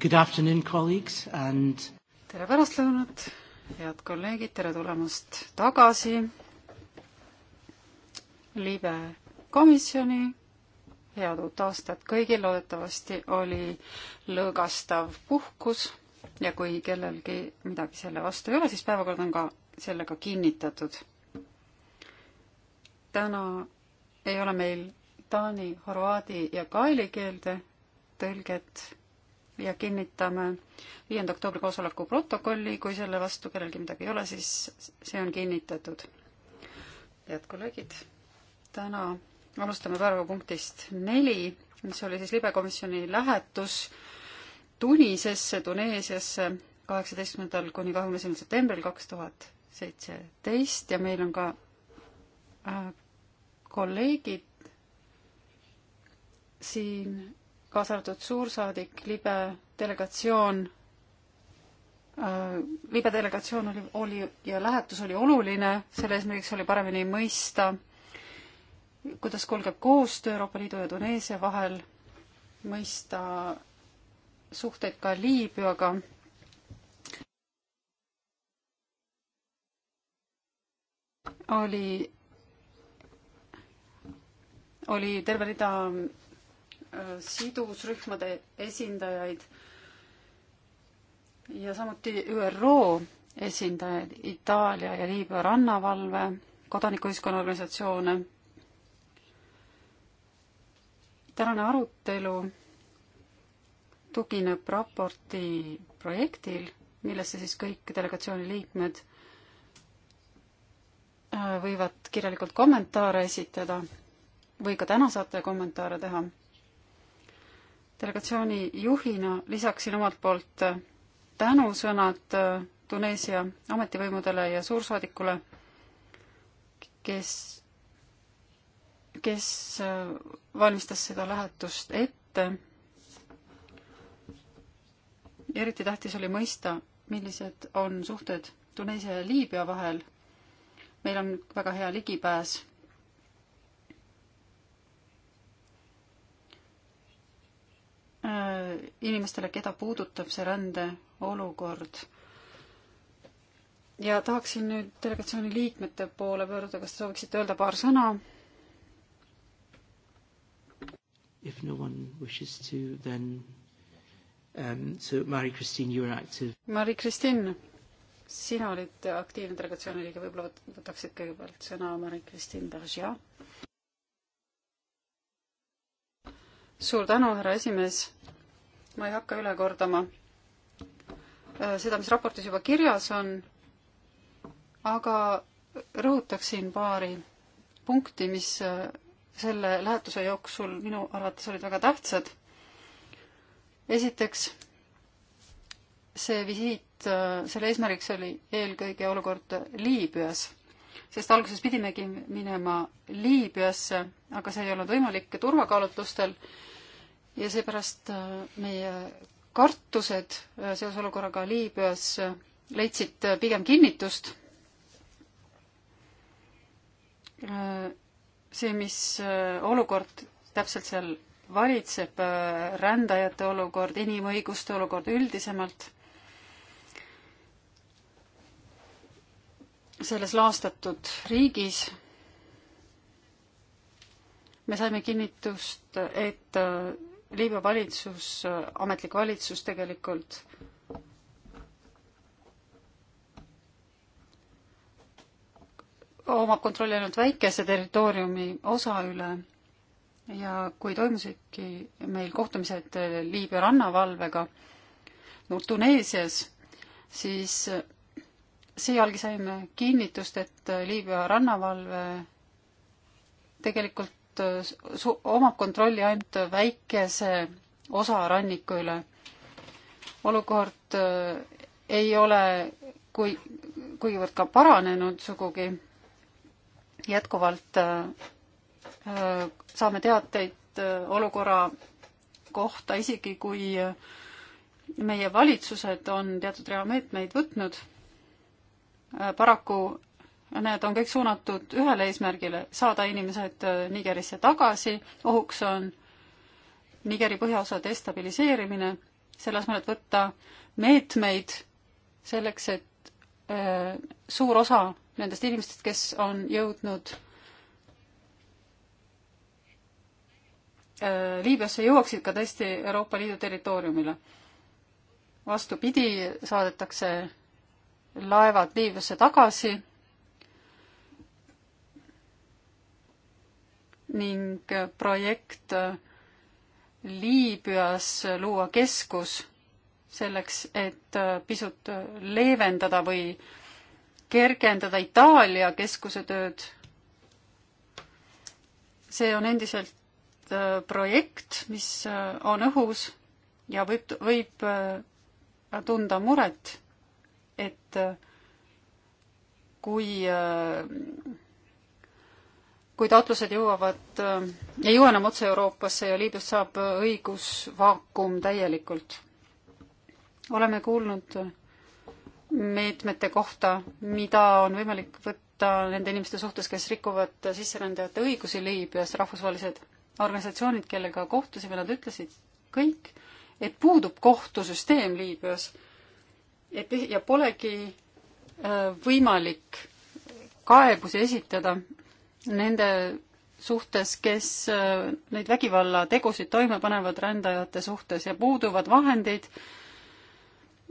Good afternoon, colleagues and tere pärastlõunat, head kolleegid, tere tulemast tagasi libe komisjoni, head uut aastat kõigil, loodetavasti oli lõõgastav puhkus ja kui kellelgi midagi selle vastu ei ole, siis päevakord on ka sellega kinnitatud. täna ei ole meil taani, horvaadi ja kaeli keelde tõlget ja kinnitame viienda oktoobri koosoleku protokolli, kui selle vastu kellelgi midagi ei ole, siis see on kinnitatud. head kolleegid, täna alustame päevapunktist neli, mis oli siis libekomisjoni lähetus Tunisesse, Tuneesiasse kaheksateistkümnendal kuni kahekümne esimesel septembril kaks tuhat seitseteist ja meil on ka äh, kolleegid siin kaasa arvatud suursaadik, libe delegatsioon, äh, libe delegatsioon oli, oli ja lähetus oli oluline, selle eesmärgiks oli paremini mõista, kuidas kulgeb koostöö Euroopa Liidu ja Tuneesia vahel, mõista suhteid ka Liibüaga oli, oli terve rida sidusrühmade esindajaid ja samuti ÜRO esindajaid, Itaalia ja Liibüa rannavalve, kodanikuühiskonna organisatsioone. tänane arutelu tugineb raporti projektil, millesse siis kõik delegatsiooni liikmed äh, võivad kirjalikult kommentaare esitada või ka täna saate kommentaare teha delegatsiooni juhina lisaksin omalt poolt äh, tänusõnad äh, Tuneesia ametivõimudele ja suursaadikule, kes, kes äh, valmistas seda lähetust ette. eriti tähtis oli mõista, millised on suhted Tuneesia ja Liibüa vahel. meil on väga hea ligipääs Äh, inimestele, keda puudutab see rändeolukord. ja tahaksin nüüd delegatsiooni liikmete poole pöörduda, kas te sooviksite öelda paar sõna? If no one wishes to, then um, so Mari-Kristin, you were active. Mari-Kristin, sina olid aktiivne delegatsiooni liige, võib-olla võtaksid kõigepealt sõna Mari-Kristin Bergia. suur tänu, härra esimees ma ei hakka üle kordama äh, seda, mis raportis juba kirjas on, aga rõhutaksin paari punkti, mis äh, selle lähetuse jooksul minu arvates olid väga tähtsad. esiteks, see visiit, äh, selle eesmärgiks oli eelkõige olukord Liibüas, sest alguses pidimegi minema Liibüasse, aga see ei olnud võimalik turvakaalutlustel ja seepärast äh, meie kartused äh, seoses olukorraga Liibüas äh, leidsid pigem kinnitust. see, mis olukord täpselt seal valitseb, rändajate olukord, inimõiguste olukord üldisemalt, selles laastatud riigis me saime kinnitust, et Liibüa valitsus, ametlik valitsus tegelikult omab kontrolli ainult väikese territooriumi osa üle ja kui toimusidki meil kohtumised Liibüa rannavalvega Tuneesias, siis sealgi saime kinnitust, et Liibüa rannavalve tegelikult ainult, äh, omab kontrolli ainult väikese osa ranniku üle. olukord äh, ei ole kui, kuivõrd ka paranenud sugugi. jätkuvalt äh, saame teateid olukorra kohta, isegi kui meie valitsused on teatud rea meetmeid võtnud. paraku need on kõik suunatud ühele eesmärgile, saada inimesed äh, Nigerisse tagasi, ohuks on Nigeri põhjaosa destabiliseerimine, selle asemel, et võtta meetmeid selleks, et öö, äh, suur osa nendest inimestest, kes on jõudnud äh, Liibüasse jõuaksid ka tõesti Euroopa Liidu territooriumile. vastupidi, saadetakse laevad Liibüasse tagasi ning projekt äh, Liibüas luua keskus selleks, et äh, pisut leevendada või kergendada Itaalia keskuse tööd. see on endiselt äh, projekt, mis on õhus ja võib, võib tunda muret, et kui kui taotlused jõuavad, äh, ei jõua enam otse Euroopasse ja liidust saab õigusvaakum täielikult. oleme kuulnud äh, meetmete kohta, mida on võimalik võtta nende inimeste suhtes, kes rikuvad sisserändajate õigusi Liibüas, rahvusvahelised organisatsioonid, kellega kohtusime, nad ütlesid kõik, et puudub kohtusüsteem Liibüas. et ja polegi äh, võimalik kaebusi esitada nende suhtes, kes äh, neid vägivallategusid toime panevad rändajate suhtes ja puuduvad vahendid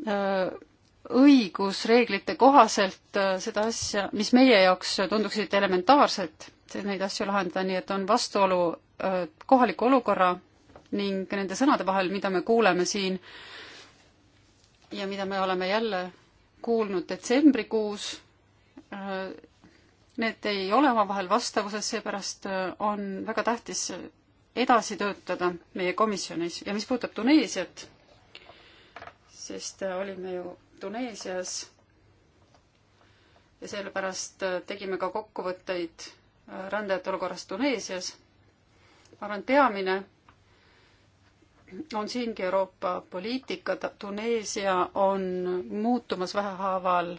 äh, õigusreeglite kohaselt äh, seda asja, mis meie jaoks tunduksid elementaarsed, neid asju lahendada, nii et on vastuolu kohaliku olukorra ning nende sõnade vahel, mida me kuuleme siin ja mida me oleme jälle kuulnud detsembrikuus Need ei ole omavahel vastavuses, seepärast äh, on väga tähtis edasi töötada meie komisjonis ja mis puudutab Tuneesiat, sest äh, olime ju Tuneesias ja sellepärast äh, tegime ka kokkuvõtteid rändajate olukorrast Tuneesias. ma arvan, peamine on siingi Euroopa poliitika, Tuneesia on muutumas vähehaaval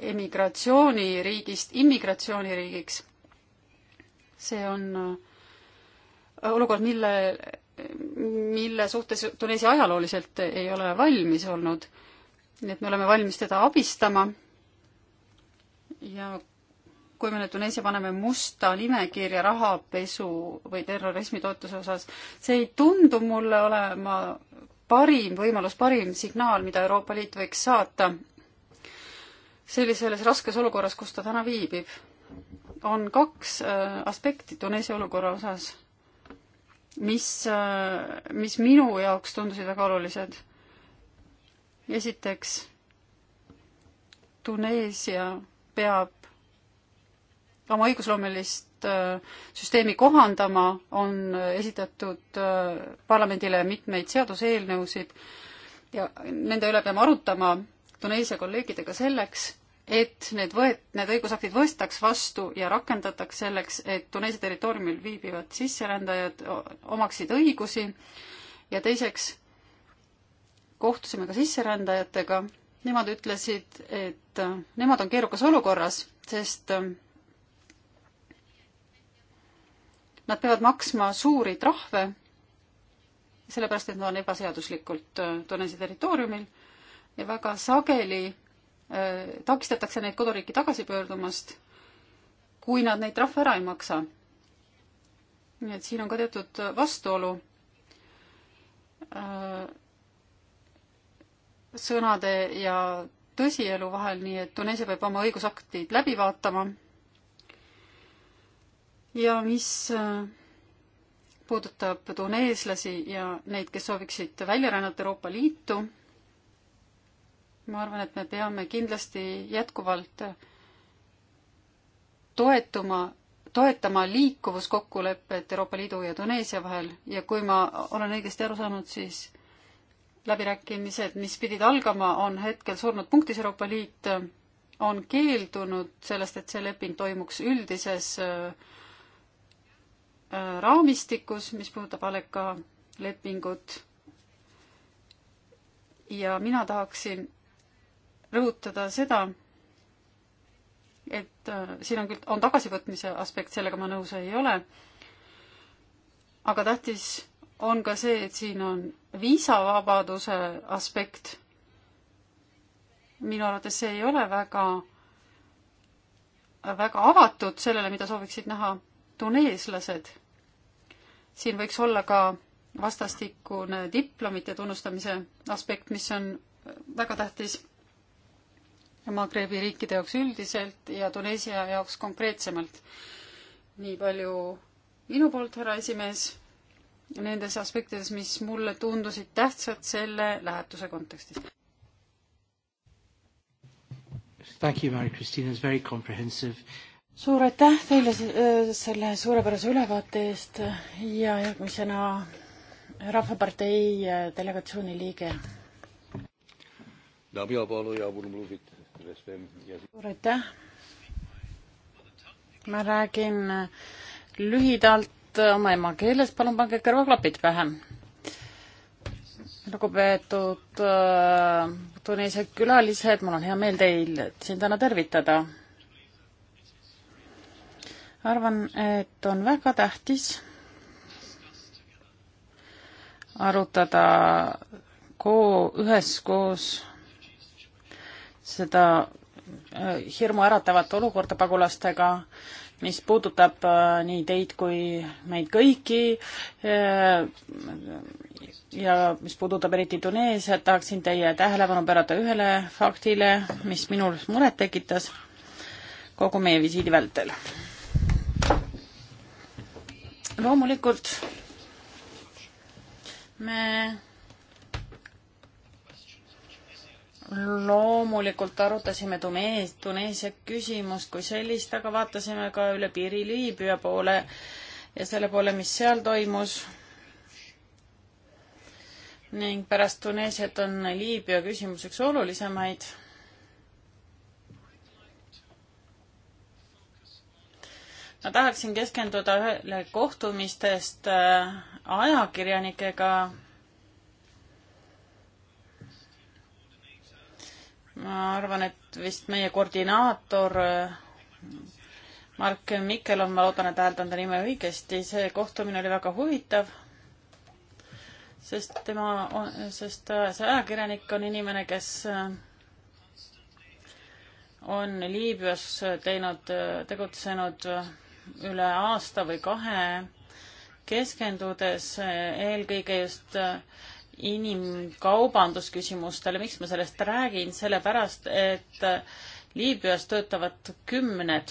emigratsiooniriigist immigratsiooniriigiks. see on äh, olukord, mille, mille suhtes Tuneesi ajalooliselt ei ole valmis olnud. nii et me oleme valmis teda abistama. ja kui me nüüd Tuneesia paneme musta nimekirja rahapesu või terrorismi toetuse osas, see ei tundu mulle olema parim võimalus, parim signaal, mida Euroopa Liit võiks saata sellises raskes olukorras, kus ta täna viibib. on kaks äh, aspekti Tuneesia olukorra osas, mis, äh, mis minu jaoks tundusid väga olulised. esiteks, Tuneesia peab oma õigusloomelist äh, süsteemi kohandama, on esitatud parlamendile mitmeid seaduseelnõusid ja nende üle peame arutama Tuneesia kolleegidega selleks, et need võet-, need õigusaktid võetaks vastu ja rakendataks selleks, et Tuneesia territooriumil viibivad sisserändajad omaksid õigusi ja teiseks kohtusime ka sisserändajatega, nemad ütlesid, et äh, nemad on keerukas olukorras, sest äh, nad peavad maksma suuri trahve, sellepärast et nad on ebaseaduslikult äh, Tuneesia territooriumil ja väga sageli Äh, takistatakse neid koduriiki tagasi pöördumast, kui nad neid trahve ära ei maksa. nii et siin on ka teatud vastuolu äh, sõnade ja tõsielu vahel, nii et Tuneesia peab oma õigusaktid läbi vaatama. ja mis äh, puudutab tuneeslasi ja neid, kes sooviksid välja rännata Euroopa Liitu ma arvan, et me peame kindlasti jätkuvalt toetuma, toetama liikuvuskokkulepet Euroopa Liidu ja Tuneesia vahel ja kui ma olen õigesti aru saanud, siis läbirääkimised, mis pidid algama, on hetkel surnud punktis, Euroopa Liit on keeldunud sellest, et see leping toimuks üldises äh, raamistikus, mis puudutab Aleka lepingut. ja mina tahaksin rõhutada seda, et äh, siin on küll, on tagasivõtmise aspekt, sellega ma nõus ei ole, aga tähtis on ka see, et siin on viisavabaduse aspekt. minu arvates see ei ole väga, väga avatud sellele, mida sooviksid näha tuneeslased. siin võiks olla ka vastastikune diplomite tunnustamise aspekt, mis on väga tähtis Magrebi riikide jaoks üldiselt ja Tuneesia jaoks konkreetsemalt. nii palju minu poolt, härra esimees, nendes aspektides, mis mulle tundusid tähtsad selle lähetuse kontekstis. Thank you, Mary-Christine, it's very comprehensive suur aitäh teile äh, selle suurepärase ülevaate eest ja järgmisena Rahvapartei äh, delegatsiooni liige suur aitäh. ma räägin lühidalt oma emakeeles, palun pange kõrvaklapid pähe. lugupeetud äh, tunnised külalised, mul on hea meel teil siin täna tervitada. arvan, et on väga tähtis arutada koo-, üheskoos seda äh, hirmuäratavat olukorda pagulastega, mis puudutab äh, nii teid kui meid kõiki äh, ja mis puudutab eriti Tuneesiat, tahaksin teie tähelepanu pöörata ühele faktile, mis minul muret tekitas kogu meie visiidi vältel. loomulikult me loomulikult arutasime Tumees, Tuneesia küsimust kui sellist, aga vaatasime ka üle piiri Liibüa poole ja selle poole, mis seal toimus. ning pärast Tuneesiat on Liibüa küsimus üks olulisemaid. ma tahaksin keskenduda ühele kohtumistest äh, ajakirjanikega ma arvan, et vist meie koordinaator eh, Mark Mikkelon, ma loodan, et hääldan ta nime õigesti, see kohtumine oli väga huvitav, sest tema, sest eh, see ajakirjanik on inimene, kes eh, on Liibüas teinud, tegutsenud üle aasta või kahe, keskendudes eelkõige just inimkaubandusküsimustele, miks ma sellest räägin, sellepärast et äh, Liibüas töötavad kümned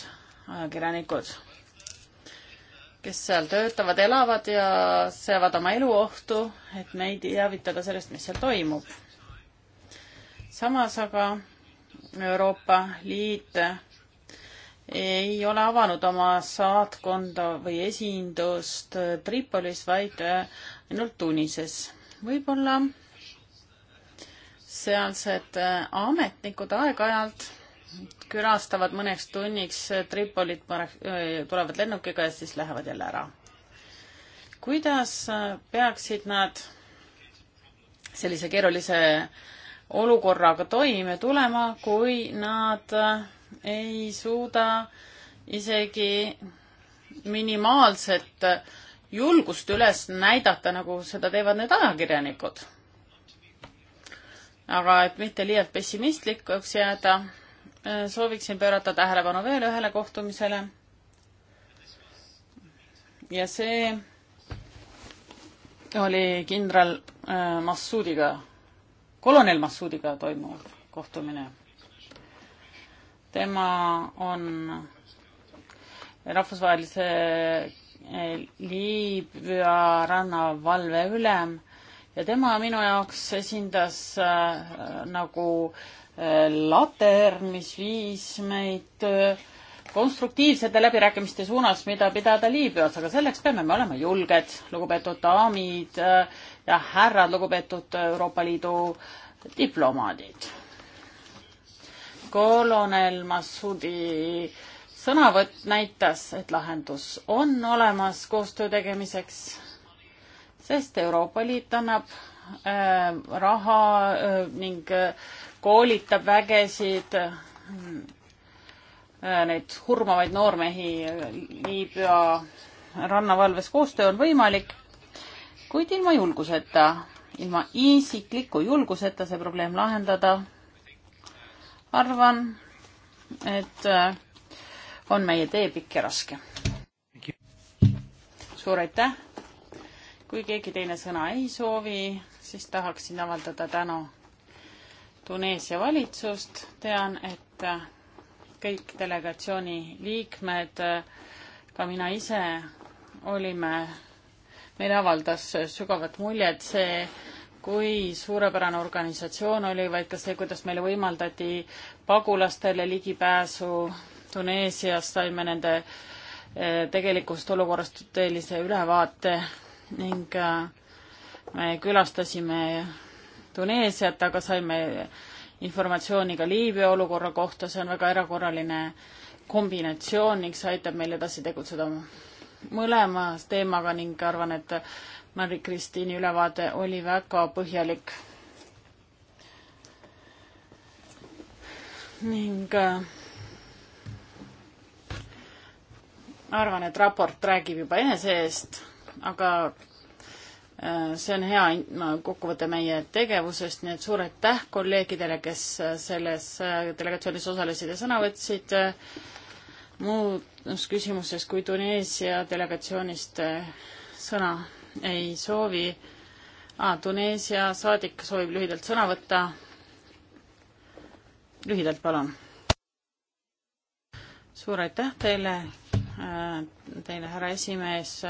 ajakirjanikud, kes seal töötavad, elavad ja seavad oma elu ohtu, et meid teavitada sellest, mis seal toimub. samas aga Euroopa Liit ei ole avanud oma saatkonda või esindust Tripolis, vaid äh, ainult Tunises võib-olla sealsed äh, ametnikud aeg-ajalt külastavad mõneks tunniks äh, Tripolit, äh, tulevad lennukiga ja siis lähevad jälle ära. kuidas peaksid nad sellise keerulise olukorraga toime tulema, kui nad ei suuda isegi minimaalset julgust üles näidata, nagu seda teevad need ajakirjanikud. aga et mitte liialt pessimistlikuks jääda, äh, sooviksin pöörata tähelepanu veel ühele kohtumisele. ja see oli kindral äh, Massuudiga, kolonel Massuudiga toimuv kohtumine. tema on rahvusvahelise Liibüa rannavalve ülem ja tema minu jaoks esindas äh, nagu äh, later, mis viis meid äh, konstruktiivsete läbirääkimiste suunas, mida pidada Liibüas, aga selleks peame me olema julged, lugupeetud daamid äh, ja härrad, lugupeetud Euroopa Liidu diplomaadid. kolonel Massoudi äh, sõnavõtt näitas, et lahendus on olemas koostöö tegemiseks, sest Euroopa Liit annab äh, raha äh, ning äh, koolitab vägesid äh,, neid hurmavaid noormehi äh, Liibüa rannavalves koostöö on võimalik, kuid ilma julguseta, ilma isikliku julguseta see probleem lahendada, arvan, et äh, on meie tee pikk ja raske. suur aitäh. kui keegi teine sõna ei soovi, siis tahaksin avaldada tänu Tuneesia valitsust. tean, et kõik delegatsiooni liikmed, ka mina ise olime, meile avaldas sügavat muljet see, kui suurepärane organisatsioon oli, vaid ka see, kuidas meile võimaldati pagulastele ligipääsu Tuneesias saime nende eh, tegelikust olukorrast tõelise ülevaate ning eh, me külastasime Tuneesiat, aga saime informatsiooni ka Liibüa olukorra kohta, see on väga erakorraline kombinatsioon ning see aitab meil edasi tegutseda mõlema teemaga ning arvan, et Mari-Kristiini ülevaade oli väga põhjalik. ning äh, arvan, et raport räägib juba enese eest, aga äh, see on hea kokkuvõte meie tegevusest, nii et suur aitäh kolleegidele, kes äh, selles äh, delegatsioonis osalesid ja sõna võtsid. muus küsimuses, kui Tuneesia delegatsioonist sõna ei soovi ah,, Tuneesia saadik soovib lühidalt sõna võtta. lühidalt, palun. suur aitäh teile Äh, teile, härra esimees.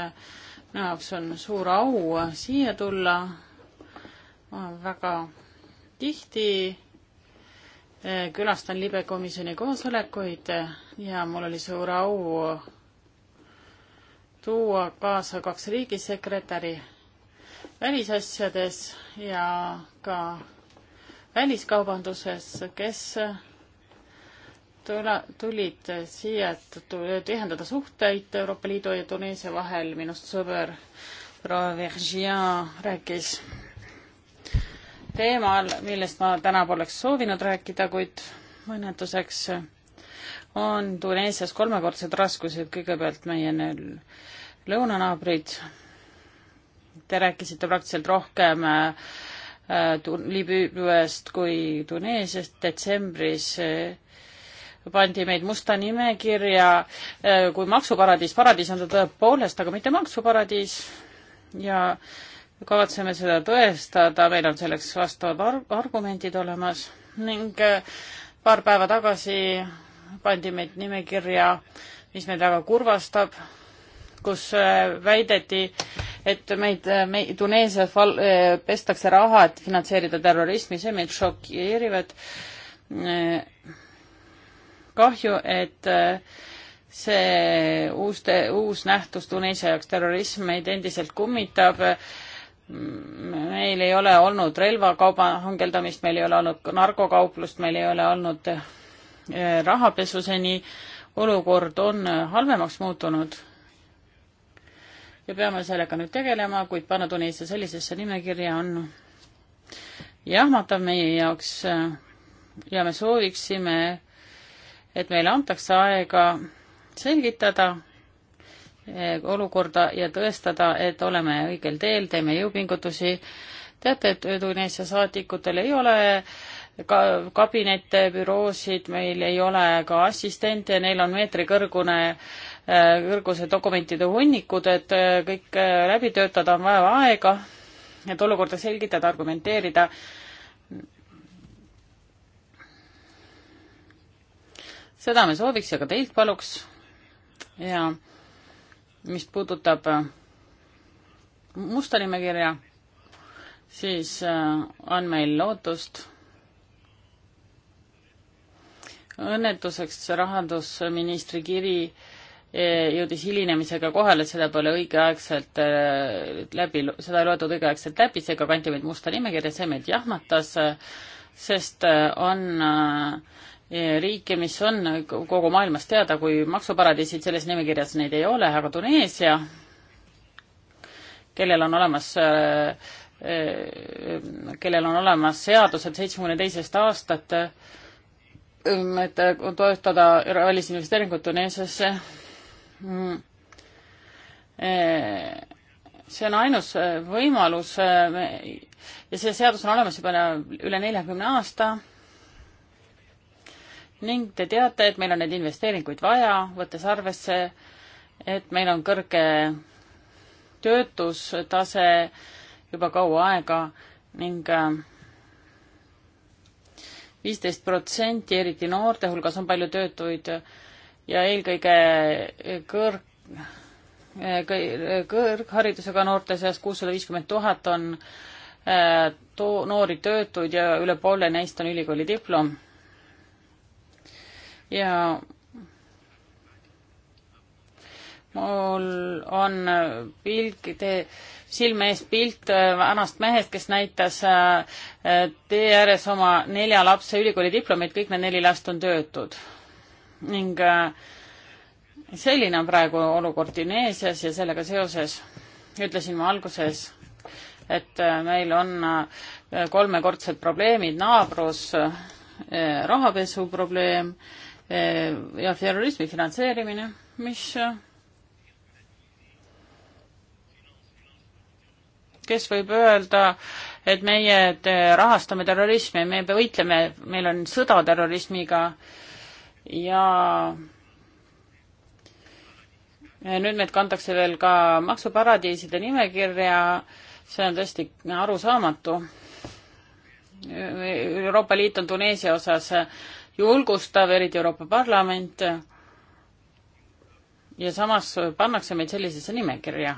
minu jaoks on suur au siia tulla. ma väga tihti äh, külastan libekomisjoni koosolekuid ja mul oli suur au tuua kaasa kaks riigisekretäri välisasjades ja ka väliskaubanduses, kes tula, tulid siia, et tihendada suhteid Euroopa Liidu ja Tuneesia vahel. minust sõber proua Vergian rääkis teemal, millest ma täna poleks soovinud rääkida, kuid õnnetuseks on Tuneesias kolmekordsed raskused, kõigepealt meie lõunanaabrid. Te rääkisite praktiliselt rohkem äh, äh Liibüast kui Tuneesiast detsembris äh, pandi meid musta nimekirja äh, kui maksuparadiis. paradiis on ta tõepoolest, aga mitte maksuparadiis. ja kavatseme seda tõestada, meil on selleks vastavad arg argumendid olemas ning äh, paar päeva tagasi pandi meid nimekirja, mis meid väga kurvastab, kus äh, väideti, et meid, meid Tuneesias val-, pestakse raha, et finantseerida terrorismi, see meid šokeerivad kahju, et äh, see uus, uus nähtus Tuneesia jaoks, terrorism, meid endiselt kummitab. meil ei ole olnud relvakauba hangeldamist, meil ei ole olnud narkokauplust, meil ei ole olnud äh, rahapesuseni. olukord on äh, halvemaks muutunud. ja peame sellega nüüd tegelema, kuid panna Tuneesia sellisesse nimekirja on jahmatav meie jaoks ja me sooviksime et meile antakse aega selgitada eh, olukorda ja tõestada, et oleme õigel teel, teeme jõupingutusi. teate, et Tuneesia saadikutel ei ole ka kabinette, büroosid, meil ei ole ka assistente, neil on meetrikõrgune, eh, kõrguse dokumentide hunnikud, et eh, kõik läbi töötada on vaja aega, et olukorda selgitada, argumenteerida seda me sooviks ja ka teilt paluks. ja mis puudutab äh, musta nimekirja, siis äh, on meil lootust. õnnetuseks rahandusministri kiri äh, jõudis hilinemisega kohale, seda pole õigeaegselt läbi, seda ei loetud õigeaegselt läbi, seega kanti meid musta nimekirja, see meid jahmatas, sest on äh, riike, mis on kogu maailmas teada kui maksuparadiisid, selles nimekirjas neid ei ole, aga Tuneesia, kellel on olemas äh, kellel on olemas seadused seitsmekümne teisest aastat, ähm, et äh, toetada välisinvesteeringuid Tuneesiasse. Mm, äh, see on ainus võimalus ja see seadus on olemas juba üle neljakümne aasta ning te teate, et meil on neid investeeringuid vaja, võttes arvesse, et meil on kõrge töötustase juba kaua aega ning äh, viisteist protsenti, eriti noorte hulgas, on palju töötuid ja eelkõige kõrg, äh, kõrgharidusega noorte seas kuussada viiskümmend tuhat on äh, to-, noori töötuid ja üle poole neist on ülikooli diplom ja mul on pilk, silme ees pilt äh, vanast mehest, kes näitas äh, tee ääres oma nelja lapse ülikooli diplomeid, kõik need neli last on töötud. ning äh, selline on praegu olukord Tuneesias ja sellega seoses ütlesin ma alguses, et meil on kolmekordsed probleemid, naabrus, rahapesu probleem Eh, ja terrorismi finantseerimine, mis, eh, kes võib öelda, et meie eh, rahastame terrorismi, me võitleme, meil on sõda terrorismiga ja nüüd need kantakse veel ka maksuparadiiside nimekirja, see on tõesti arusaamatu. Euroopa Liit on Tuneesia osas julgustav, eriti Euroopa Parlament. ja samas pannakse meid sellisesse nimekirja.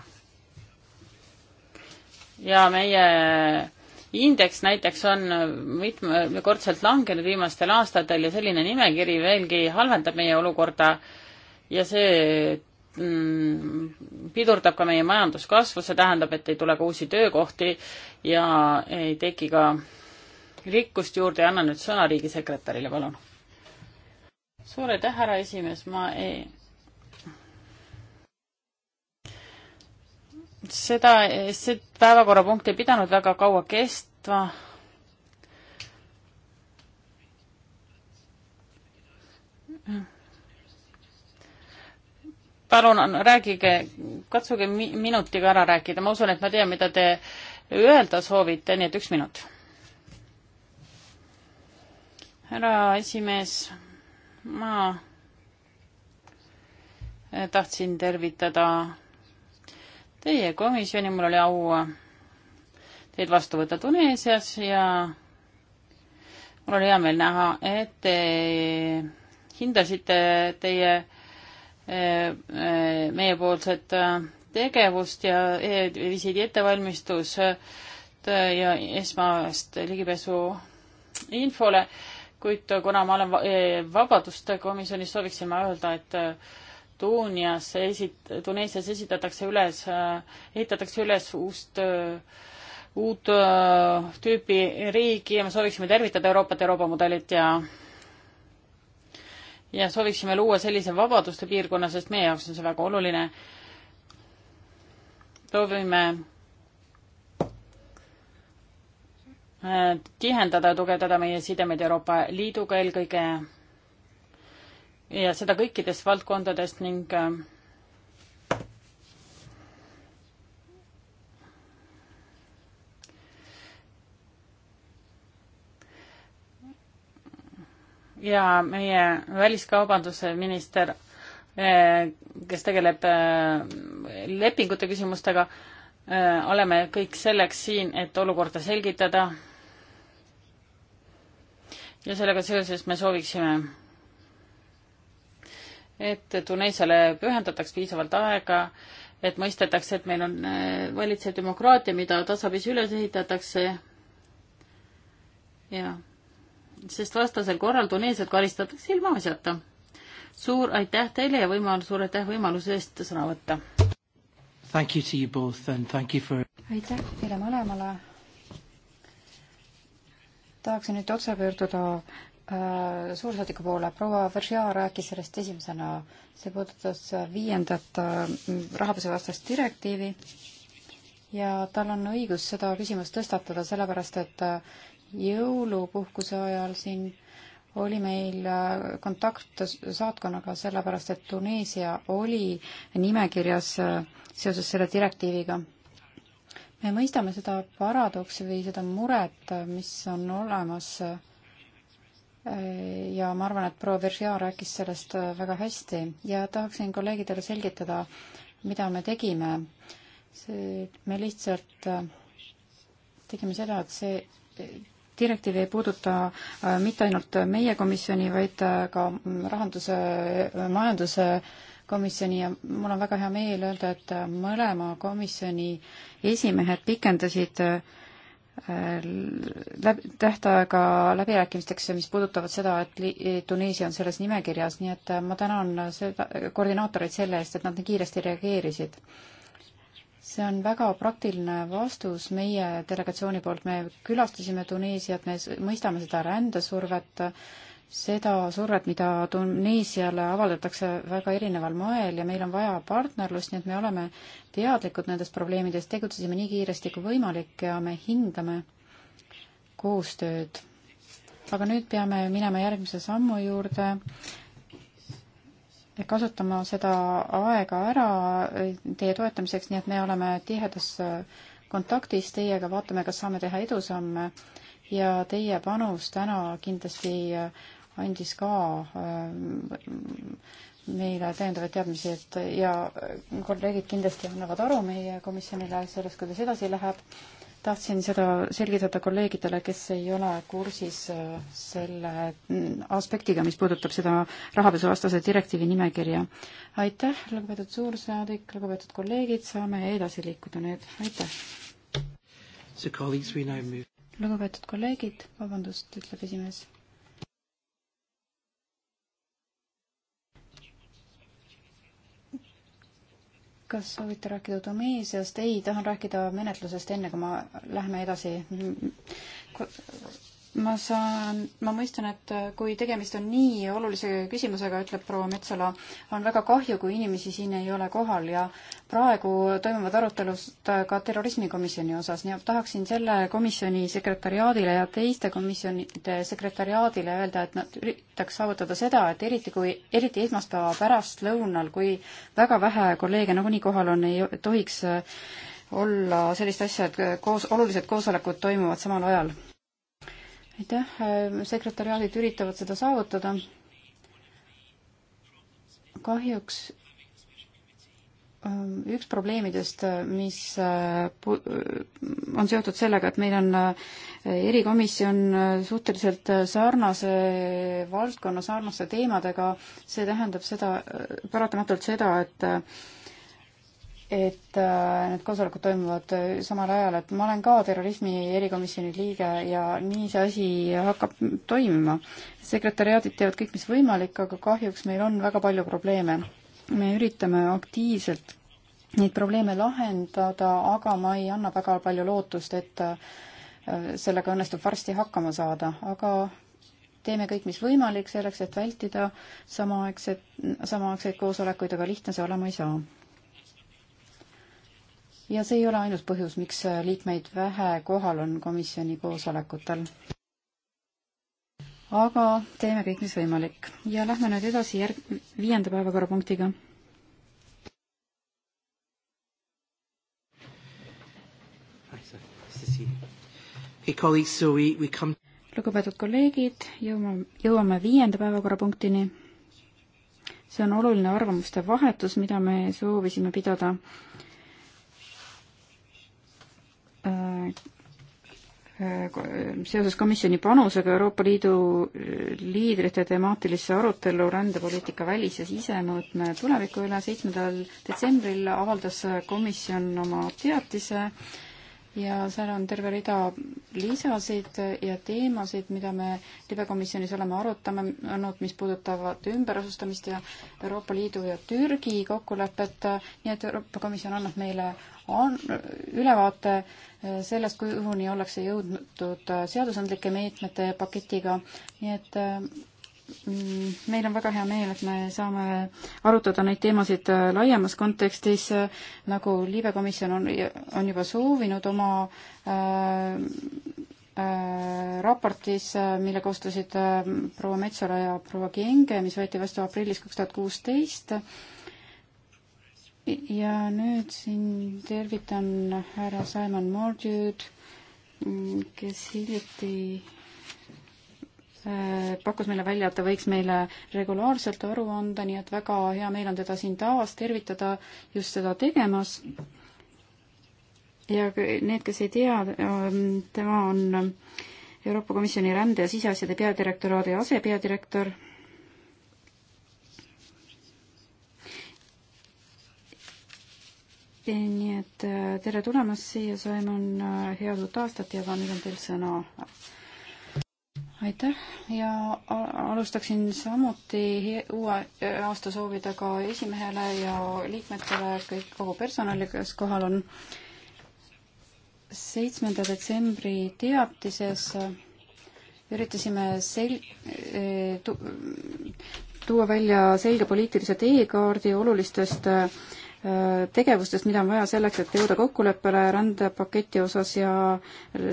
ja meie indeks näiteks on mitmekordselt langenud viimastel aastatel ja selline nimekiri veelgi halvendab meie olukorda ja see mm, pidurdab ka meie majanduskasvu, see tähendab, et ei tule ka uusi töökohti ja ei teki ka rikkust juurde ja annan nüüd sõna riigisekretärile, palun suur aitäh, härra esimees, ma ei. seda, see päevakorrapunkt ei pidanud väga kaua kestma. palun rääkige, katsuge mi-, minutiga ära rääkida, ma usun, et ma tean, mida te öelda soovite, nii et üks minut. härra esimees ma tahtsin tervitada teie komisjoni, mul oli au teid vastu võtta Tuneesias ja mul oli hea meel näha, et te hindasite teie, eh, meiepoolset tegevust ja eh, visiidi ettevalmistust eh, ja esmast ligipääsu infole kuid kuna ma olen e, Vabaduste komisjonis, sooviksin ma öelda, et äh, Tuunias esit-, Tuneesias esitatakse üles, äh, ehitatakse üles uust, äh, uut tüüpi riigi ja me sooviksime tervitada Euroopat, Euroopa mudelit ja ja sooviksime luua sellise vabaduste piirkonna, sest meie jaoks on see väga oluline. soovime tihendada ja tugevdada meie sidemeid Euroopa Liiduga eelkõige ja seda kõikidest valdkondadest ning äh, ja meie väliskaubanduse minister, äh, kes tegeleb äh, lepingute küsimustega, oleme kõik selleks siin, et olukorda selgitada ja sellega seoses me sooviksime, et Tuneesiale pühendataks piisavalt aega, et mõistetakse, et meil on äh, valitsev demokraatia, mida tasapisi üles ehitatakse. jah, sest vastasel korral Tuneesiat karistatakse ilmaasjata. suur aitäh teile ja võimalus, suur aitäh võimaluse eest sõna võtta. For... aitäh teile mõlemale tahaksin nüüd otse pöörduda äh, suursaadiku poole, proua Veržia rääkis sellest esimesena, see puudutas viiendat äh, rahapesuvastast direktiivi ja tal on õigus seda küsimust tõstatada, sellepärast et äh, jõulupuhkuse ajal siin oli meil äh, kontakt saatkonnaga sellepärast, et Tuneesia oli nimekirjas äh, seoses selle direktiiviga me mõistame seda paradoksi või seda muret, mis on olemas ja ma arvan, et proua Veržia rääkis sellest väga hästi ja tahaksin kolleegidele selgitada, mida me tegime. see, me lihtsalt tegime seda, et see direktiiv ei puuduta äh, mitte ainult meie komisjoni, vaid äh, ka mm, rahanduse, äh, majanduse äh, komisjoni ja mul on väga hea meel öelda, et mõlema komisjoni esimehed pikendasid äh, läb-, tähtaega läbirääkimisteks, mis puudutavad seda, et Tuneesia on selles nimekirjas, nii et äh, ma tänan seda, koordinaatoreid selle eest, et nad nii kiiresti reageerisid. see on väga praktiline vastus meie delegatsiooni poolt, me külastasime Tuneesiat, me mõistame seda rändesurvet, seda survet, mida Tuneesiale avaldatakse väga erineval moel ja meil on vaja partnerlust, nii et me oleme teadlikud nendest probleemidest, tegutsesime nii kiiresti kui võimalik ja me hindame koostööd. aga nüüd peame minema järgmise sammu juurde, kasutama seda aega ära teie toetamiseks, nii et me oleme tihedas kontaktis teiega, vaatame, kas saame teha edusamme ja teie panus täna kindlasti äh, andis ka äh, meile täiendavaid teadmisi, et ja äh, kolleegid kindlasti annavad aru meie komisjonile sellest, kuidas edasi läheb. tahtsin seda selgitada kolleegidele, kes ei ole kursis selle mm, aspektiga, mis puudutab seda rahapesuvastase direktiivi nimekirja. aitäh, lugupeetud suursaadik, lugupeetud kolleegid, saame edasi liikuda nüüd, aitäh! So colleagues, we now move lugupeetud kolleegid, vabandust, ütleb esimees. kas soovite rääkida Tuneesiast? ei, tahan rääkida menetlusest, enne kui ma läheme edasi ma saan, ma mõistan, et äh, kui tegemist on nii olulise küsimusega, ütleb proua Metsala, on väga kahju, kui inimesi siin ei ole kohal ja praegu toimuvad arutelud äh, ka terrorismikomisjoni osas, nii et tahaksin selle komisjoni sekretariaadile ja teiste komisjonide sekretariaadile öelda, et nad üritaks saavutada seda, et eriti kui, eriti esmaspäeva pärastlõunal, kui väga vähe kolleege nagunii kohal on, ei tohiks äh, olla sellist asja, et koos, olulised koosolekud toimuvad samal ajal aitäh, äh, sekretäriaadid üritavad seda saavutada. kahjuks äh, üks probleemidest, äh, mis on seotud sellega, et meil on erikomisjon suhteliselt sarnase valdkonna, sarnaste teemadega, see tähendab seda, paratamatult seda, et et äh, need koosolekud toimuvad äh, samal ajal, et ma olen ka terrorismi erikomisjoni liige ja nii see asi hakkab toimima. sekretäriaadid teevad kõik, mis võimalik, aga kahjuks meil on väga palju probleeme. me üritame aktiivselt neid probleeme lahendada, aga ma ei anna väga palju lootust, et äh, sellega õnnestub varsti hakkama saada, aga teeme kõik, mis võimalik selleks, et vältida samaaegset, samaaegseid koosolekuid, aga lihtne see olema ei saa ja see ei ole ainus põhjus, miks liikmeid vähe kohal on komisjoni koosolekutel. aga teeme kõik, mis võimalik ja lähme nüüd edasi järg-, viienda päevakorrapunktiga. lugupeetud kolleegid, jõuame, jõuame viienda päevakorrapunktini see on oluline arvamuste vahetus, mida me soovisime pidada Äh, äh, seoses komisjoni panusega Euroopa Liidu äh, liidrite temaatilisse arutellu rändepoliitika välis- ja sisemõõtme tuleviku üle seitsmendal detsembril avaldas komisjon oma teatise ja seal on terve rida lisasid ja teemasid, mida me libekomisjonis oleme arutanud, mis puudutavad ümberasustamist ja Euroopa Liidu ja Türgi kokkulepet, nii et Euroopa Komisjon annab meile on ülevaate eh, sellest, kuhuni ollakse jõudnud eh, seadusandlike meetmete paketiga, nii et eh, mm, meil on väga hea meel, et me saame arutada neid teemasid laiemas kontekstis, nagu liibekomisjon on, on juba soovinud oma äh, äh, raportis, mille koostasid äh, proua Metsola ja proua Kienge, mis võeti vastu aprillis kaks tuhat kuusteist äh,, ja nüüd siin tervitan härra Simon Mordjud, kes hiljuti äh, pakkus meile välja, et ta võiks meile regulaarselt aru anda, nii et väga hea meel on teda siin taas tervitada just seda tegemas. ja need, kes ei tea, ähm, tema on Euroopa Komisjoni rände ja siseasjade peadirektoraadi asepeadirektor nii et äh, tere tulemast siia, Simon, äh, head uut aastat ja ka nüüd on teil sõna. aitäh ja alustaksin samuti uue äh, aastasoovidega esimehele ja liikmetele, kõik kogu personali, kes kohal on. seitsmenda detsembri teatises üritasime sel-, tuua välja selge poliitilise teekaardi olulistest äh, tegevustest, mida on vaja selleks, et jõuda kokkuleppele rändepaketi osas ja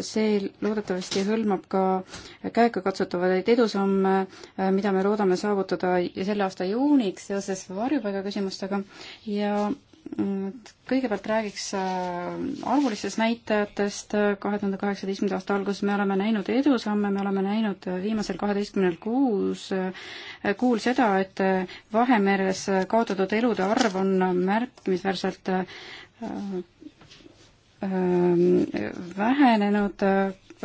see loodetavasti hõlmab ka käegakatsutavaid edusamme, mida me loodame saavutada selle aasta juuniks seoses varjupaiga küsimustega ja Mm, kõigepealt räägiks äh, arvulistest näitajatest. kahe tuhande kaheksateistkümnenda aasta alguses me oleme näinud edusamme, me oleme näinud äh, viimasel kaheteistkümnel kuus, äh, kuul seda, et Vahemeres kaotatud elude arv on märkimisväärselt vähenenud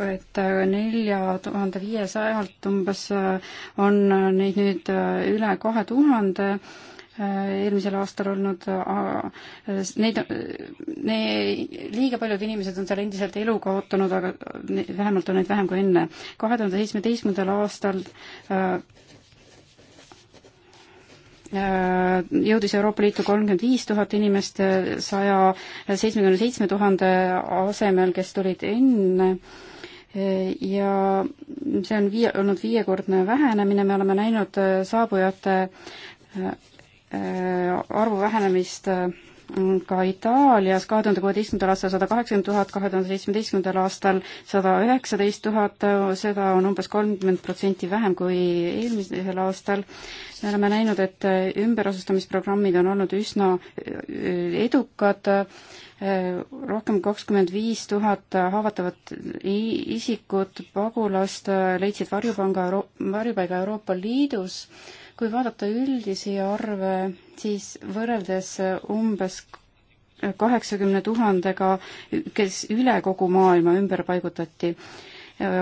et nelja tuhande viiesajalt umbes on neid nüüd üle kahe tuhande eelmisel aastal olnud, äh, neid, ne, liiga paljud inimesed on seal endiselt elu kaotanud, aga vähemalt on neid vähem kui enne. kahe tuhande seitsmeteistkümnendal aastal äh, äh, jõudis Euroopa Liitu kolmkümmend viis tuhat inimest saja seitsmekümne seitsme tuhande asemel, kes tulid enne ja see on vii-, olnud viiekordne vähenemine, me oleme näinud saabujate Äh, arvu vähenemist äh, ka Itaalias kahe tuhande kuueteistkümnendal aastal sada kaheksakümmend tuhat, kahe tuhande seitsmeteistkümnendal aastal sada üheksateist tuhat, seda on umbes kolmkümmend protsenti vähem kui eelmisel aastal. me oleme näinud, et ümberasustamisprogrammid on olnud üsna äh, edukad, rohkem kakskümmend viis tuhat haavatavat isikut, pagulast leidsid varjupanga Euro-, varjupaiga Euroopa Liidus kui vaadata üldisi arve, siis võrreldes umbes kaheksakümne tuhandega, kes üle kogu maailma ümber paigutati,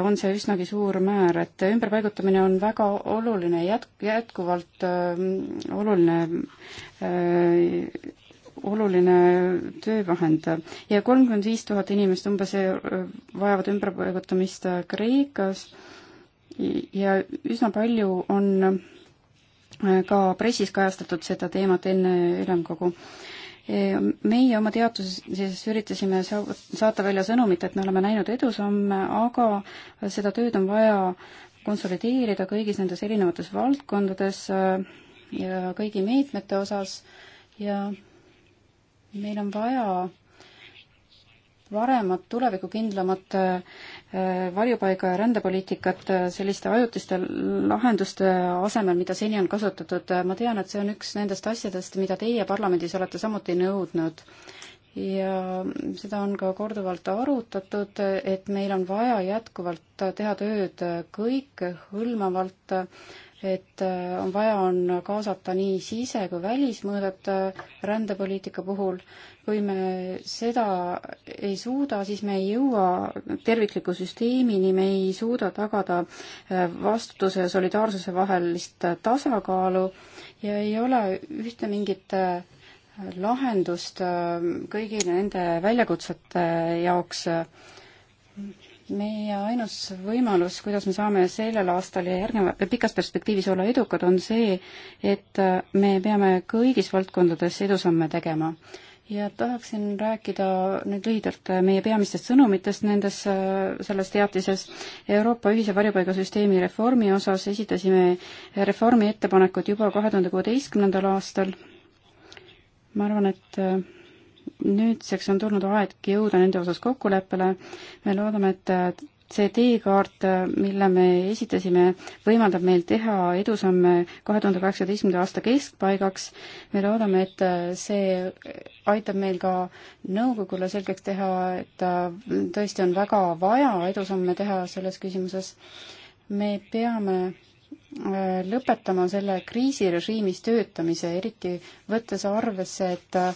on see üsnagi suur määr, et ümberpaigutamine on väga oluline, jät-, jätkuvalt äh, oluline äh, oluline töövahend ja kolmkümmend viis tuhat inimest umbes äh, vajavad ümberpaigutamist äh, Kreekas ja üsna palju on ka pressis kajastatud seda teemat enne ülemkogu. meie oma teaduses üritasime saata välja sõnumit, et me oleme näinud edusamme, aga seda tööd on vaja konsolideerida kõigis nendes erinevates valdkondades ja kõigi meetmete osas ja meil on vaja paremat, tulevikukindlamat varjupaiga ja rändepoliitikat äh, selliste ajutiste lahenduste asemel, mida seni on kasutatud. ma tean, et see on üks nendest asjadest, mida teie parlamendis olete samuti nõudnud. ja seda on ka korduvalt arutatud, et meil on vaja jätkuvalt teha tööd kõikehõlmavalt et äh, on vaja, on kaasata nii sise- kui välismõõdet äh, rändepoliitika puhul. kui me seda ei suuda, siis me ei jõua tervikliku süsteemini, me ei suuda tagada äh, vastutuse ja solidaarsuse vahelist tasakaalu ja ei ole ühte mingit lahendust kõigi nende väljakutsete jaoks äh, meie ainus võimalus, kuidas me saame sellel aastal ja järgneva, pikas perspektiivis olla edukad, on see, et äh, me peame kõigis valdkondades edusamme tegema. ja tahaksin rääkida nüüd lühidalt äh, meie peamistest sõnumitest nendes, äh, selles teatises. Euroopa ühise varjupaigasüsteemi reformi osas esitasime reformi ettepanekud juba kahe tuhande kuueteistkümnendal aastal. ma arvan, et nüüdseks on tulnud aeg jõuda nende osas kokkuleppele. me loodame, et see teekaart, mille me esitasime, võimaldab meil teha edusamme kahe tuhande kaheksateistkümnenda aasta keskpaigaks. me loodame, et see aitab meil ka nõukogule selgeks teha, et tõesti on väga vaja edusamme teha selles küsimuses. me peame lõpetama selle kriisirežiimis töötamise, eriti võttes arvesse, et äh,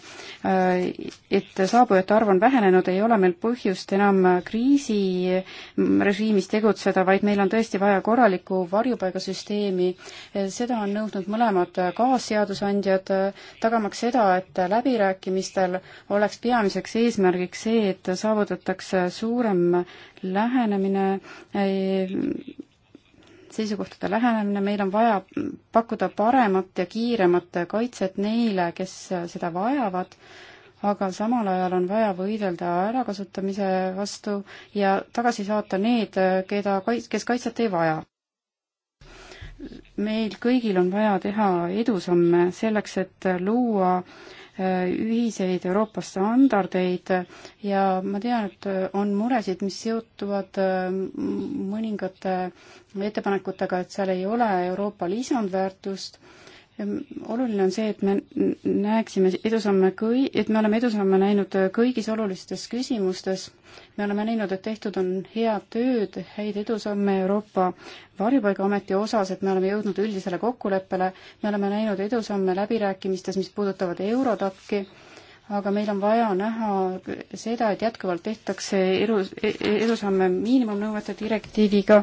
et saabujate arv on vähenenud, ei ole meil põhjust enam kriisirežiimis tegutseda, vaid meil on tõesti vaja korralikku varjupaigasüsteemi. seda on nõudnud mõlemad kaasseadusandjad, tagamaks seda, et läbirääkimistel oleks peamiseks eesmärgiks see, et saavutatakse suurem lähenemine seisukohtade lähenemine, meil on vaja pakkuda paremat ja kiiremat kaitset neile, kes seda vajavad, aga samal ajal on vaja võidelda ärakasutamise vastu ja tagasi saata need, keda, kes kaitset ei vaja. meil kõigil on vaja teha edusamme selleks, et luua äh, ühiseid Euroopa standardeid ja ma tean, et on muresid, mis seotuvad mm, mõningate ettepanekutega, et seal ei ole Euroopa lisandväärtust oluline on see, et me näeksime edusamme kõi-, et me oleme edusamme näinud äh, kõigis olulistes küsimustes. me oleme näinud, et tehtud on head tööd, häid edusamme Euroopa Varjupaigaameti osas, et me oleme jõudnud üldisele kokkuleppele, me oleme näinud edusamme läbirääkimistes, mis puudutavad Eurodaki aga meil on vaja näha seda, et jätkuvalt tehtakse elu, e-, edusamme miinimumnõuete direktiiviga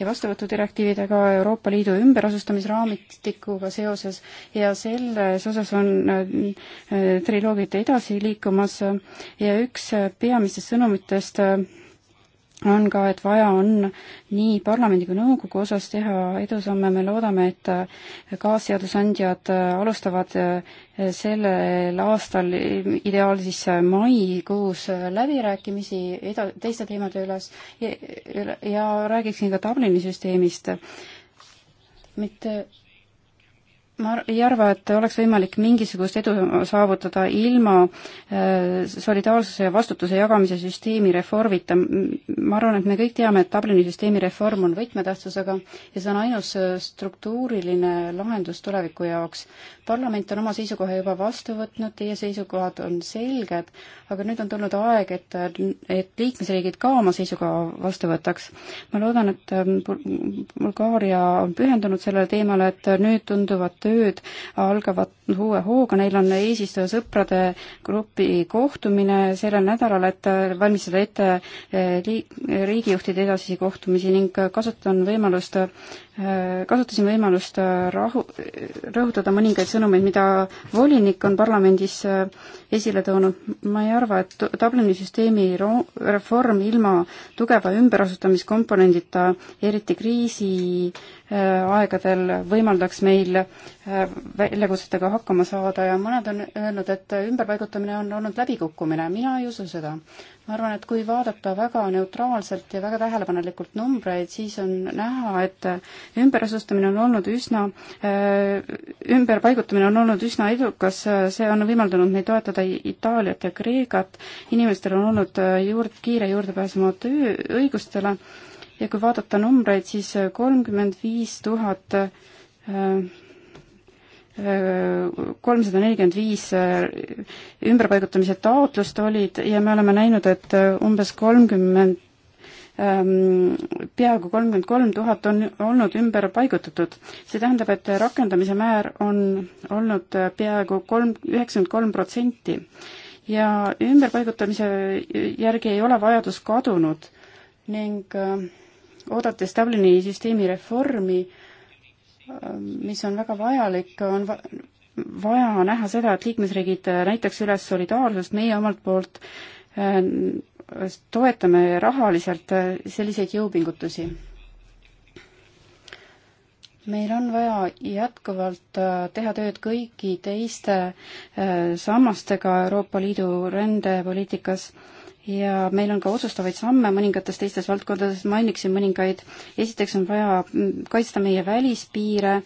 ja vastuvõtu direktiividega Euroopa Liidu ümberasustamisraamistikuga seoses ja selles osas on äh, triloogid edasi liikumas ja üks peamistest sõnumitest äh, on ka, et vaja on nii parlamendi kui nõukogu osas teha edusamme, me loodame, et äh, kaasseadusandjad äh, alustavad äh, sellel aastal ideaal siis maikuus läbirääkimisi eda-, teiste teemade üles ja, ja räägiksin ka Dublini süsteemist. mitte ma ei arva, et oleks võimalik mingisugust edu saavutada ilma äh, solidaarsuse ja vastutuse jagamise süsteemi reformita. ma arvan, et me kõik teame, et Dublini süsteemi reform on võtmetähtsusega ja see on ainus äh, struktuuriline lahendus tuleviku jaoks parlament on oma seisukoha juba vastu võtnud, teie seisukohad on selged, aga nüüd on tulnud aeg, et, et liikmesriigid ka oma seisukoha vastu võtaks. ma loodan, et ähm, Bulgaaria on pühendunud sellele teemale, et nüüd tunduvad tööd algavad uue hooga, neil on eesistuja sõprade grupi kohtumine sellel nädalal, et äh, valmistada ette äh, liik-, riigijuhtide edasisi kohtumisi ning äh, kasutan võimalust kasutasin võimalust äh, rahu, rõhutada mõningaid sõnumeid, mida volinik on parlamendis äh, esile toonud. ma ei arva, et Dublini süsteemi reform ilma tugeva ümberasustamiskomponendita, eriti kriisi Äh, aegadel võimaldaks meil äh, väljakutsetega hakkama saada ja mõned on öelnud, et ümberpaigutamine on olnud läbikukkumine, mina ei usu seda. ma arvan, et kui vaadata väga neutraalselt ja väga tähelepanelikult numbreid, siis on näha, et ümberasustamine on olnud üsna, äh, ümberpaigutamine on olnud üsna edukas, see on võimaldanud meil toetada Itaaliat ja Kreekat, inimestel on olnud juurde, kiire juurdepääs oma töö, õigustele ja kui vaadata numbreid, siis äh, kolmkümmend viis tuhat äh, äh, kolmsada nelikümmend viis ümberpaigutamise taotlust olid ja me oleme näinud, et umbes kolmkümmend ähm, peaaegu kolmkümmend kolm tuhat on olnud ümber paigutatud. see tähendab, et rakendamise määr on olnud peaaegu kolm, üheksakümmend kolm protsenti. ja ümberpaigutamise järgi ei ole vajadus kadunud ning äh, oodates Dublini süsteemi reformi, mis on väga vajalik, on va vaja näha seda, et liikmesriigid näitaks üles solidaarsust, meie omalt poolt toetame rahaliselt selliseid jõupingutusi. meil on vaja jätkuvalt äh, teha tööd kõigi teiste äh, sammastega Euroopa Liidu rändepoliitikas ja meil on ka otsustavaid samme mõningates teistes valdkondades, mainiksin mõningaid. esiteks on vaja mm, kaitsta meie välispiire,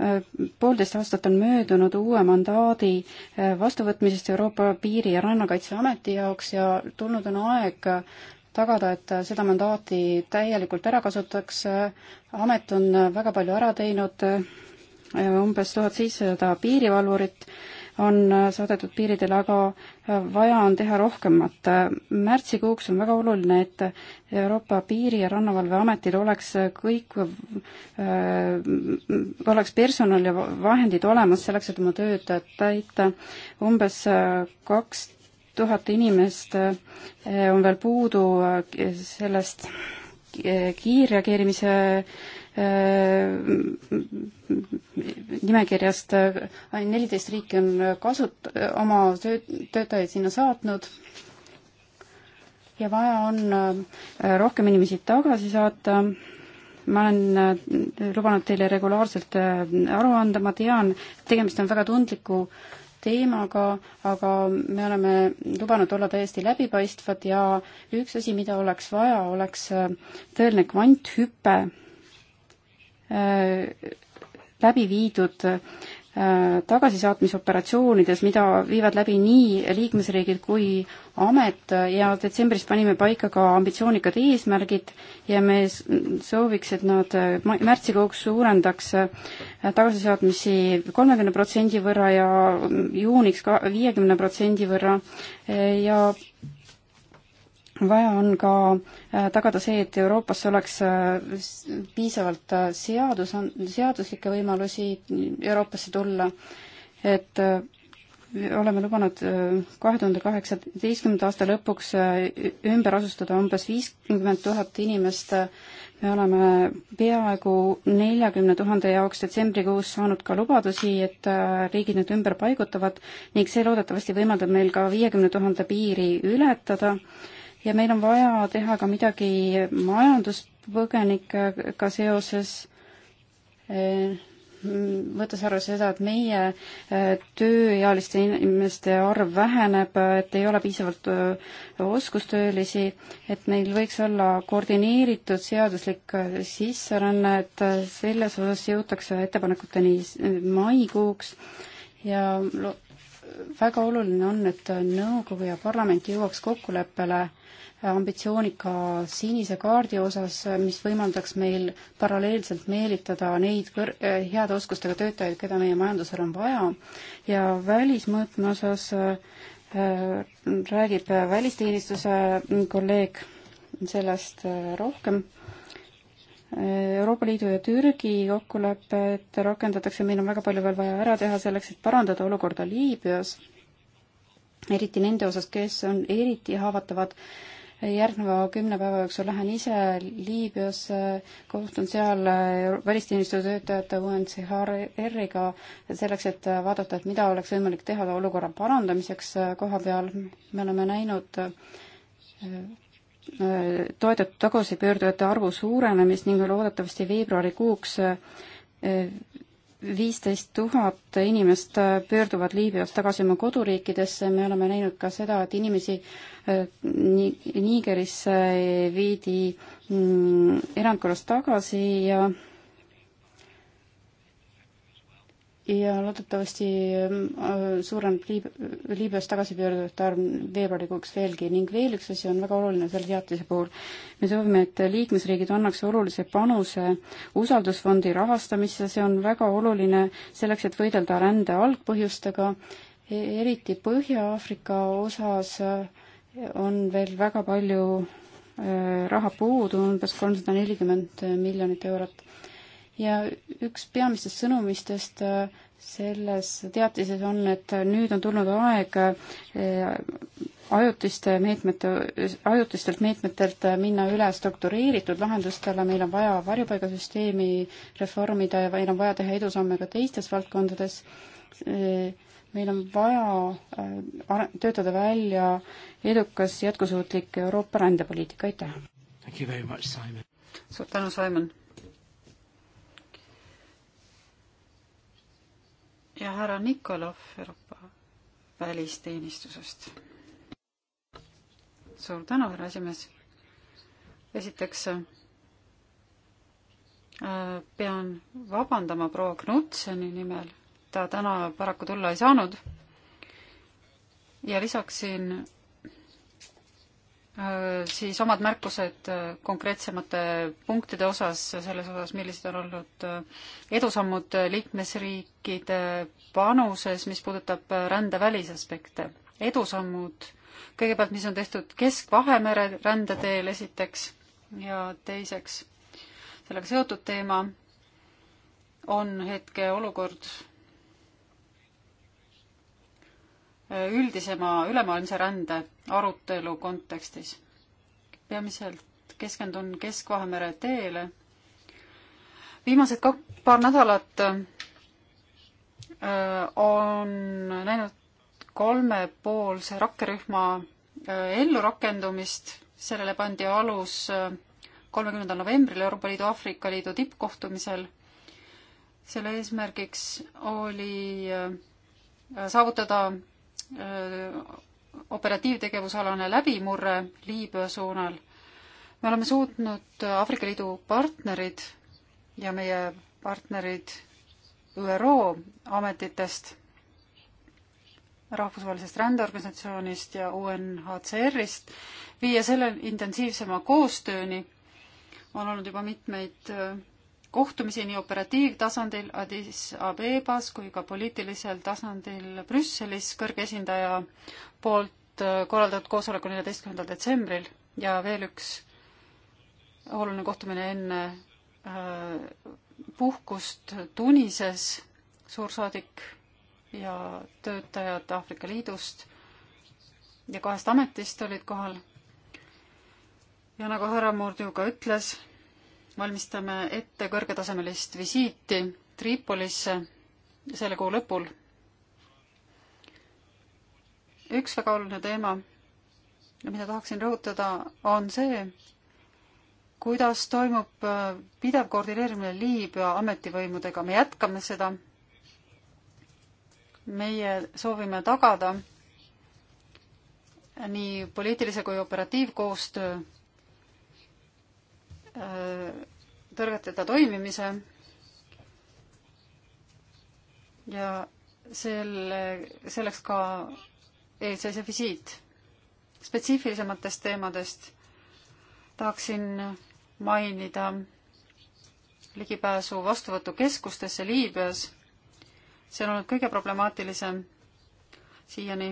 äh, poolteist aastat on möödunud uue mandaadi äh, vastuvõtmisest Euroopa Piiri- ja Rannakaitseameti jaoks ja tulnud on aeg tagada, et äh, seda mandaati täielikult ära kasutatakse. amet on väga palju ära teinud, umbes tuhat seitsesada piirivalvurit on saadetud piiridele, aga vaja on teha rohkemat. märtsikuuks on väga oluline, et Euroopa Piiri- ja Rannavalveametil oleks kõik, äh, oleks personal ja vahendid olemas selleks, et oma tööd täita. umbes kaks tuhat inimest äh, on veel puudu äh, sellest kiirreageerimise Äh, nimekirjast ainult äh, neliteist riiki on kasut-, äh, oma tööt-, töötajaid sinna saatnud ja vaja on rohkem inimesi tagasi saata. ma olen lubanud teile regulaarselt aru anda, ma tean, tegemist on väga tundliku teemaga, aga me oleme lubanud olla täiesti läbipaistvad ja üks asi, mida oleks vaja, oleks tõeline kvanthüpe Äh, läbi viidud äh, tagasisaatmisoperatsioonides, mida viivad läbi nii liikmesriigid kui amet ja detsembris panime paika ka ambitsioonikad eesmärgid ja me sooviks, et nad äh, märtsikuuks suurendaks tagasisaatmisi kolmekümne protsendi võrra ja juuniks ka viiekümne protsendi võrra ja vaja on ka äh, tagada see, et Euroopasse oleks äh, piisavalt äh, seadus, seaduslikke võimalusi Euroopasse tulla, et oleme lubanud kahe tuhande kaheksateistkümnenda aasta lõpuks ümber asustada umbes viiskümmend tuhat inimest. me oleme peaaegu neljakümne tuhande jaoks detsembrikuus saanud ka lubadusi, et riigid need ümber paigutavad ning see loodetavasti võimaldab meil ka viiekümne tuhande piiri ületada ja meil on vaja teha ka midagi majanduspõgenikega seoses, eh, võttes arvesse seda, et meie eh, tööealiste inimeste arv väheneb, et ei ole piisavalt eh, oskustöölisi, et meil võiks olla koordineeritud seaduslik sisseränne, et selles osas jõutakse ettepanekuteni maikuuks ja lo-, väga oluline on, et nõukogu ja parlament jõuaks kokkuleppele ambitsioonika sinise kaardi osas, mis võimaldaks meil paralleelselt meelitada neid kõr-, eh, heade oskustega töötajaid, keda meie majandusel on vaja, ja välismõõtme osas eh, räägib välisteenistuse kolleeg sellest eh, rohkem Euroopa Liidu ja Türgi kokkulepet rakendatakse, meil on väga palju veel vaja ära teha selleks, et parandada olukorda Liibüas, eriti nende osas, kes on eriti haavatavad. järgneva kümne päeva jooksul lähen ise Liibüasse, kohtun seal välisteenistuse töötajate UNCHR-iga selleks, et vaadata, et mida oleks võimalik teha olukorra parandamiseks koha peal. me oleme näinud toetatud tagasipöördujate arvu suurenemist ning loodetavasti veebruarikuuks äh, viisteist tuhat inimest äh, pöörduvad Liibüast tagasi oma koduriikidesse, me oleme näinud ka seda, et inimesi äh, Nigerisse viidi mm, erandkorras tagasi ja ja loodetavasti ähm, äh, suureneb Liib-, Liibüas tagasipöördujate arv veebruarikuuks veelgi ning veel üks asi on väga oluline selle teatise puhul. me soovime, et liikmesriigid annaks olulise panuse usaldusfondi rahastamisse, see on väga oluline selleks, et võidelda rände algpõhjustega, e-, eriti Põhja-Aafrika osas äh, on veel väga palju äh, raha puudu, umbes kolmsada nelikümmend miljonit eurot ja üks peamistest sõnumistest äh, selles teatises on, et nüüd on tulnud aeg äh, ajutiste meetmete, ajutistelt meetmetelt äh, minna üle struktureeritud lahendustele, meil on vaja varjupaigasüsteemi reformida ja meil on vaja teha edusamme ka teistes valdkondades. meil on vaja töötada välja edukas jätkusuutlik Euroopa rändepoliitika, aitäh! suur tänu, Simon! ja härra Nikolov Euroopa välisteenistusest. suur tänu, härra esimees. esiteks äh, pean vabandama proua Knutseni nimel, ta täna paraku tulla ei saanud. ja lisaksin Äh, siis omad märkused äh, konkreetsemate punktide osas, selles osas, millised on olnud äh, edusammud liikmesriikide panuses, mis puudutab rände välisaspekte. edusammud kõigepealt, mis on tehtud Kesk-Vahemere rändeteel esiteks ja teiseks sellega seotud teema on hetkeolukord üldisema ülemaailmse rände arutelu kontekstis. peamiselt keskendun Kesk-Vahemere teele. viimased ka-, paar nädalat äh, on näinud kolmepoolse rakkerühma äh, ellurakendumist, sellele pandi alus äh, kolmekümnendal novembril Euroopa Liidu Aafrika Liidu tippkohtumisel. selle eesmärgiks oli saavutada Äh, operatiivtegevusalane läbimurre Liibüa suunal. me oleme suutnud Aafrika Liidu partnerid ja meie partnerid ÜRO ametitest, rahvusvahelisest rändeorganisatsioonist ja UNHCR-ist viia selle intensiivsema koostööni. on olnud juba mitmeid äh, kohtumisi nii operatiivtasandil Addis Abebas kui ka poliitilisel tasandil Brüsselis kõrge esindaja poolt äh, korraldatud koosoleku neljateistkümnendal detsembril ja veel üks oluline kohtumine enne äh, puhkust Tunises, suursaadik ja töötajad Aafrika Liidust ja kahest ametist olid kohal. ja nagu härra Murdu ka ütles, valmistame ette kõrgetasemelist visiiti Tripolisse selle kuu lõpul. üks väga oluline teema, mida tahaksin rõhutada, on see, kuidas toimub äh, pidev koordineerimine Liibüa ametivõimudega. me jätkame seda. meie soovime tagada nii poliitilise kui operatiivkoostöö tõrgeteta toimimise ja selle, selleks ka eelseisev visiit. spetsiifilisematest teemadest tahaksin mainida ligipääsu vastuvõtukeskustesse Liibüas. see on olnud kõige problemaatilisem siiani.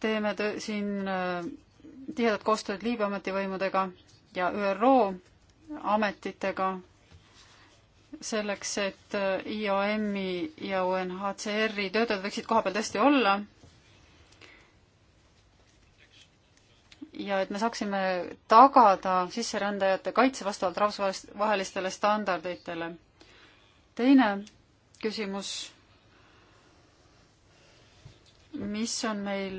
teeme siin äh, tihedat koostööd Liibüa ametivõimudega ja ÜRO ametitega selleks, et IOM-i ja UNHCR-i töötajad võiksid kohapeal tõesti olla. ja et me saaksime tagada sisserändajate kaitse vastavalt rahvusvahelistele standarditele. teine küsimus, mis on meil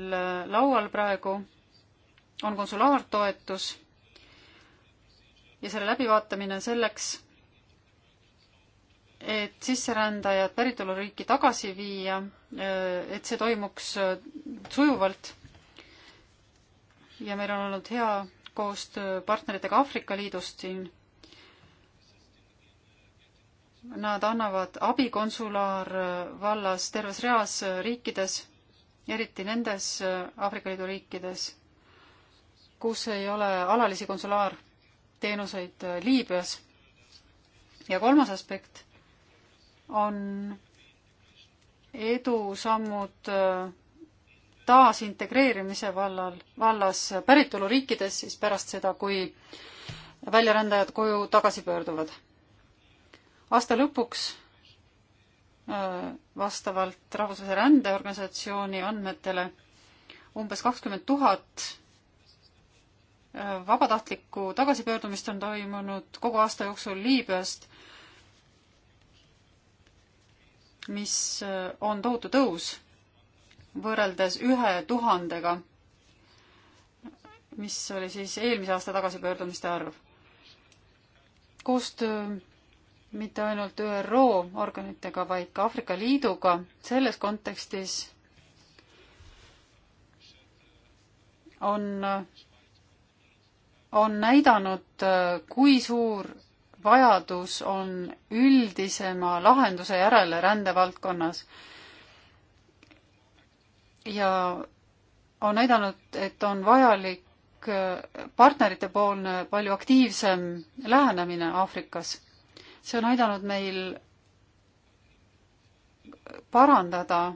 laual praegu on konsulaartoetus ja selle läbivaatamine selleks, et sisserändajad päritoluriiki tagasi viia, äh, et see toimuks äh, sujuvalt. ja meil on olnud hea koostöö partneritega Aafrika Liidust siin. Nad annavad abi konsulaarvallas äh, terves reas riikides, eriti nendes Aafrika Liidu riikides kus ei ole alalisi konsulaarteenuseid äh, Liibüas. ja kolmas aspekt on edusammud äh, taasintegreerimise vallal, vallas päritoluriikides siis pärast seda, kui väljarändajad koju tagasi pöörduvad. aasta lõpuks äh, vastavalt Rahvusvahelise Rändeorganisatsiooni andmetele umbes kakskümmend tuhat vabatahtlikku tagasipöördumist on toimunud kogu aasta jooksul Liibüast, mis äh, on tohutu tõus võrreldes ühe tuhandega, mis oli siis eelmise aasta tagasipöördumiste arv. koostöö mitte ainult ÜRO organitega, vaid ka Aafrika Liiduga selles kontekstis on äh, on näidanud, kui suur vajadus on üldisema lahenduse järele rändevaldkonnas. ja on näidanud, et on vajalik partneritepoolne palju aktiivsem lähenemine Aafrikas. see on aidanud meil parandada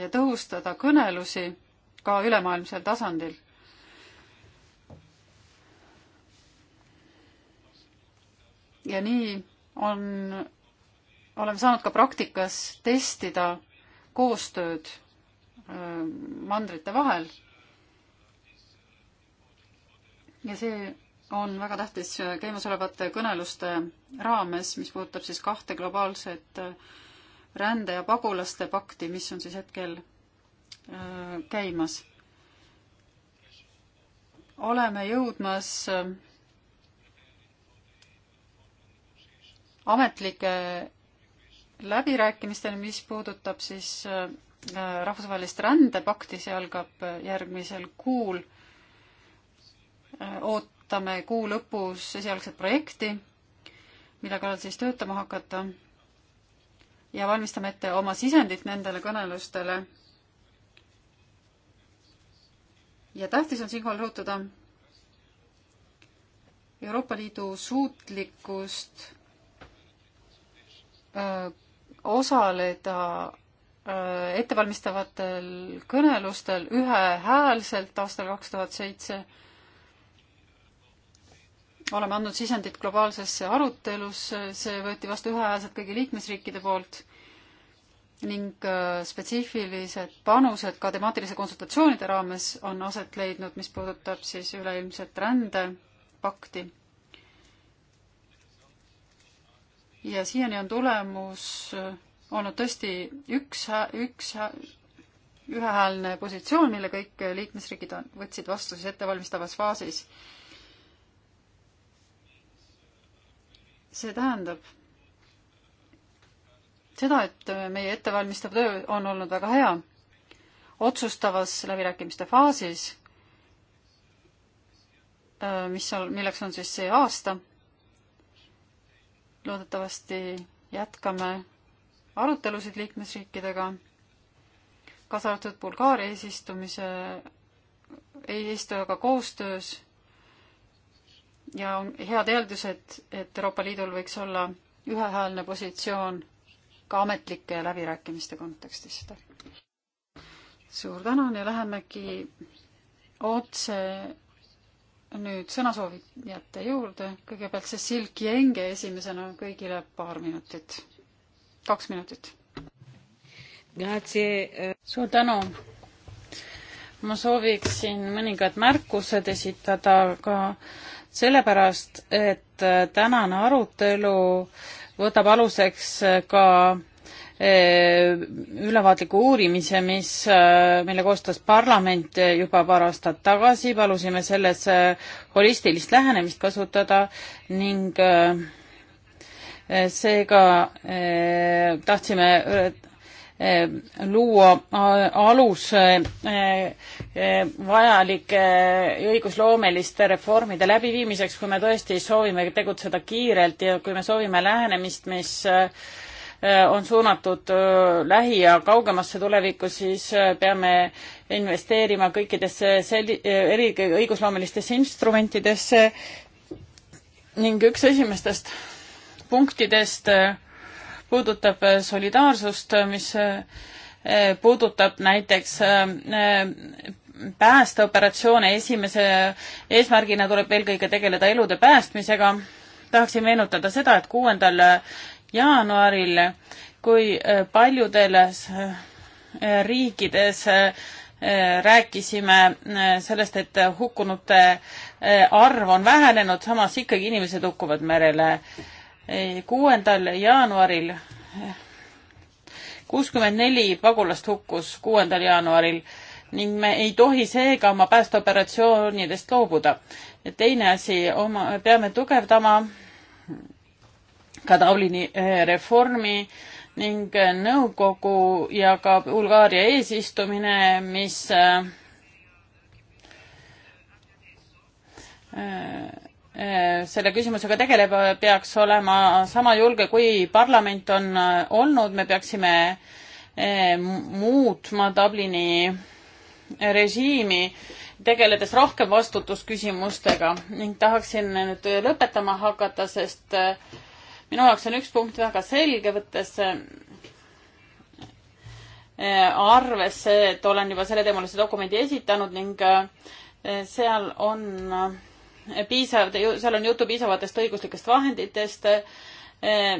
ja tõhustada kõnelusi ka ülemaailmsel tasandil ja nii on, oleme saanud ka praktikas testida koostööd äh, mandrite vahel. ja see on väga tähtis äh, käimasolevate kõneluste raames, mis puudutab siis kahte globaalset äh, rände ja pagulaste pakti, mis on siis hetkel käimas. oleme jõudmas ametlike läbirääkimisteni, mis puudutab siis äh, rahvusvahelist rändepakti, see algab äh, järgmisel kuul. Äh, ootame kuu lõpus esialgset projekti, mille kallal siis töötama hakata ja valmistame ette oma sisendit nendele kõnelustele. ja tähtis on siinkohal rõhutada Euroopa Liidu suutlikkust Äh, osaleda äh, ettevalmistavatel kõnelustel ühehäälselt aastal kaks tuhat seitse. oleme andnud sisendit globaalsesse arutelusse, see võeti vastu ühehäälselt kõigi liikmesriikide poolt ning äh, spetsiifilised panused ka temaatilise konsultatsioonide raames on aset leidnud, mis puudutab siis üleilmset rändepakti ja siiani on tulemus olnud tõesti üks, üks ühehäälne positsioon, mille kõik liikmesriigid on, võtsid vastu siis ettevalmistavas faasis. see tähendab seda, et meie ettevalmistav töö on olnud väga hea. otsustavas läbirääkimiste faasis, mis on, milleks on siis see aasta loodetavasti jätkame arutelusid liikmesriikidega, kaasa arvatud Bulgaaria eesistumise, eesistujaga koostöös ja on head eeldused, et Euroopa Liidul võiks olla ühehäälne positsioon ka ametlike läbirääkimiste kontekstis. suur tänu ja lähemegi otse nüüd sõnasoovijate juurde, kõigepealt Cecil Kienge esimesena kõigile paar minutit, kaks minutit. Eh. suur tänu. ma sooviksin mõningad märkused esitada ka sellepärast, et tänane arutelu võtab aluseks ka Eh, ülevaatliku uurimise, mis, eh, mille koostas parlament eh, juba paar aastat tagasi, palusime selles holistilist lähenemist kasutada ning seega tahtsime luua aluse vajalike õigusloomeliste reformide läbiviimiseks, kui me tõesti soovime tegutseda kiirelt ja kui me soovime lähenemist, mis Äh, on suunatud äh, lähi- ja kaugemasse tulevikku, siis äh, peame investeerima kõikidesse selli-, eri-, õigusloomelistesse instrumentidesse ning üks esimestest punktidest puudutab solidaarsust, mis puudutab näiteks päästeoperatsioone, esimese eesmärgina tuleb eelkõige tegeleda elude päästmisega. tahaksin meenutada seda, et kuuendal jaanuaril, kui äh, paljudeles äh, riikides äh, rääkisime sellest, et hukkunute arv on vähenenud, samas ikkagi inimesed hukkuvad merele. kuuendal jaanuaril kuuskümmend neli pagulast hukkus kuuendal jaanuaril ning me ei tohi seega oma päästeoperatsioonidest loobuda. teine asi, oma, peame tugevdama ka Taulini eh, reformi ning eh, nõukogu ja ka Bulgaaria eesistumine, mis eh, selle küsimusega tegeleb, peaks olema sama julge, kui parlament on olnud, me peaksime muutma Dublini režiimi, tegeledes rohkem vastutusküsimustega ning tahaksin nüüd lõpetama hakata, sest äh, minu jaoks on üks punkt väga selge, võttes eh, arvesse, et olen juba selleteemalise dokumendi esitanud ning eh, seal on eh, piisav, seal on juttu piisavatest õiguslikest vahenditest,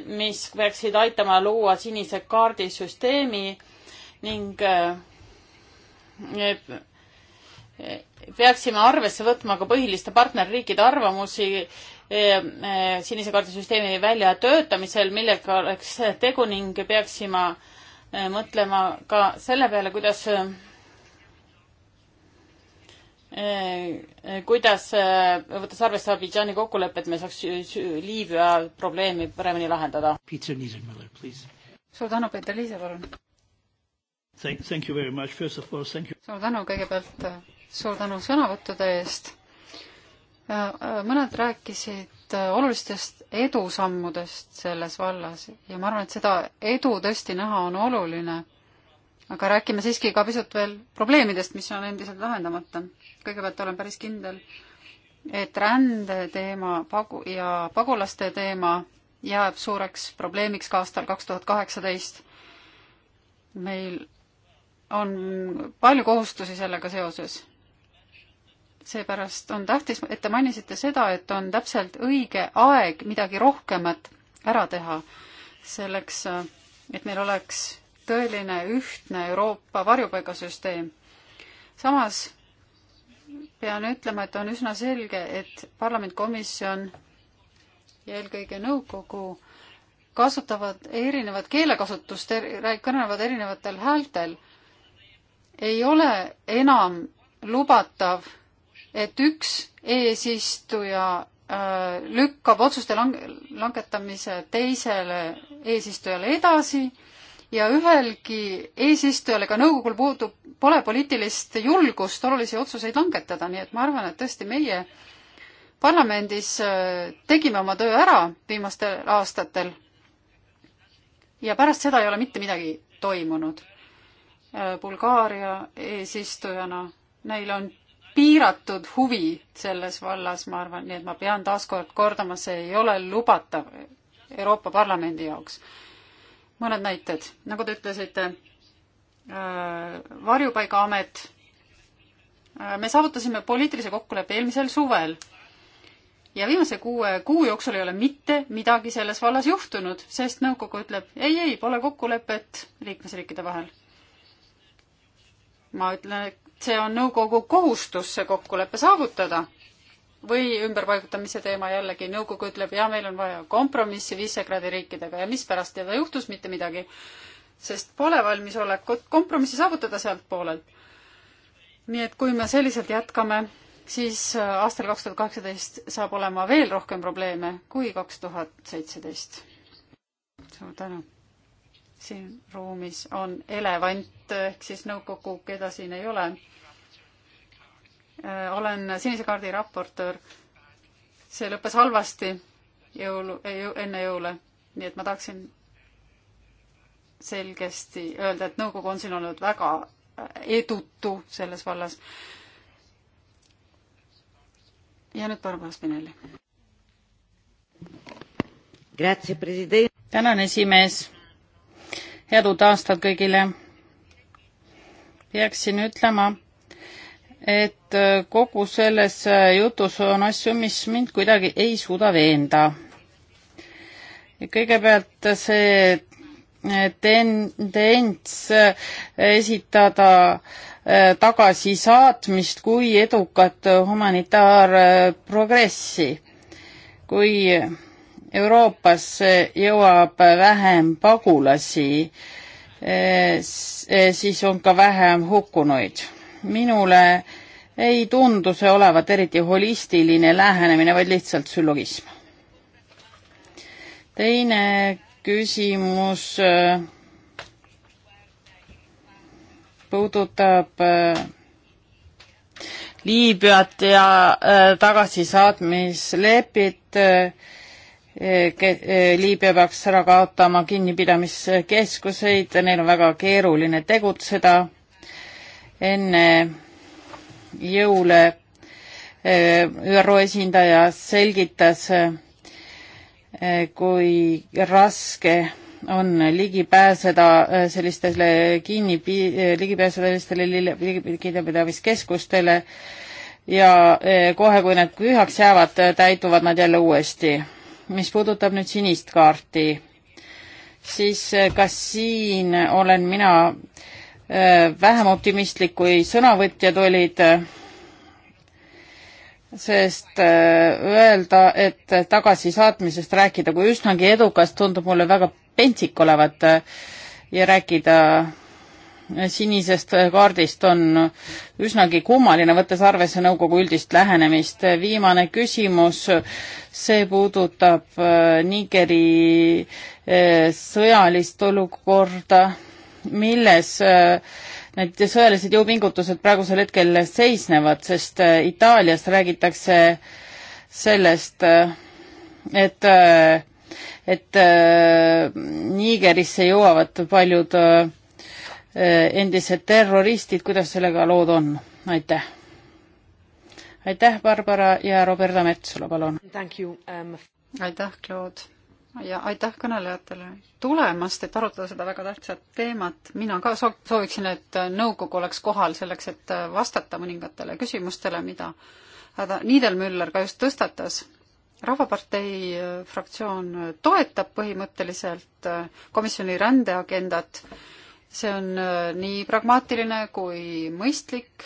mis peaksid aitama luua sinise kaardi süsteemi ning peaksime arvesse võtma ka põhiliste partnerriikide arvamusi Ehm, eh, sinise kaardi süsteemi väljatöötamisel, millega oleks tegu ning peaksime eh, mõtlema ka selle peale, kuidas, eh, kuidas, võttes arvesse Abidžaani kokkulepet, me saaks Liibüa probleemi paremini lahendada. suur tänu, Peeter Liise, palun. suur tänu kõigepealt, suur tänu sõnavõttude eest Äh, äh, mõned rääkisid äh, olulistest edusammudest selles vallas ja ma arvan, et seda edu tõesti näha on oluline. aga räägime siiski ka pisut veel probleemidest, mis on endiselt lahendamata. kõigepealt olen päris kindel, et rände teema pagu- ja pagulaste teema jääb suureks probleemiks ka aastal kaks tuhat kaheksateist. meil on palju kohustusi sellega seoses seepärast on tähtis, et te mainisite seda, et on täpselt õige aeg midagi rohkemat ära teha selleks, et meil oleks tõeline ühtne Euroopa varjupaigasüsteem. samas pean ütlema, et on üsna selge, et parlament, komisjon ja eelkõige nõukogu kasutavad erinevat keelekasutust, kõnelevad erinevatel häältel, ei ole enam lubatav et üks eesistuja äh, lükkab otsuste lang-, langetamise teisele eesistujale edasi ja ühelgi eesistujal ega nõukogul puudub, pole poliitilist julgust olulisi otsuseid langetada, nii et ma arvan, et tõesti meie parlamendis äh, tegime oma töö ära viimastel aastatel ja pärast seda ei ole mitte midagi toimunud. Äh, Bulgaaria eesistujana, neil on piiratud huvi selles vallas, ma arvan, nii et ma pean taaskord kordama, see ei ole lubatav Euroopa Parlamendi jaoks. mõned näited, nagu te ütlesite, äh, varjupaigaamet, äh, me saavutasime poliitilise kokkuleppe eelmisel suvel ja viimase kuue kuu jooksul ei ole mitte midagi selles vallas juhtunud, sest nõukogu ütleb ei, ei, pole kokkulepet liikmesriikide vahel. ma ütlen, see on nõukogu kohustus see kokkulepe saavutada. või ümberpaigutamise teema jällegi, nõukogu ütleb, jaa, meil on vaja kompromissi Visegradi riikidega ja mispärast teda juhtus mitte midagi, sest pole valmisolekut kompromissi saavutada sealt poolelt. nii et kui me selliselt jätkame, siis äh, aastal kaks tuhat kaheksateist saab olema veel rohkem probleeme kui kaks tuhat seitseteist. suur tänu siin ruumis on elevant ehk siis nõukogu, keda siin ei ole. Äh, olen sinise kaardi raportöör. see lõppes halvasti jõulu, enne jõule, nii et ma tahaksin selgesti öelda, et nõukogu on siin olnud väga äh, edutu selles vallas. ja nüüd Barbara Spinelli. tänan, esimees head uut aastat kõigile. peaksin ütlema, et äh, kogu selles äh, jutus on asju, mis mind kuidagi ei suuda veenda. kõigepealt see äh, tendents esitada tagasisaatmist kui edukat humanitaarprogressi, kui Euroopasse jõuab vähem pagulasi, eh, eh, siis on ka vähem hukkunuid. minule ei tundu see olevat eriti holistiline lähenemine, vaid lihtsalt süllogism. teine küsimus eh, puudutab Liibüat ja tagasisaatmislepit äh, Eh, eh, Liibüa peaks ära kaotama kinnipidamiskeskuseid, neil on väga keeruline tegutseda. enne jõule eh, ÜRO esindaja selgitas, kui raske on ligi pääseda sellistele kinni, ligi pääseda sellistele kinnipidamiskeskustele ja kohe, kui need tühjaks jäävad, täituvad nad jälle uuesti mis puudutab nüüd sinist kaarti, siis äh, kas siin olen mina äh, vähem optimistlik kui sõnavõtjad olid, sest äh, öelda, et tagasisaatmisest rääkida kui üsnagi edukast, tundub mulle väga pentsik olevat ja rääkida sinisest kaardist on üsnagi kummaline, võttes arvesse nõukogu üldist lähenemist. viimane küsimus, see puudutab äh, Nigeri äh, sõjalist olukorda, milles äh, need sõjalised jõupingutused praegusel hetkel seisnevad, sest Itaalias räägitakse sellest, et et Nigerisse jõuavad paljud äh, Äh, endised terroristid, kuidas sellega lood on? aitäh. aitäh, Barbara ja Roberta Metsula, palun. Um... aitäh, Claude ja aitäh kõnelejatele tulemast, et arutada seda väga tähtsat teemat. mina ka sooviksin, et nõukogu oleks kohal selleks, et vastata mõningatele küsimustele, mida härra Niidelmüller ka just tõstatas. rahvapartei äh, fraktsioon toetab põhimõtteliselt äh, komisjoni rändeagendat see on äh, nii pragmaatiline kui mõistlik,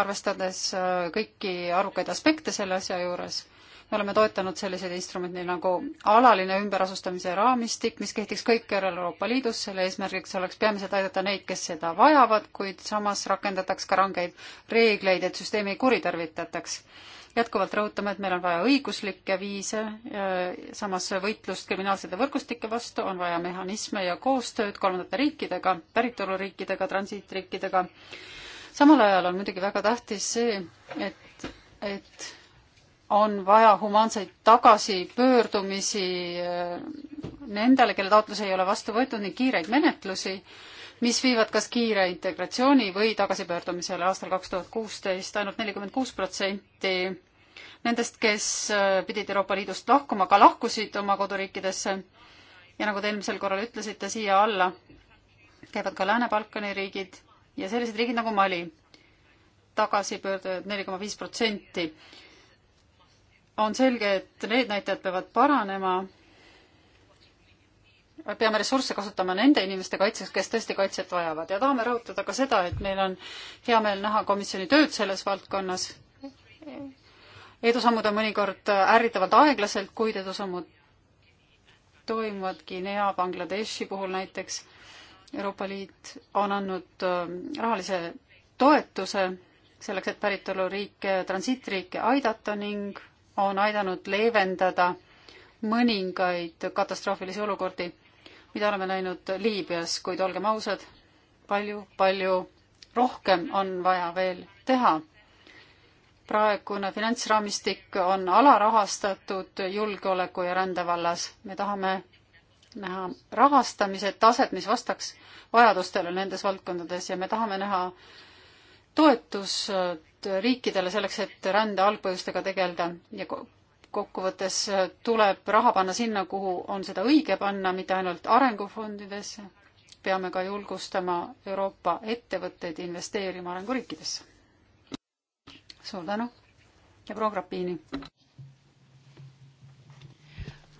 arvestades äh, kõiki arvukaid aspekte selle asja juures. me oleme toetanud selliseid instrumente nagu alaline ümberasustamise raamistik, mis kehtiks kõikjal Euroopa Liidus, selle eesmärgiks oleks peamiselt aidata neid, kes seda vajavad, kuid samas rakendataks ka rangeid reegleid, et süsteemi ei kuritarvitataks jätkuvalt rõhutame, et meil on vaja õiguslikke viise, samas võitlust kriminaalsete võrgustike vastu, on vaja mehhanisme ja koostööd kolmandate riikidega, päritoluriikidega, transiitriikidega. samal ajal on muidugi väga tähtis see, et, et on vaja humaanseid tagasipöördumisi äh, nendele, kelle taotlus ei ole vastu võetud, ning kiireid menetlusi mis viivad kas kiire integratsiooni või tagasipöördumisele aastal kaks tuhat kuusteist ainult nelikümmend kuus protsenti nendest, kes äh, pidid Euroopa Liidust lahkuma, ka lahkusid oma koduriikidesse. ja nagu te eelmisel korral ütlesite, siia alla käivad ka Lääne-Balkani riigid ja sellised riigid nagu Mali, tagasipöördujad neli koma viis protsenti. on selge, et need näitajad peavad paranema peame ressursse kasutama nende inimeste kaitseks, kes tõesti kaitset vajavad ja tahame rõhutada ka seda, et meil on hea meel näha komisjoni tööd selles valdkonnas. edusammud on mõnikord ärritavalt aeglaselt, kuid edusammud toimuvad Guinea, Bangladeshi puhul näiteks. Euroopa Liit on andnud ähm, rahalise toetuse selleks, et päritoluriike, transiitriike aidata ning on aidanud leevendada mõningaid katastroofilisi olukordi mida oleme näinud Liibüas, kuid olgem ausad, palju, palju rohkem on vaja veel teha. praegune finantsraamistik on alarahastatud julgeoleku ja rände vallas. me tahame näha rahastamise taset, mis vastaks vajadustele nendes valdkondades ja me tahame näha toetus äh, riikidele selleks, et rände algpõhjustega tegeleda ja kokkuvõttes tuleb raha panna sinna, kuhu on seda õige panna, mitte ainult arengufondidesse. peame ka julgustama Euroopa ettevõtteid investeerima arenguriikidesse. suur tänu ja proua Grapini.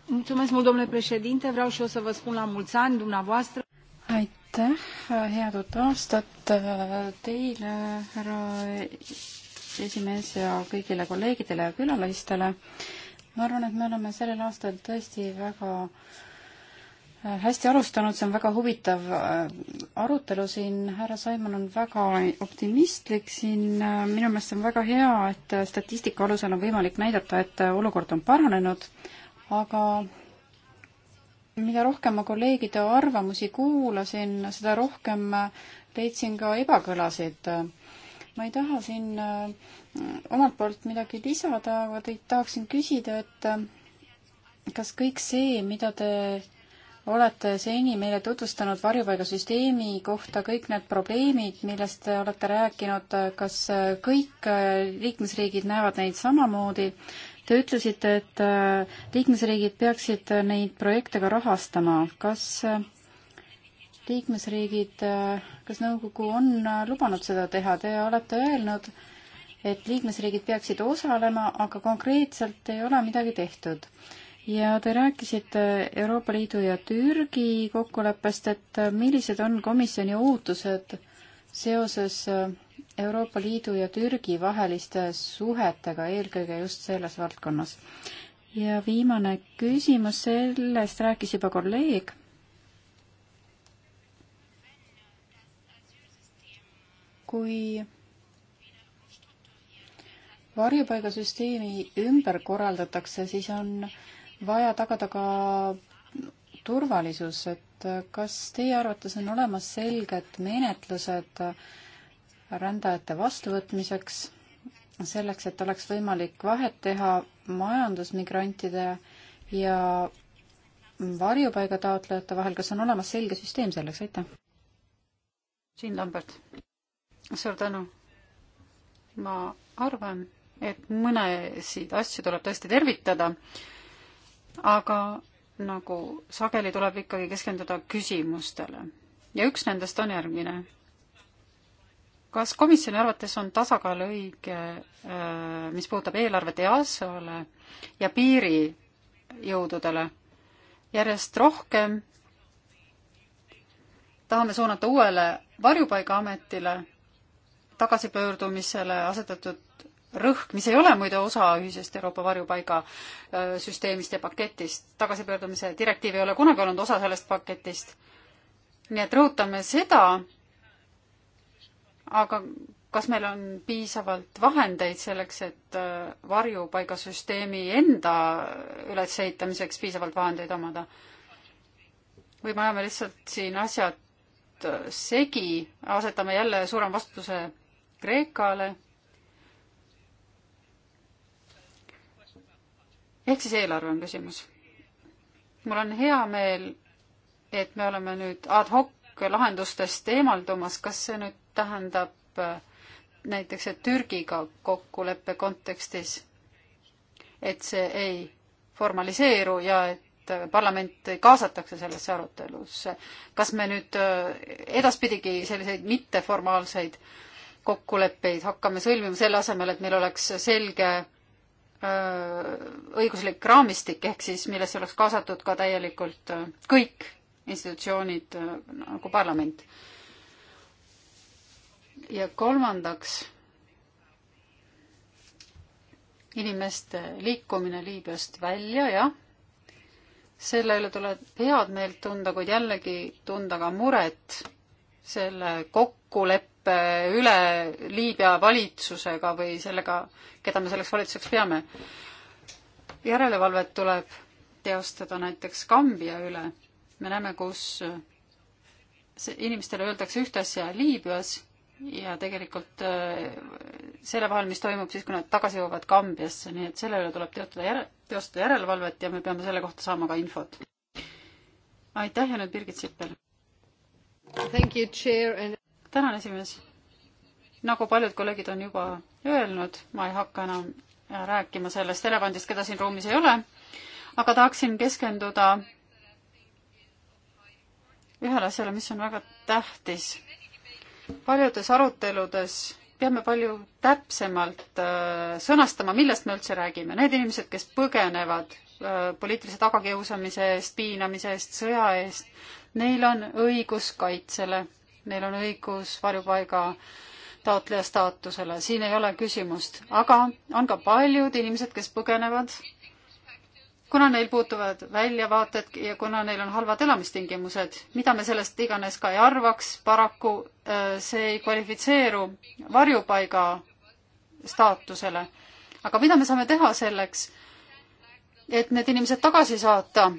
mulțumesc mult, domnule președinte, vreau și eu să vă spun la mulți ani dumneavoastră. aitäh, head uut aastat äh, teile, härra esimees ja kõigile kolleegidele ja külalistele ma arvan, et me oleme sellel aastal tõesti väga äh, hästi alustanud, see on väga huvitav äh, arutelu siin, härra Saimon on väga optimistlik siin, äh, minu meelest see on väga hea, et statistika alusel on võimalik näidata, et olukord on paranenud, aga mida rohkem ma kolleegide arvamusi kuulasin, seda rohkem leidsin ka ebakõlasid ma ei taha siin äh, omalt poolt midagi lisada, aga teid tahaksin küsida, et äh, kas kõik see, mida te olete seni meile tutvustanud varjupaigasüsteemi kohta kõik need probleemid, millest te olete rääkinud, kas äh, kõik liikmesriigid näevad neid samamoodi? Te ütlesite, et liikmesriigid peaksid neid projekte ka rahastama. kas liikmesriigid, äh, kas nõukogu on äh, lubanud seda teha, te olete öelnud, et liikmesriigid peaksid osalema, aga konkreetselt ei ole midagi tehtud. ja te rääkisite Euroopa Liidu ja Türgi kokkuleppest, et äh, millised on komisjoni ootused seoses Euroopa Liidu ja Türgi vaheliste suhetega, eelkõige just selles valdkonnas. ja viimane küsimus, sellest rääkis juba kolleeg kui varjupaigasüsteemi ümber korraldatakse, siis on vaja tagada ka turvalisus, et kas teie arvates on olemas selged menetlused rändajate vastuvõtmiseks, selleks, et oleks võimalik vahet teha majandusmigrantide ja varjupaigataotlejate vahel, kas on olemas selge süsteem selleks, aitäh! Jean Lambert suur tänu. ma arvan, et mõnesid asju tuleb tõesti tervitada, aga nagu sageli tuleb ikkagi keskenduda küsimustele ja üks nendest on järgmine. kas komisjoni arvates on tasakaal õige, äh, mis puudutab eelarvet EASO-le ja piirijõududele? järjest rohkem tahame suunata uuele varjupaigaametile tagasipöördumisele asetatud rõhk, mis ei ole muide osa ühisest Euroopa varjupaiga äh, süsteemist ja paketist, tagasipöördumise direktiiv ei ole kunagi olnud osa sellest paketist. nii et rõhutame seda, aga kas meil on piisavalt vahendeid selleks, et äh, varjupaigasüsteemi enda ülesehitamiseks piisavalt vahendeid omada? või me ajame lihtsalt siin asjad äh, segi, asetame jälle suurema vastutuse Kreekale. ehk siis eelarve on küsimus. mul on hea meel, et me oleme nüüd ad hoc lahendustest eemaldumas, kas see nüüd tähendab äh, näiteks, et Türgiga kokkuleppe kontekstis, et see ei formaliseeru ja et äh, parlament kaasatakse sellesse arutelusse. kas me nüüd äh, edaspidigi selliseid mitteformaalseid kokkuleppeid hakkame sõlmima selle asemel, et meil oleks selge õiguslik raamistik, ehk siis millesse oleks kaasatud ka täielikult kõik institutsioonid nagu parlament. ja kolmandaks, inimeste liikumine Liibüast välja, jah. selle üle tuleb head meelt tunda, kuid jällegi tunda ka muret selle kokkuleppe Eh, üle Liibüa valitsusega või sellega, keda me selleks valitsuseks peame. järelevalvet tuleb teostada näiteks Kambja üle. me näeme, kus inimestele öeldakse ühte asja Liibüas ja tegelikult eh, selle vahel, mis toimub siis, kui nad tagasi jõuavad Kambjasse, nii et selle üle tuleb teotada järe-, teostada järelevalvet ja me peame selle kohta saama ka infot. aitäh ja nüüd Birgit Sippel. Thank you, chair and tänan, esimees. nagu paljud kolleegid on juba öelnud, ma ei hakka enam äh, rääkima sellest elevandist, keda siin ruumis ei ole, aga tahaksin keskenduda ühele asjale, mis on väga tähtis. paljudes aruteludes peame palju täpsemalt äh, sõnastama, millest me üldse räägime. Need inimesed, kes põgenevad äh, poliitilise tagakiusamise eest, piinamise eest, sõja eest, neil on õigus kaitsele neil on õigus varjupaiga taotleja staatusele, siin ei ole küsimust, aga on ka paljud inimesed, kes põgenevad, kuna neil puutuvad väljavaated ja kuna neil on halvad elamistingimused, mida me sellest iganes ka ei arvaks, paraku äh, see ei kvalifitseeru varjupaiga staatusele. aga mida me saame teha selleks, et need inimesed tagasi saata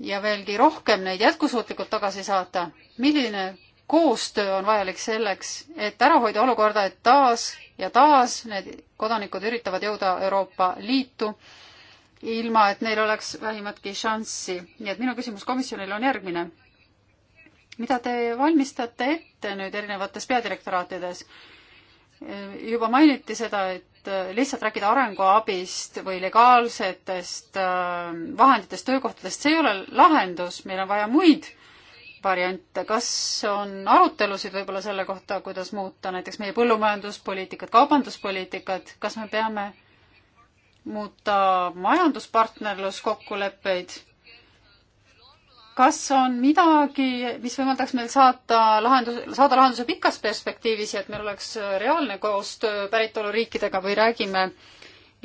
ja veelgi rohkem neid jätkusuutlikult tagasi saata, milline koostöö on vajalik selleks, et ära hoida olukorda, et taas ja taas need kodanikud üritavad jõuda Euroopa Liitu, ilma et neil oleks vähimatki šanssi. nii et minu küsimus komisjonile on järgmine. mida te valmistate ette nüüd erinevates peadirektoraatides? juba mainiti seda, et lihtsalt rääkida arenguabist või legaalsetest äh, vahenditest, töökohtadest, see ei ole lahendus, meil on vaja muid variante, kas on arutelusid võib-olla selle kohta, kuidas muuta näiteks meie põllumajanduspoliitikat, kaubanduspoliitikat, kas me peame muuta majanduspartnerluskokkuleppeid? kas on midagi, mis võimaldaks meil saata lahendus, saada lahenduse pikas perspektiivis ja et meil oleks reaalne koostöö päritoluriikidega või räägime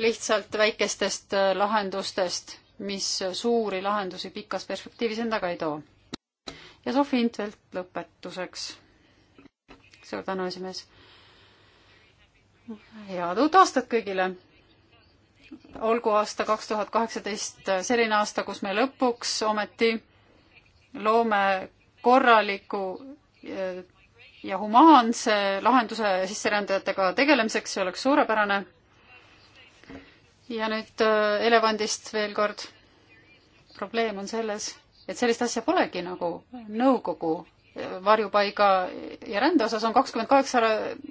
lihtsalt väikestest lahendustest, mis suuri lahendusi pikas perspektiivis endaga ei too? ja Sofi Intvelt lõpetuseks. suur tänu, esimees. head uut aastat kõigile. olgu aasta kaks tuhat kaheksateist selline aasta, kus me lõpuks ometi loome korraliku eh, ja humaanse lahenduse sisserändajatega tegelemiseks, see oleks suurepärane. ja nüüd eh, elevandist veel kord. probleem on selles et sellist asja polegi nagu nõukogu varjupaiga ja rände osas on kakskümmend kaheksa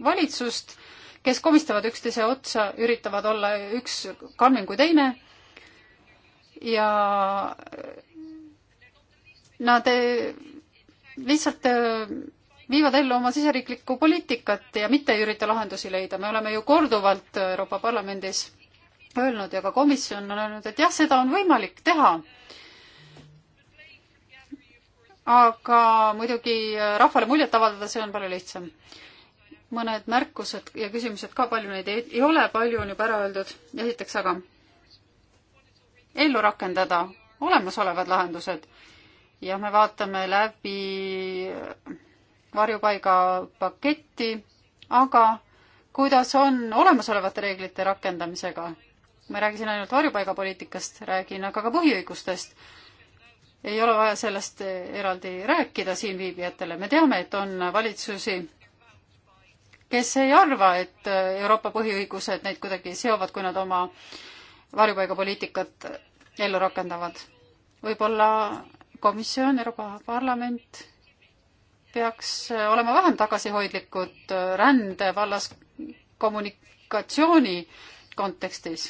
valitsust, kes komistavad üksteise otsa, üritavad olla üks karmim kui teine ja nad eh, lihtsalt eh, viivad ellu oma siseriiklikku poliitikat ja mitte ei ürita lahendusi leida. me oleme ju korduvalt Euroopa Parlamendis öelnud ja ka komisjon on öelnud, et jah, seda on võimalik teha aga muidugi äh, rahvale muljet avaldada, see on palju lihtsam. mõned märkused ja küsimused ka, palju neid ei, ei ole, palju on juba ära öeldud. esiteks aga ellu rakendada olemasolevad lahendused ja me vaatame läbi äh, varjupaiga paketti, aga kuidas on olemasolevate reeglite rakendamisega? ma räägisin ainult varjupaigapoliitikast, räägin aga ka põhiõigustest ei ole vaja sellest eraldi rääkida siinviibijatele, me teame, et on valitsusi, kes ei arva, et Euroopa põhiõigused neid kuidagi seovad, kui nad oma varjupaigapoliitikat ellu rakendavad. võib-olla komisjon, Euroopa Parlament peaks olema vähem tagasihoidlikud rände vallas kommunikatsiooni kontekstis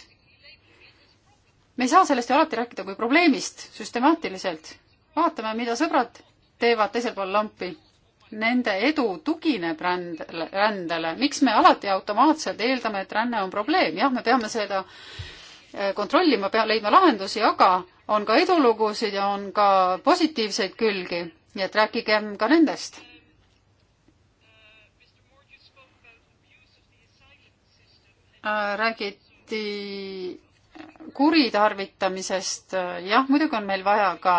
me ei saa sellest ju alati rääkida kui probleemist süstemaatiliselt. vaatame, mida sõbrad teevad teisel pool lampi. Nende edu tugineb ränd-, rändele. miks me alati automaatselt eeldame, et ränne on probleem? jah, me peame seda äh, kontrollima, pea-, leidma lahendusi, aga on ka edulugusid ja on ka positiivseid külgi. nii et rääkigem ka nendest äh, räägiti kuritarvitamisest, jah, muidugi on meil vaja ka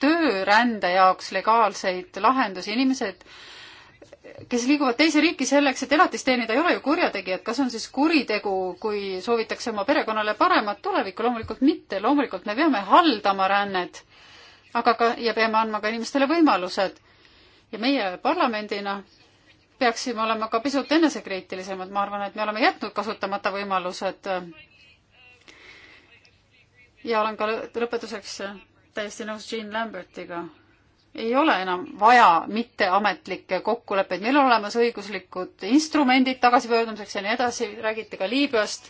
töörände jaoks legaalseid lahendusi, inimesed, kes liiguvad teise riiki selleks, et elatist teenida, ei ole ju kurjategijad, kas on siis kuritegu, kui soovitakse oma perekonnale paremat tulevikku, loomulikult mitte, loomulikult me peame haldama rännet, aga ka, ja peame andma ka inimestele võimalused. ja meie parlamendina peaksime olema ka pisut enesekriitilisemad, ma arvan, et me oleme jätnud kasutamata võimalused ja olen ka lõpetuseks äh, täiesti nõus Jean Lambertiga. ei ole enam vaja mitteametlikke kokkuleppeid, meil on olemas õiguslikud instrumendid tagasipöördumiseks ja nii edasi, räägiti ka Liibüast.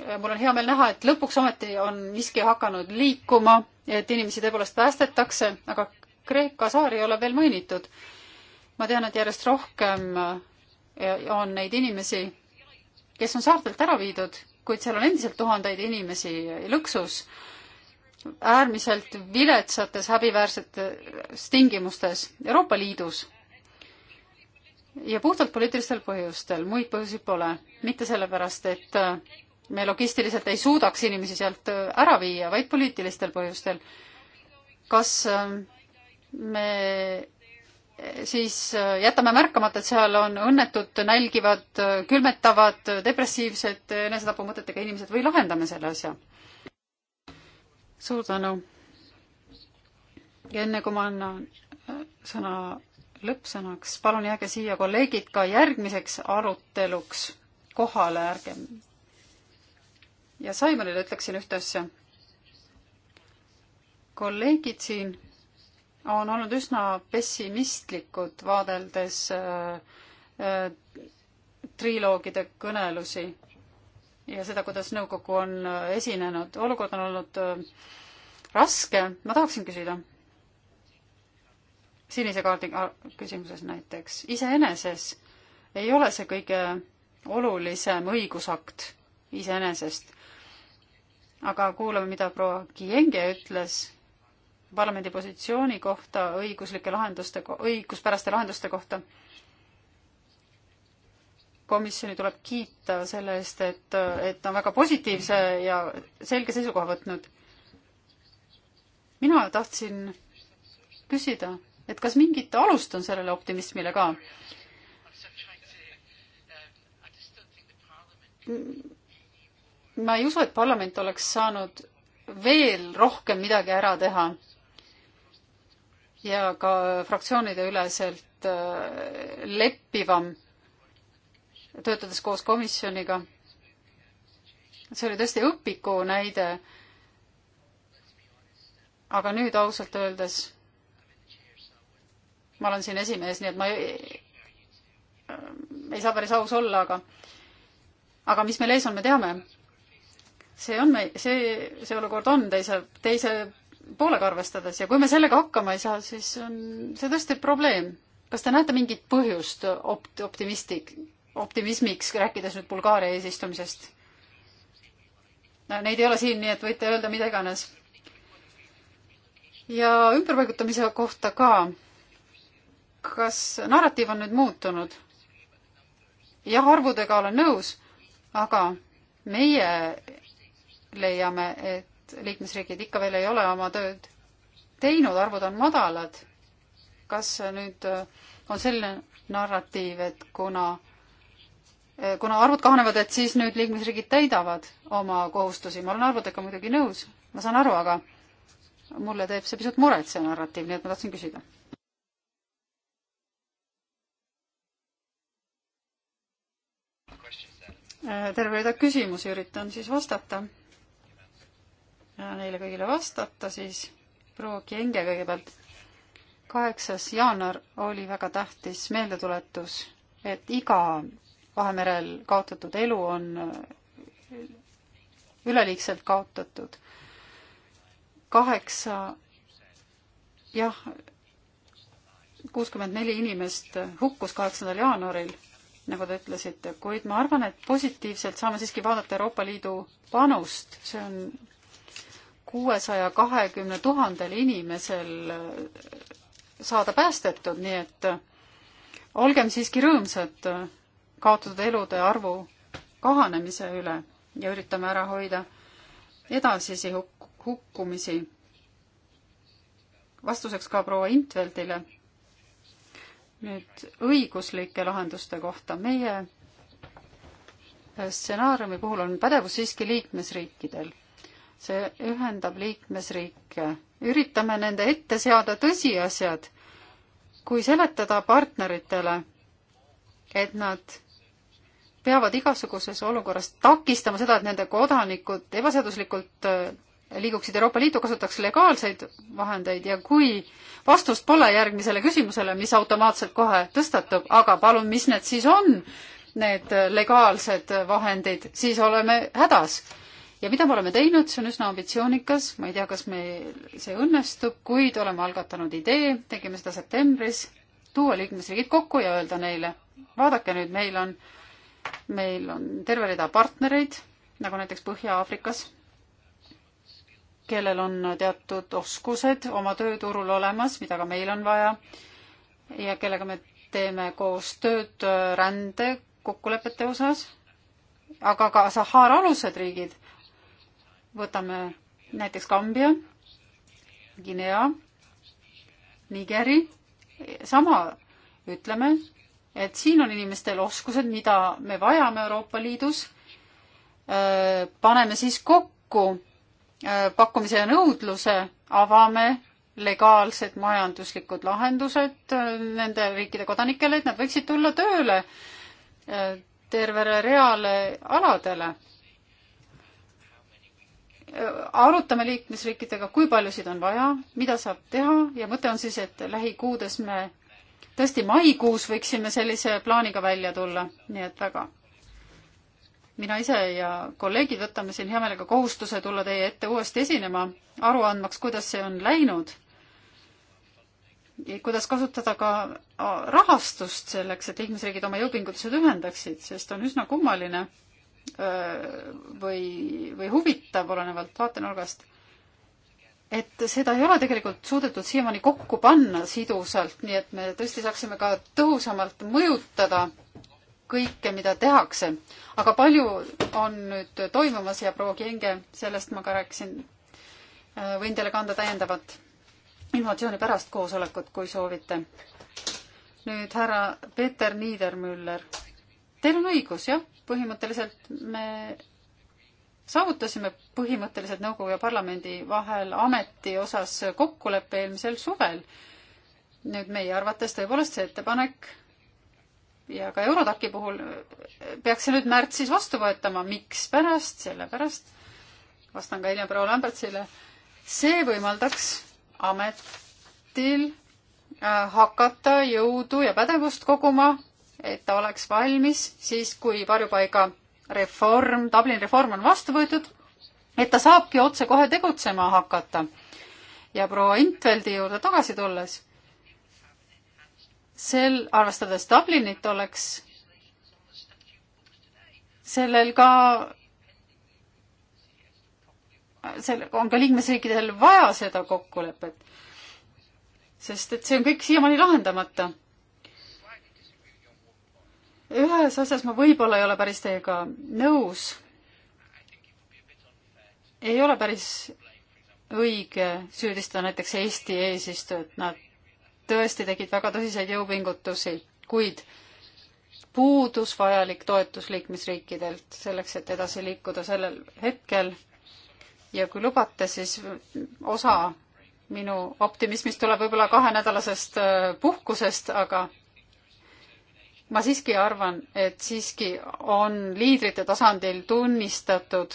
Äh, mul on hea meel näha, et lõpuks ometi on miski hakanud liikuma, et inimesi tõepoolest päästetakse, aga Kreeka saari ei ole veel mainitud. ma tean, et järjest rohkem äh, on neid inimesi, kes on saartelt ära viidud kuid seal on endiselt tuhandeid inimesi lõksus, äärmiselt viletsates, häbiväärsetes tingimustes Euroopa Liidus. ja puhtalt poliitilistel põhjustel, muid põhjuseid pole. mitte sellepärast, et äh, me logistiliselt ei suudaks inimesi sealt äh, ära viia, vaid poliitilistel põhjustel. kas äh, me siis äh, jätame märkamata, et seal on õnnetud, nälgivad, äh, külmetavad, depressiivsed, enesetapumõtetega inimesed või lahendame selle asja? suur tänu. ja enne kui ma annan äh, sõna lõppsõnaks, palun jääge siia, kolleegid, ka järgmiseks aruteluks kohale, ärge. ja Saimonile ütleksin ühte asja. kolleegid siin on olnud üsna pessimistlikud, vaadeldes äh, äh, triloogide kõnelusi ja seda, kuidas nõukogu on äh, esinenud. olukord on olnud äh, raske, ma tahaksin küsida sinise kaardi äh, küsimuses näiteks, iseeneses ei ole see kõige olulisem õigusakt iseenesest. aga kuulame, mida proua Kienge ütles parlamendi positsiooni kohta õiguslike lahenduste, õiguspäraste lahenduste kohta. komisjoni tuleb kiita selle eest, et, et ta on väga positiivse ja selge seisukoha võtnud. mina tahtsin küsida, et kas mingit alust on sellele optimismile ka? ma ei usu, et parlament oleks saanud veel rohkem midagi ära teha ja ka fraktsioonide üleselt äh, leppivam, töötades koos komisjoniga. see oli tõesti õpiku näide. aga nüüd ausalt öeldes ma olen siin esimees, nii et ma ei, äh, ei saa päris aus olla, aga aga mis meil ees on, me teame. see on, see, see olukord on teise, teise poolega arvestades ja kui me sellega hakkama ei saa, siis on see tõesti probleem. kas te näete mingit põhjust opt-, optimistik, optimismiks, rääkides nüüd Bulgaaria eesistumisest? no neid ei ole siin, nii et võite öelda mida iganes. ja ümberpaigutamise kohta ka. kas narratiiv on nüüd muutunud? jah, arvudega olen nõus, aga meie leiame, et mõned liikmesriigid ikka veel ei ole oma tööd teinud, arvud on madalad. kas nüüd äh, on selline narratiiv, et kuna, äh, kuna arvud kahanevad, et siis nüüd liikmesriigid täidavad oma kohustusi, ma olen arvudega muidugi nõus, ma saan aru, aga mulle teeb see pisut muret, see narratiiv, nii et ma tahtsin küsida äh, terve rida küsimusi üritan siis vastata neile kõigile vastata, siis proua Kienge kõigepealt. kaheksas jaanuar oli väga tähtis meeldetuletus, et iga Vahemerel kaotatud elu on äh, üleliigselt kaotatud. kaheksa, jah, kuuskümmend neli inimest hukkus kaheksandal jaanuaril, nagu te ütlesite, kuid ma arvan, et positiivselt saame siiski vaadata Euroopa Liidu panust, see on kuuesaja kahekümne tuhandel inimesel äh, saada päästetud, nii et äh, olgem siiski rõõmsad äh, kaotatud elude arvu kahanemise üle ja üritame ära hoida edasisi huk-, hukkumisi. vastuseks ka proua Intveldile nüüd õiguslike lahenduste kohta. meie stsenaariumi puhul on pädevus siiski liikmesriikidel see ühendab liikmesriike. üritame nende ette seada tõsiasjad, kui seletada partneritele, et nad peavad igasuguses olukorras takistama seda, et nende kodanikud ebaseaduslikult äh, liiguksid Euroopa Liitu, kasutaks legaalseid vahendeid ja kui vastust pole järgmisele küsimusele, mis automaatselt kohe tõstatub, aga palun, mis need siis on, need äh, legaalsed vahendid, siis oleme hädas ja mida me oleme teinud, see on üsna ambitsioonikas, ma ei tea, kas meil see õnnestub, kuid oleme algatanud idee, tegime seda septembris, tuua liikmesriigid kokku ja öelda neile, vaadake nüüd, meil on, meil on terve rida partnereid, nagu näiteks Põhja-Aafrikas, kellel on teatud oskused oma tööturul olemas, mida ka meil on vaja ja kellega me teeme koostööd rände kokkulepete osas, aga ka Sahara alused riigid võtame näiteks Kambja, Guinea, Nigeri, sama ütleme, et siin on inimestel oskused, mida me vajame Euroopa Liidus, äh, paneme siis kokku äh, pakkumise ja nõudluse, avame legaalsed majanduslikud lahendused äh, nende riikide kodanikele, et nad võiksid tulla tööle tervele reale aladele arutame liikmesriikidega, kui paljusid on vaja, mida saab teha ja mõte on siis, et lähikuudes me tõesti maikuus võiksime sellise plaaniga välja tulla, nii et väga. mina ise ja kolleegid võtame siin hea meelega kohustuse tulla teie ette uuesti esinema, aru andmaks, kuidas see on läinud. kuidas kasutada ka rahastust selleks, et liikmesriigid oma jõupingutused ühendaksid, sest on üsna kummaline või, või huvitav, olenevalt vaatenurgast, et seda ei ole tegelikult suudetud siiamaani kokku panna sidusalt, nii et me tõesti saaksime ka tõhusamalt mõjutada kõike, mida tehakse. aga palju on nüüd toimumas ja proua Kienge, sellest ma ka rääkisin, võin teile kanda täiendavat informatsiooni pärast koosolekut, kui soovite. nüüd härra Peeter Niidermüller. Teil on õigus, jah põhimõtteliselt me saavutasime põhimõtteliselt nõukogu ja parlamendi vahel ameti osas kokkuleppe eelmisel suvel. nüüd meie arvates tõepoolest see ettepanek ja ka Eurodaki puhul peaks see nüüd märtsis vastu võetama, mikspärast, sellepärast, vastan ka hiljem proua Lambertsile, see võimaldaks ametil äh, hakata jõudu ja pädevust koguma et ta oleks valmis siis, kui varjupaiga reform, Dublini reform on vastu võetud, et ta saabki otsekohe tegutsema hakata. ja proua Intveldi juurde tagasi tulles, sel, arvestades Dublinit, oleks sellel ka seal on ka liikmesriikidel vaja seda kokkulepet, sest et see on kõik siiamaani lahendamata ühes asjas ma võib-olla ei ole päris teiega nõus. ei ole päris õige süüdistada näiteks Eesti eesistujat, nad tõesti tegid väga tõsiseid jõupingutusi, kuid puudus vajalik toetus liikmesriikidelt selleks, et edasi liikuda sellel hetkel. ja kui lubate, siis osa minu optimismist tuleb võib-olla kahenädalasest äh, puhkusest, aga ma siiski arvan, et siiski on liidrite tasandil tunnistatud,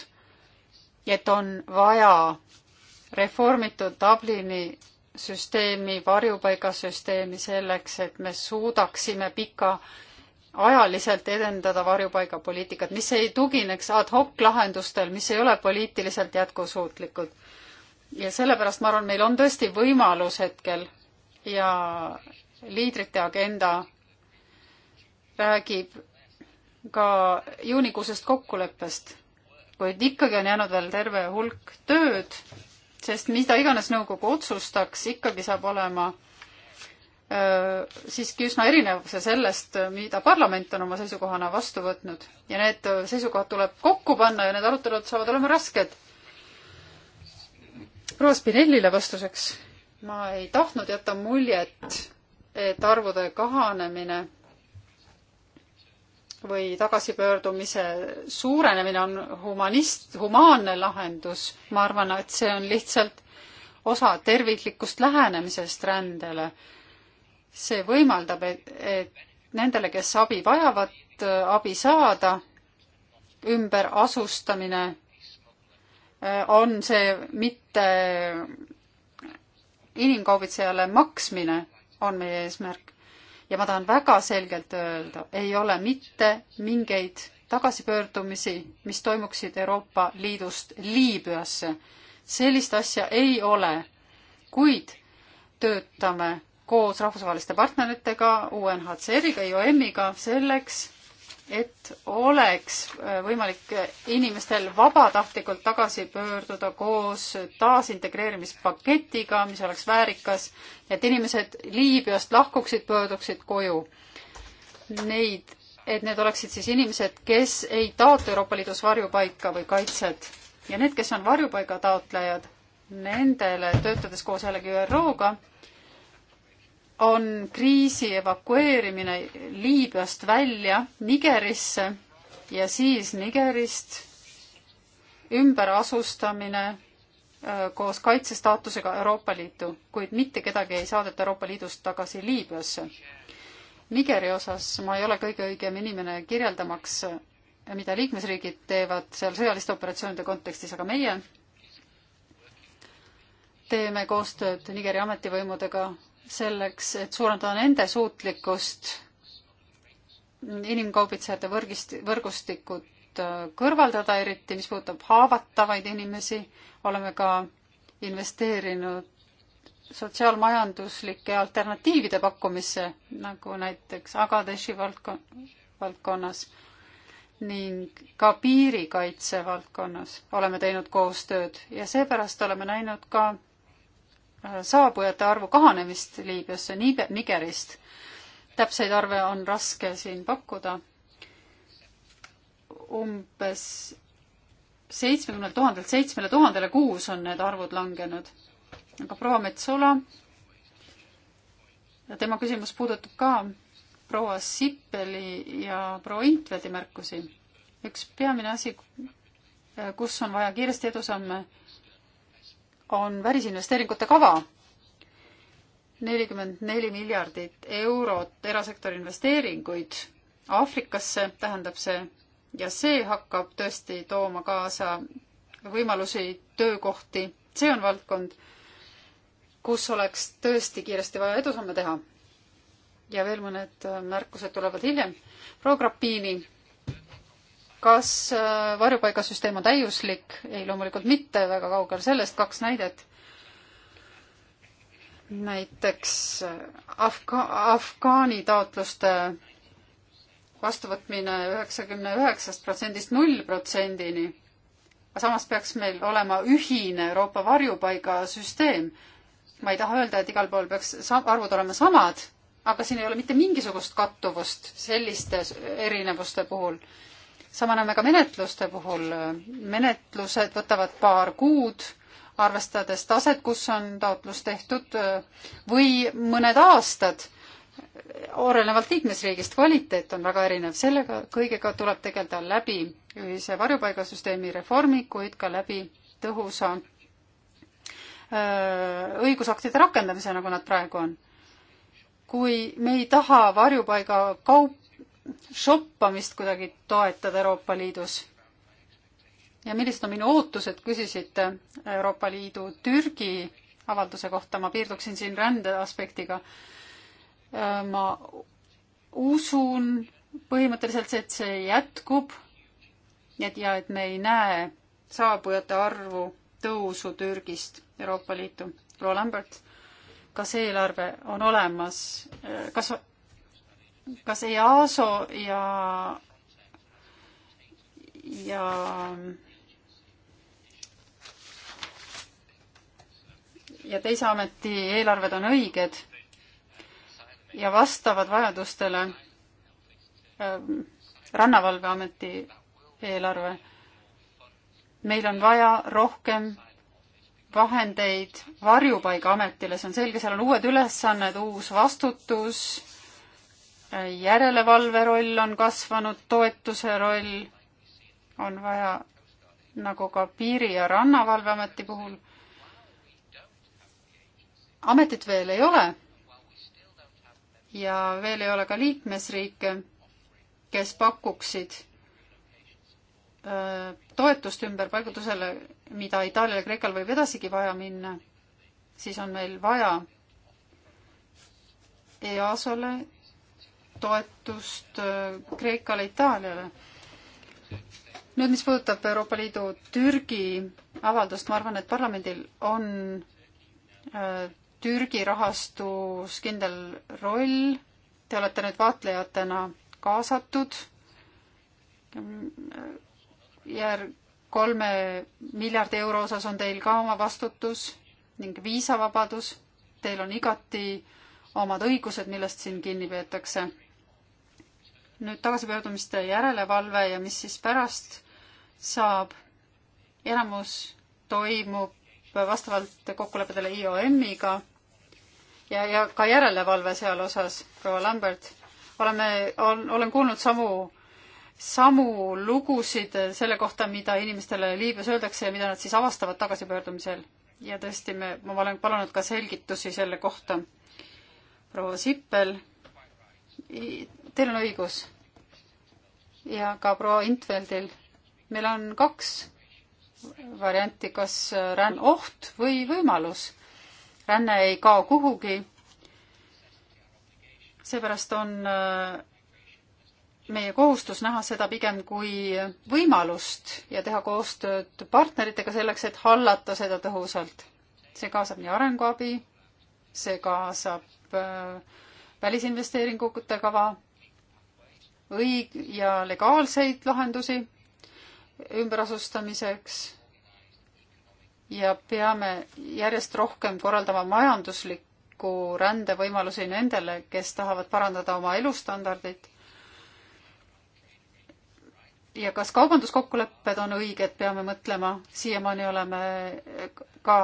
et on vaja reformitud Dublini süsteemi, varjupaigasüsteemi selleks, et me suudaksime pikaajaliselt edendada varjupaigapoliitikat, mis ei tugineks ad hoc lahendustel, mis ei ole poliitiliselt jätkusuutlikud. ja sellepärast ma arvan, meil on tõesti võimalus hetkel ja liidrite agenda räägib ka juunikuusest kokkuleppest, kuid ikkagi on jäänud veel terve hulk tööd, sest mida iganes nõukogu otsustaks, ikkagi saab olema öö, siiski üsna erinev see sellest, mida parlament on oma seisukohana vastu võtnud ja need seisukohad tuleb kokku panna ja need arutelud saavad olema rasked. proua Spinellile vastuseks, ma ei tahtnud jätta muljet, et arvude kahanemine või tagasipöördumise suurenemine on humanist, humaanne lahendus, ma arvan, et see on lihtsalt osa terviklikust lähenemisest rändele. see võimaldab, et, et nendele, kes abi vajavad, abi saada, ümberasustamine eh, on see mitte inimkaubitsejale maksmine, on meie eesmärk ja ma tahan väga selgelt öelda, ei ole mitte mingeid tagasipöördumisi, mis toimuksid Euroopa Liidust Liibüasse. sellist asja ei ole, kuid töötame koos rahvusvaheliste partneritega, UNHCR-iga, IOM-iga selleks, et oleks äh, võimalik äh, inimestel vabatahtlikult tagasi pöörduda koos taasintegreerimispaketiga, mis oleks väärikas, et inimesed Liibüast lahkuksid, pöörduksid koju. Neid, et need oleksid siis inimesed, kes ei taotle Euroopa Liidus varjupaika või kaitset ja need, kes on varjupaiga taotlejad, nendele töötades koos jällegi ÜRO-ga on kriisi evakueerimine Liibüast välja Nigerisse ja siis Nigerist ümberasustamine äh, koos kaitsestaatusega Euroopa Liitu, kuid mitte kedagi ei saadeta Euroopa Liidust tagasi Liibüasse. Nigeri osas ma ei ole kõige õigem inimene kirjeldamaks, äh, mida liikmesriigid teevad seal sõjaliste operatsioonide kontekstis, aga meie teeme koostööd Nigeri ametivõimudega selleks, et suurendada nende suutlikkust inimkaubitsejate võrgist, võrgustikud äh, kõrvaldada, eriti mis puudutab haavatavaid inimesi, oleme ka investeerinud sotsiaalmajanduslike alternatiivide pakkumisse, nagu näiteks Agadeshi valdkon-, valdkonnas ning ka piirikaitse valdkonnas oleme teinud koostööd ja seepärast oleme näinud ka saabujate arvu kahanemist Liibüasse Nigerist. täpseid arve on raske siin pakkuda. umbes seitsmekümnelt tuhandelt seitsmele tuhandele kuus on need arvud langenud. aga proua Metsola, tema küsimus puudutab ka proua Sippeli ja proua Intvedi märkusi. üks peamine asi, kus on vaja kiiresti edusamme on välisinvesteeringute kava. nelikümmend neli miljardit eurot erasektori investeeringuid Aafrikasse tähendab see ja see hakkab tõesti tooma kaasa võimalusi, töökohti, see on valdkond, kus oleks tõesti kiiresti vaja edusamme teha. ja veel mõned märkused tulevad hiljem. proua Grappini kas äh, varjupaigasüsteem on täiuslik? ei, loomulikult mitte, väga kaugel sellest, kaks näidet. näiteks äh, Afga-, Afgaani taotluste vastuvõtmine üheksakümne üheksast protsendist null protsendini. samas peaks meil olema ühine Euroopa varjupaigasüsteem. ma ei taha öelda, et igal pool peaks arvud olema samad, aga siin ei ole mitte mingisugust kattuvust selliste erinevuste puhul sama näeme ka menetluste puhul. menetlused võtavad paar kuud, arvestades taset, kus on taotlus tehtud, või mõned aastad, olenevalt liikmesriigist. kvaliteet on väga erinev, sellega kõigega tuleb tegeleda läbi ühise varjupaigasüsteemi reformi, kuid ka läbi tõhusa õigusaktide rakendamise, nagu nad praegu on. kui me ei taha varjupaiga kaup shoppamist kuidagi toetada Euroopa Liidus? ja millised on minu ootused, küsisite Euroopa Liidu Türgi avalduse kohta, ma piirduksin siin rände aspektiga. ma usun põhimõtteliselt, et see jätkub et ja et me ei näe saabujate arvu tõusu Türgist Euroopa Liitu. proua Lambert, kas eelarve on olemas, kas kas EASO ja, ja ja teise ameti eelarved on õiged ja vastavad vajadustele ähm, Rannavalveameti eelarve. meil on vaja rohkem vahendeid Varjupaigaametile, see on selge, seal on uued ülesanded, uus vastutus järelevalve roll on kasvanud, toetuse roll on vaja, nagu ka Piiri- ja Rannavalveameti puhul. ametit veel ei ole ja veel ei ole ka liikmesriike, kes pakuksid toetust ümberpaigutusele, mida Itaalial ja Kreekal võib edasigi vaja minna, siis on meil vaja EASole toetust äh, Kreekale, Itaaliale. nüüd, mis puudutab Euroopa Liidu Türgi avaldust, ma arvan, et parlamendil on äh, Türgi rahastus kindel roll. Te olete nüüd vaatlejatena kaasatud järg kolme miljardi euro osas on teil ka oma vastutus ning viisavabadus. Teil on igati omad õigused, millest siin kinni peetakse nüüd tagasipöördumiste järelevalve ja mis siis pärast saab. enamus toimub vastavalt kokkulepetele IOM-iga ja, ja ka järelevalve seal osas, proua Lambert. oleme, on, olen kuulnud samu, samu lugusid selle kohta, mida inimestele Liibüas öeldakse ja mida nad siis avastavad tagasipöördumisel. ja tõesti, me, ma olen palunud ka selgitusi selle kohta. proua Sippel Teil on õigus. ja ka proua Intveldil. meil on kaks varianti, kas ränn oht või võimalus. ränne ei kao kuhugi. seepärast on äh, meie kohustus näha seda pigem kui võimalust ja teha koostööd partneritega selleks, et hallata seda tõhusalt. see kaasab nii arenguabi, see kaasab äh, välisinvesteeringute kava, õig- ja legaalseid lahendusi ümberasustamiseks ja peame järjest rohkem korraldama majanduslikku rändevõimalusi nendele, kes tahavad parandada oma elustandardit. ja kas kaubanduskokkulepped on õiged, peame mõtlema, siiamaani oleme ka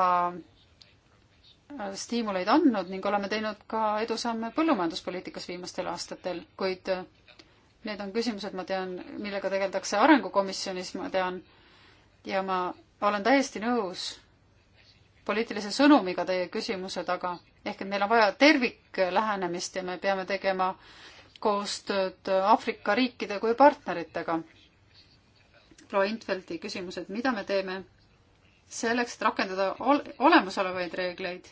stiimuleid andnud ning oleme teinud ka edusamme põllumajanduspoliitikas viimastel aastatel, kuid äh, need on küsimused, ma tean, millega tegeldakse Arengukomisjonis, ma tean, ja ma olen täiesti nõus poliitilise sõnumiga teie küsimuse taga, ehk et meil on vaja terviklähenemist ja me peame tegema koostööd Aafrika riikide kui partneritega. proua Intveldi küsimus, et mida me teeme selleks, et rakendada ol olemasolevaid reegleid.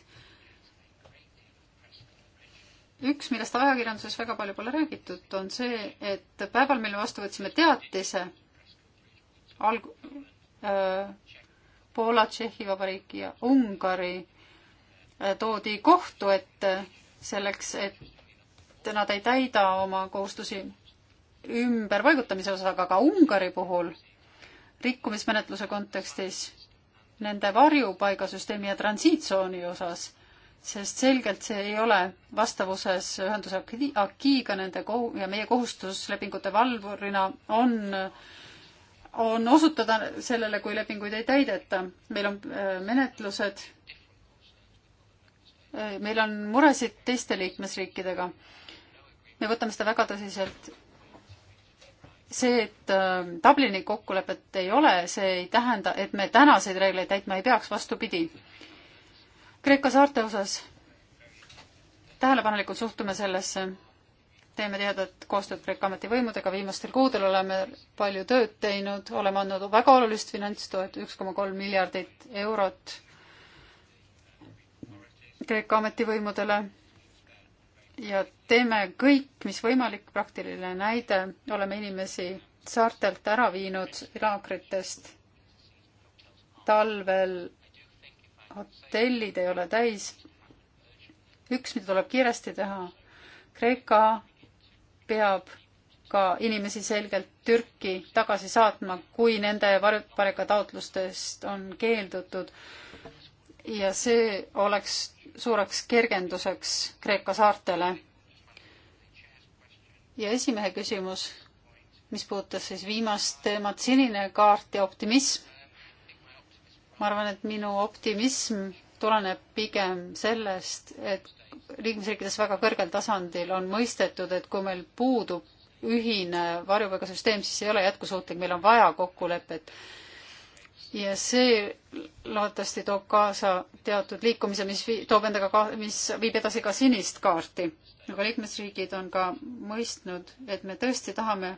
üks, millest ajakirjanduses väga palju pole räägitud, on see, et päeval, mil me vastu võtsime teatise alg- äh,, Poola, Tšehhi Vabariik ja Ungari äh, toodi kohtu ette selleks, et nad ei täida oma kohustusi ümberpaigutamise osas, aga ka Ungari puhul rikkumismenetluse kontekstis nende varjupaigasüsteemi ja transiitsooni osas, sest selgelt see ei ole vastavuses ühenduse akiiga nende kohu- ja meie kohustus lepingute valvurina on, on osutada sellele, kui lepinguid ei täideta. meil on äh, menetlused, äh, meil on muresid teiste liikmesriikidega. me võtame seda väga tõsiselt see, et äh, Dublini kokkulepet ei ole, see ei tähenda, et me tänaseid reegleid täitma ei peaks, vastupidi. Kreeka saarte osas tähelepanelikult suhtume sellesse, teeme tihedat koostööd Kreeka ametivõimudega, viimastel kuudel oleme palju tööd teinud, oleme andnud väga olulist finantstoet, üks koma kolm miljardit eurot Kreeka ametivõimudele ja teeme kõik, mis võimalik, praktiline näide, oleme inimesi saartelt ära viinud laagritest. talvel hotellid ei ole täis. üks, mida tuleb kiiresti teha, Kreeka peab ka inimesi selgelt Türki tagasi saatma, kui nende varjupaigataotlustest on keeldutud ja see oleks suureks kergenduseks Kreeka saartele. ja esimehe küsimus, mis puudutas siis viimast teemat, sinine kaart ja optimism. ma arvan, et minu optimism tuleneb pigem sellest, et liikmesriikides väga kõrgel tasandil on mõistetud, et kui meil puudub ühine varjupaigasüsteem, siis ei ole jätkusuutlik, meil on vaja kokkulepet ja see loodetavasti toob kaasa teatud liikumise, mis vii, toob endaga ka, mis viib edasi ka sinist kaarti. aga liikmesriigid on ka mõistnud, et me tõesti tahame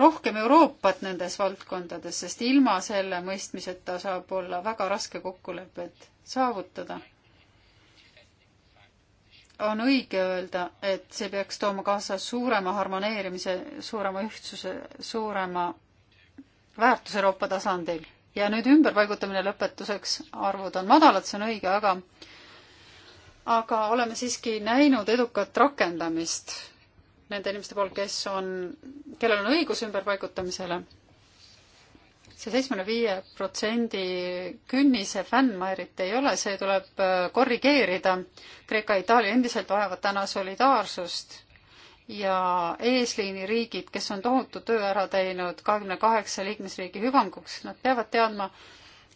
rohkem Euroopat nendes valdkondades, sest ilma selle mõistmiseta saab olla väga raske kokkulepet saavutada. on õige öelda, et see peaks tooma kaasa suurema harmoneerimise, suurema ühtsuse, suurema väärtus Euroopa tasandil. ja nüüd ümberpaigutamine lõpetuseks, arvud on madalad, see on õige, aga aga oleme siiski näinud edukat rakendamist nende inimeste poolt, kes on, kellel on õigus ümberpaigutamisele see seitsmekümne viie protsendi künnise fännmäärit ei ole, see tuleb äh, korrigeerida. Kreeka ja Itaalia endiselt vajavad täna solidaarsust ja eesliini riigid, kes on tohutu töö ära teinud kahekümne kaheksa liikmesriigi hüvanguks, nad peavad teadma,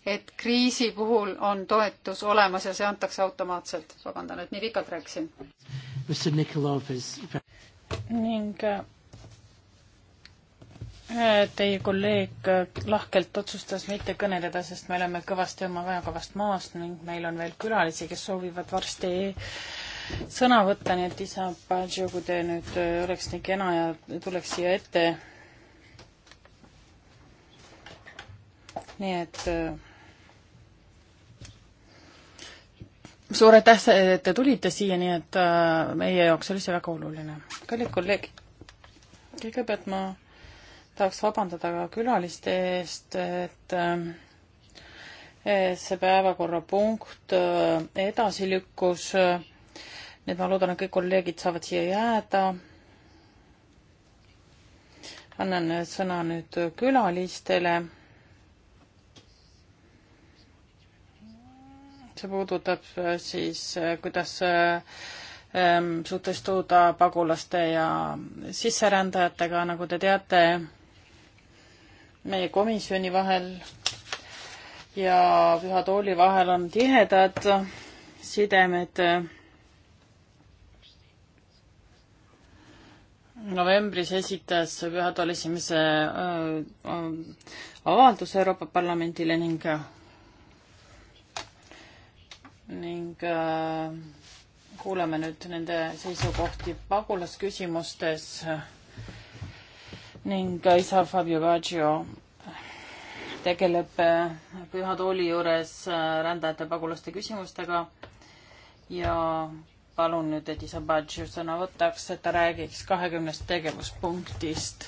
et kriisi puhul on toetus olemas ja see antakse automaatselt. vabandan, et nii pikalt rääkisin. ning äh, teie kolleeg äh, lahkelt otsustas mitte kõneleda, sest me oleme kõvasti oma ajakavast maast ning meil on veel külalisi, kes soovivad varsti sõna võtta, nii et isa Padžo, kui te nüüd äh, oleks nii kena ja tuleks siia ette. nii et äh, suur aitäh, et te tulite siia, nii et äh, meie jaoks oli see väga oluline. kallid kolleegid, kõigepealt ma tahaks vabandada ka külaliste eest, et see päevakorrapunkt edasi lükkus nii et ma loodan, et kõik kolleegid saavad siia jääda. annan sõna nüüd külalistele. see puudutab äh, siis, äh, kuidas äh, ähm, suhtestuda pagulaste ja sisserändajatega, nagu te teate, meie komisjoni vahel ja Püha Tooli vahel on tihedad sidemed novembris esitas pühatool esimese avalduse Euroopa Parlamendile ning ning kuulame nüüd nende seisukohti pagulasküsimustes ning äh, isa Fabio Baggio tegeleb äh, Püha Tooli juures äh, rändajate pagulaste küsimustega ja palun nüüd Edi Sabadži sõna võtaks, et ta räägiks kahekümnest tegevuspunktist.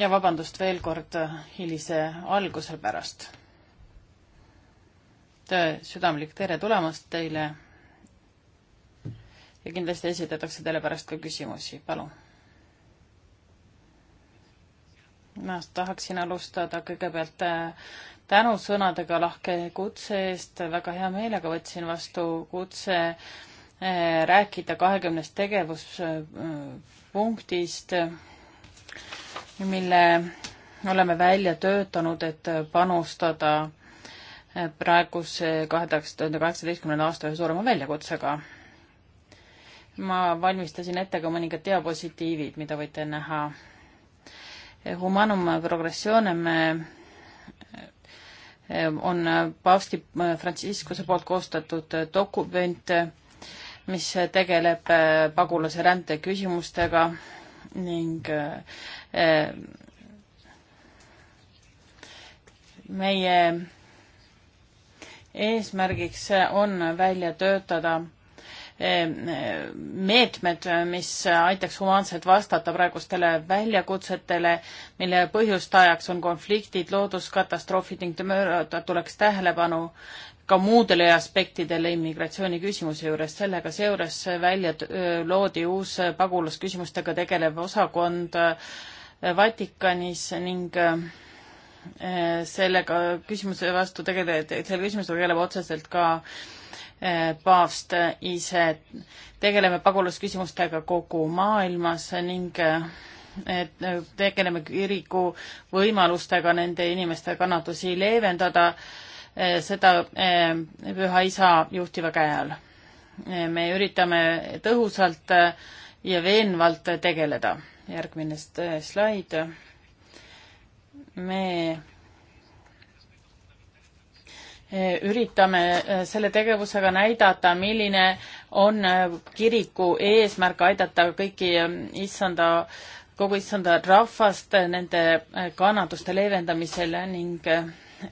ja vabandust veel kord hilise alguse pärast. südamlik tere tulemast teile. ja kindlasti esitatakse teile pärast ka küsimusi, palun ma tahaksin alustada kõigepealt äh, tänusõnadega lahke kutse eest, väga hea meelega võtsin vastu kutse äh, rääkida kahekümnest tegevuspunktist, äh, mille oleme välja töötanud, et panustada praeguse kahe tuhande kaheksateistkümnenda aasta ühe suurema väljakutsega. ma valmistasin ette ka mõningad diapositiivid, mida võite näha Humanum Progressionem eh, on paavsti eh, Franciscuse poolt koostatud dokument, mis tegeleb eh, pagulase rände küsimustega ning meie eesmärgiks on välja töötada meetmed, mis aitaks humaanselt vastata praegustele väljakutsetele, mille põhjustajaks on konfliktid, looduskatastroofid ning tuleks tähelepanu ka muudele aspektidele immigratsiooni küsimuse juures. sellega seejuures välja loodi uus pagulasküsimustega tegelev osakond äh, Vatikanis ning äh, sellega küsimuse vastu tegele-, selle küsimusega tegeleb otseselt ka paavst ise. tegeleme pagulasküsimustega kogu maailmas ning et tegeleme kiriku võimalustega nende inimeste kannatusi leevendada, seda eh, Püha Isa juhtiva käe all. me üritame tõhusalt ja veenvalt tegeleda. järgmine slaid. me üritame äh, selle tegevusega näidata, milline on äh, kiriku eesmärk aidata kõiki ähm, issanda, kogu issanda rahvast äh, nende kannatuste leevendamisel ning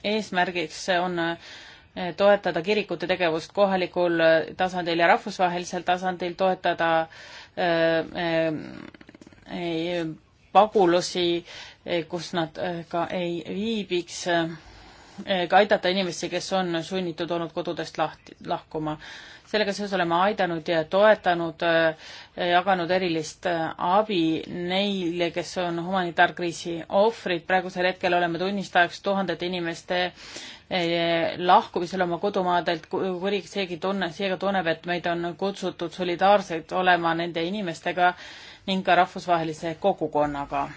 eesmärgiks on toetada kirikute tegevust kohalikul tasandil ja rahvusvahelisel tasandil, toetada pagulusi, kus nad ka ei viibiks Eh, ka aidata inimesi, kes on sunnitud olnud kodudest lahti, lahkuma. sellega seoses oleme aidanud ja toetanud, eh, jaganud erilist eh, abi neile, kes on humanitaarkriisi ohvrid. praegusel hetkel oleme tunnistajaks tuhandete inimeste lahkumisel oma kodumaadelt, kui seegi tunne, seega tunneb, et meid on kutsutud solidaarselt olema nende inimestega ning ka rahvusvahelise kogukonnaga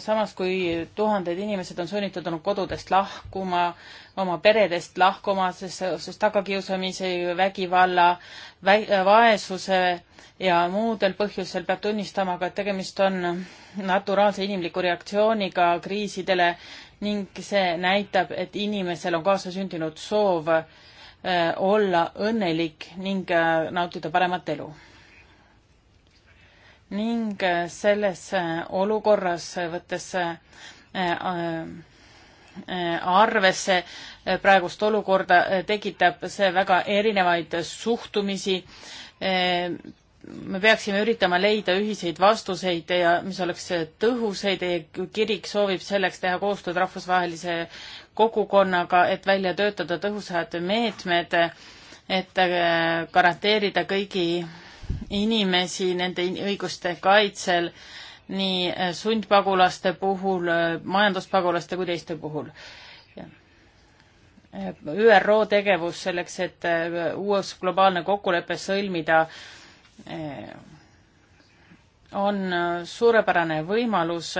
samas kui tuhanded inimesed on sunnitud olnud kodudest lahkuma, oma peredest lahkuma, sest, sest tagakiusamise, vägivalla vä,, vaesuse ja muudel põhjusel peab tunnistama ka, et tegemist on naturaalse inimliku reaktsiooniga kriisidele ning see näitab, et inimesel on kaasasündinud soov äh, olla õnnelik ning äh, nautida paremat elu ning äh, selles äh, olukorras, võttes äh, arvesse praegust olukorda, tekitab see väga erinevaid suhtumisi. me peaksime üritama leida ühiseid vastuseid ja mis oleks tõhusaid ja kirik soovib selleks teha koostööd rahvusvahelise kogukonnaga, et välja töötada tõhusad meetmed, et garanteerida kõigi inimesi nende õiguste kaitsel nii äh, sundpagulaste puhul, äh, majanduspagulaste kui teiste puhul. Äh, ÜRO tegevus selleks, et uus globaalne kokkulepe sõlmida, on suurepärane võimalus,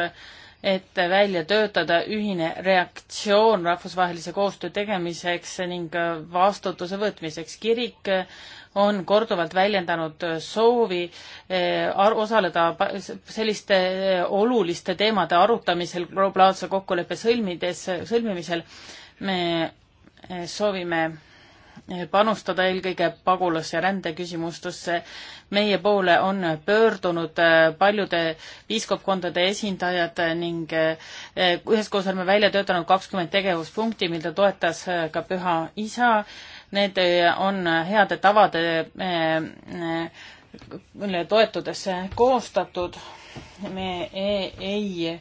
et välja töötada ühine reaktsioon rahvusvahelise koostöö tegemiseks ning vastutuse võtmiseks. kirik on korduvalt väljendanud soovi eh, osaleda selliste eh, oluliste teemade arutamisel globaalse kokkuleppe sõlmides, sõlmimisel. me eh, soovime panustada eelkõige pagulas- ja rändeküsimustesse. meie poole on pöördunud paljude piiskopkondade esindajad ning üheskoos oleme välja töötanud kakskümmend tegevuspunkti, mida toetas ka Püha Isa need eh, on heade tavade eh, eh, toetudes koostatud. me ei, ei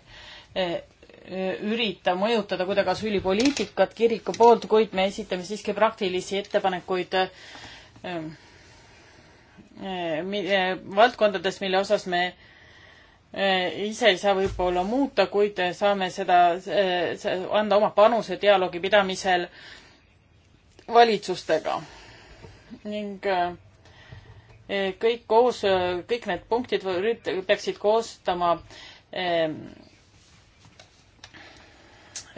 ürita mõjutada kuidagi asüülipoliitikat kiriku poolt, kuid me esitame siiski praktilisi ettepanekuid valdkondades, mille osas me ise ei saa võib-olla muuta, kuid saame seda, anda oma panuse dialoogi pidamisel valitsustega ning eh, kõik koos, kõik need punktid peaksid koostama ehm,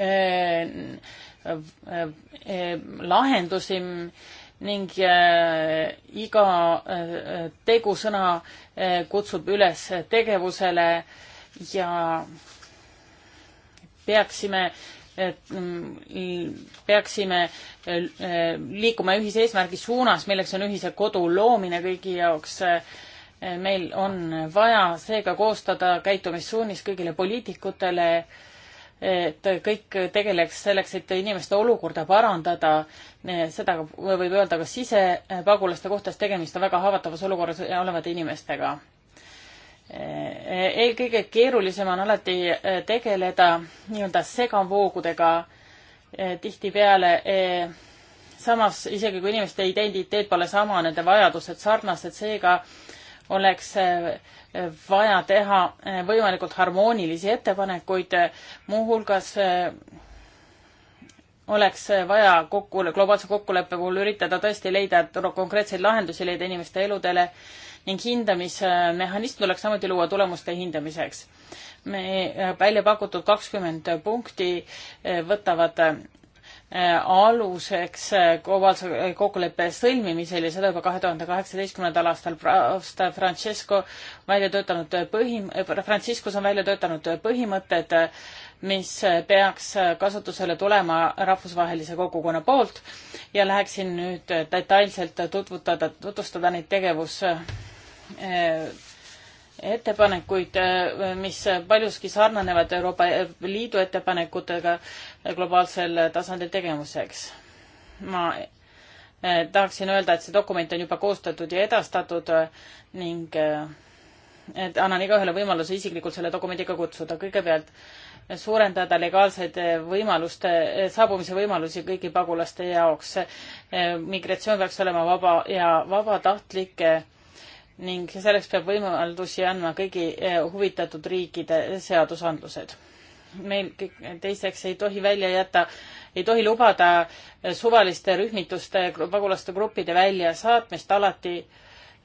ehm, ehm, lahendusi ning eh, iga eh, tegusõna kutsub üles tegevusele ja peaksime et mm, peaksime äh, liikuma ühise eesmärgi suunas, milleks on ühise kodu loomine kõigi jaoks. Äh, meil on vaja seega koostada käitumissuunis kõigile poliitikutele, et kõik tegeleks selleks, et inimeste olukorda parandada. Äh, seda võib öelda ka sisepagulaste kohta, sest tegemist on väga haavatavas olukorras olevate inimestega kõige keerulisem on alati eh, tegeleda nii-öelda segavoogudega eh, tihtipeale eh, samas isegi kui inimeste identiteet pole sama, nende vajadused sarnased, seega oleks vaja teha võimalikult harmoonilisi ettepanekuid, muuhulgas oleks vaja kokku, globaalse kokkuleppe puhul üritada tõesti leida konkreetseid lahendusi, leida inimeste eludele äh, ning hindamismehhanism tuleks samuti luua tulemuste hindamiseks. me äh, välja pakutud kakskümmend punkti äh, võtavad äh, aluseks globaalse kokkuleppe sõlmimisel ja seda juba kahe tuhande kaheksateistkümnendal aastal Francesco välja töötanud põhim-, Franciscus on välja töötanud põhimõtted, mis peaks kasutusele tulema rahvusvahelise kogukonna poolt ja läheksin nüüd detailselt tutvutada, tutvustada neid tegevus, Eh, ettepanekuid, eh, mis paljuski sarnanevad Euroopa Liidu ettepanekutega globaalsel tasandil tegevuseks. ma eh, tahaksin öelda, et see dokument on juba koostatud ja edastatud ning et annan igaühele võimaluse isiklikult selle dokumendiga kutsuda. kõigepealt suurendada legaalseid võimaluste, saabumise võimalusi kõigi pagulaste jaoks. migratsioon peaks olema vaba ja vabatahtlik ning selleks peab võimalusi andma kõigi eh, huvitatud riikide seadusandlused. meil teiseks ei tohi välja jätta, ei tohi lubada eh, suvaliste rühmituste, pagulaste gruppide väljasaatmist alati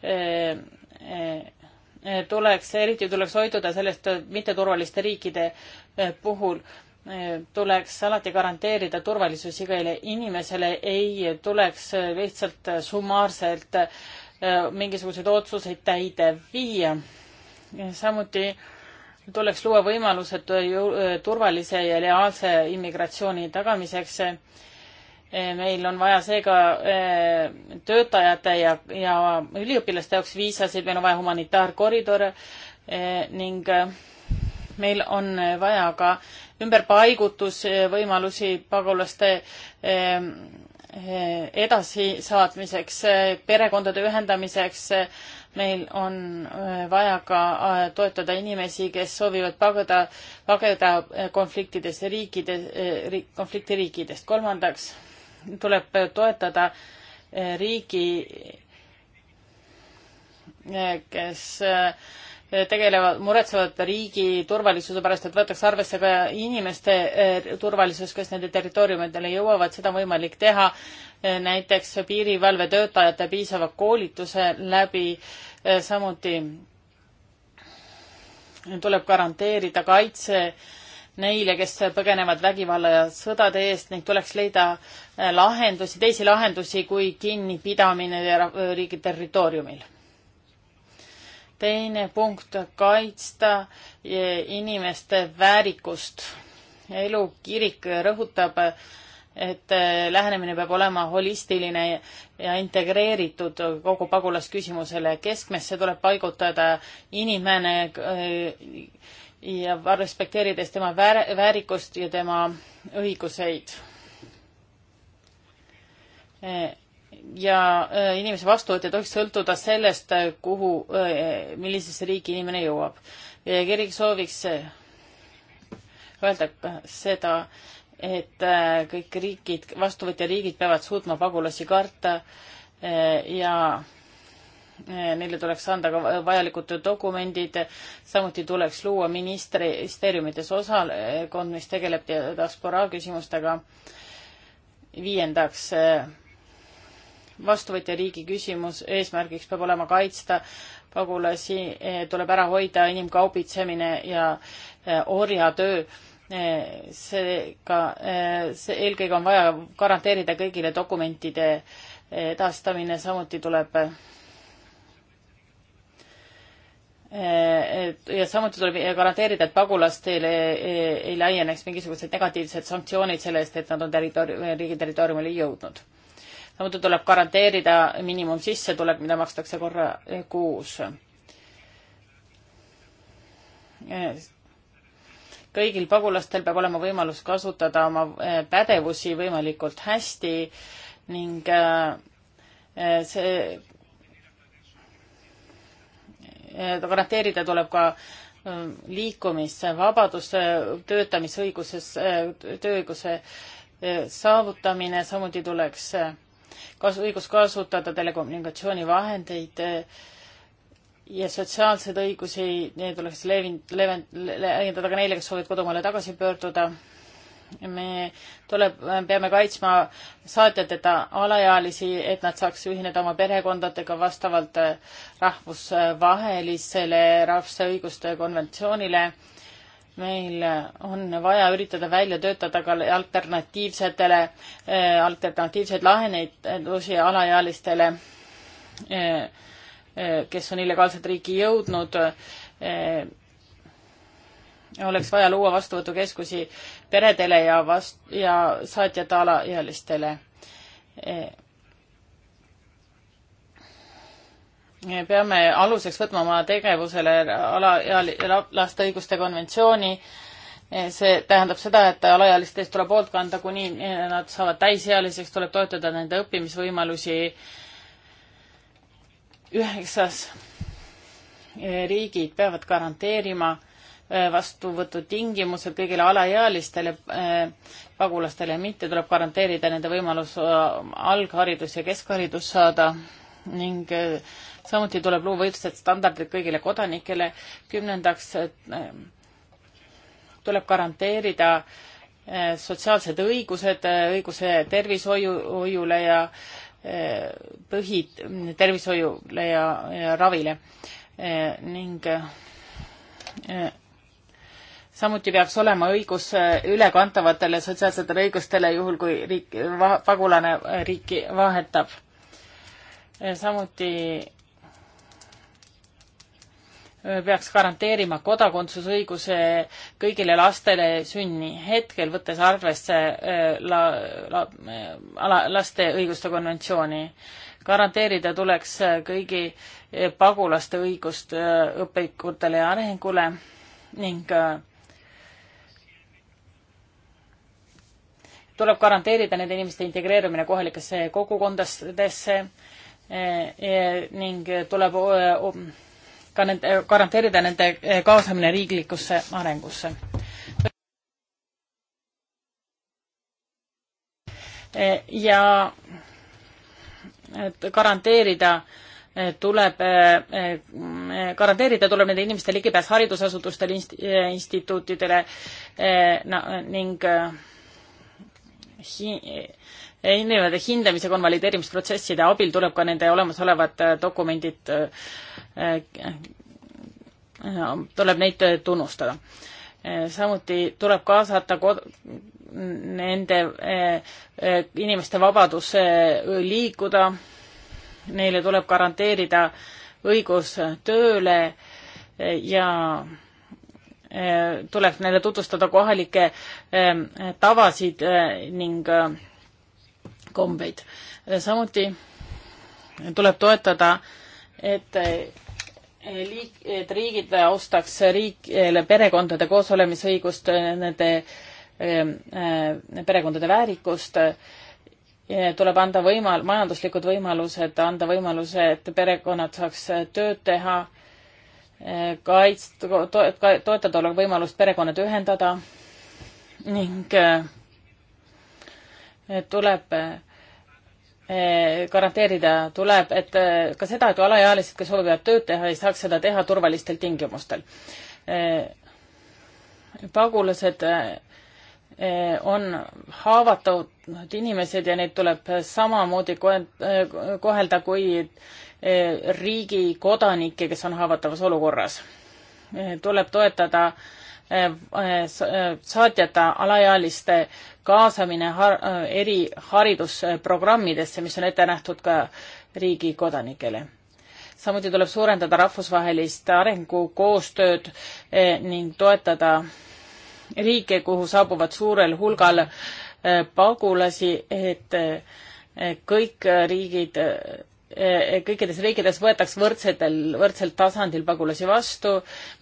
eh, eh, tuleks, eriti tuleks hoiduda sellest mitteturvaliste riikide eh, puhul eh, tuleks alati garanteerida turvalisus igale inimesele, ei tuleks lihtsalt summaarselt äh, Äh, mingisuguseid otsuseid täide viia. samuti tuleks luua võimalused äh, turvalise ja reaalse immigratsiooni tagamiseks. Äh, meil on vaja seega töötajate ja, ja üliõpilaste jaoks viisasid, meil on vaja humanitaarkoridore ning meil on vaja ka ümberpaigutusvõimalusi pagulaste edasisaatmiseks, perekondade ühendamiseks. meil on äh, vaja ka äh, toetada inimesi, kes soovivad pagada, pageda äh, konfliktidest ja riikide, konfliktiriikidest. kolmandaks tuleb toetada riigi, kes tegelevad, muretsevad riigi turvalisuse pärast, et võetakse arvesse ka inimeste eh, turvalisus, kes nende territooriumidele jõuavad, seda on võimalik teha eh, näiteks piirivalvetöötajate piisava koolituse läbi, eh, samuti tuleb garanteerida kaitse neile, kes põgenevad vägivalla ja sõdade eest ning tuleks leida lahendusi, teisi lahendusi kui kinnipidamine riigi territooriumil teine punkt, kaitsta inimeste väärikust. elu kirik rõhutab, et lähenemine peab olema holistiline ja integreeritud kogu pagulasküsimusele. keskmesse tuleb paigutada inimene äh, ja respekteerides tema väär, väärikust ja tema õiguseid äh, ja äh, inimese vastuvõtt ei tohiks sõltuda sellest, äh, kuhu, äh, millisesse riiki inimene jõuab. kirik sooviks öelda seda, et kõik riigid, vastuvõtjariigid peavad suutma pagulasi karta ja neile tuleks anda ka vajalikud dokumendid, samuti tuleks luua ministri, ministeeriumites osakond, mis tegeleb diasporaa küsimustega. viiendaks vastuvõtja riigi küsimus, eesmärgiks peab olema kaitsta pagulasi, eh, tuleb ära hoida inimkaubitsemine ja eh, orjatöö. Eh, seega see eelkõige on vaja garanteerida kõigile dokumentide edastamine, samuti tuleb ja samuti tuleb garanteerida, et pagulastele ei laieneks mingisugused negatiivsed sanktsioonid selle eest, et nad on territooriumi, riigi territooriumile jõudnud samuti tuleb garanteerida miinimumsissetulek, mida makstakse korra eh, kuus. Eh, kõigil pagulastel peab olema võimalus kasutada oma eh, pädevusi võimalikult hästi ning see garanteerida tuleb ka liikumisvabaduse, töötamisõiguses, tööõiguse saavutamine, samuti tuleks kas õigus kasutada telekommunikatsioonivahendeid eh, ja sotsiaalseid õigusi, need oleks levinud, levend-, laiendada ka neile, kes soovivad kodumaale tagasi pöörduda. me tuleb, peame kaitsma saatjateta alaealisi, et nad saaks ühineda oma perekondadega vastavalt eh, rahvusvahelisele rahvuse õiguste konventsioonile meil on vaja üritada välja töötada ka alternatiivsetele, eh, alternatiivseid lahendusi alaealistele, eh, eh, kes on illegaalselt riiki jõudnud. oleks vaja luua vastuvõtukeskusi peredele ja vast- ja saatjate alaealistele peame aluseks võtma oma tegevusele alaeal-, laste õiguste konventsiooni. see tähendab seda, et alaealiste eest tuleb hoolt kanda, kuni nad saavad täisealiseks, tuleb toetada nende õppimisvõimalusi. üheksas, riigid peavad garanteerima äh, vastuvõtutingimused kõigile alaealistele äh, pagulastele mitte, tuleb garanteerida nende võimalus äh, algharidus ja keskharidus saada ning samuti tuleb luua võrdsed standardid kõigile kodanikele. kümnendaks eh, tuleb garanteerida eh, sotsiaalsed õigused, eh, õiguse tervishoiule ja põhi mm, tervishoiule ja, ja ravile ning samuti peaks olema õigus ülekantavatele sotsiaalsetele õigustele, juhul kui riik, pagulane riiki vahetab. samuti Äh, peaks garanteerima kodakondsusõiguse kõigile lastele sünni hetkel, võttes arvesse äh, la, la, äh, la, laste õiguste konventsiooni. garanteerida tuleks kõigi pagulaste õigust õpikutele ja arengule ning tuleb garanteerida nende inimeste integreerumine kohalikesse kogukondadesse ning tuleb ka nende, garanteerida nende eh, kaasamine riiklikusse arengusse. Eh, ja et garanteerida eh, tuleb, garanteerida tuleb nende inimeste ligipääs haridusasutustele, instituutidele no, ning hi-, erinevate hindamise konvalideerimisprotsesside abil tuleb ka nende olemasolevad dokumendid Äh, tuleb neid äh, tunnustada. Äh, samuti tuleb kaasata kod-, nende inimeste vabadus liikuda, neile tuleb garanteerida õigus tööle ja tuleb neile tutvustada kohalikke tavasid ning kombeid. samuti tuleb toetada, et liik-, et riigid austaks riikile perekondade koosolemisõigust, nende ähm, äh, perekondade väärikust, tuleb anda võimal-, majanduslikud võimalused, anda võimaluse, et perekonnad saaks tööd teha, äh, kaitst-, to-, toetada oleks võimalust perekonnad ühendada ning äh, tuleb Eh, garanteerida tuleb, et eh, ka seda, et alaealised, kes soovivad tööd teha, ei saaks seda teha turvalistel tingimustel. Eh, pagulased on haavatavad inimesed ja neid tuleb samamoodi kohelda kui riigi kodanikke, kes on haavatavas olukorras. tuleb toetada äh, Äh, äh, saatjata alaealiste kaasamine har äh, eri haridusprogrammidesse, mis on ette nähtud ka riigi kodanikele. samuti tuleb suurendada rahvusvahelist arengukoostööd ning toetada riike, kuhu saabuvad suurel hulgal pagulasi, et kõik riigid Eh, kõikides riikides võetaks võrdsetel, võrdsel tasandil pagulasi vastu,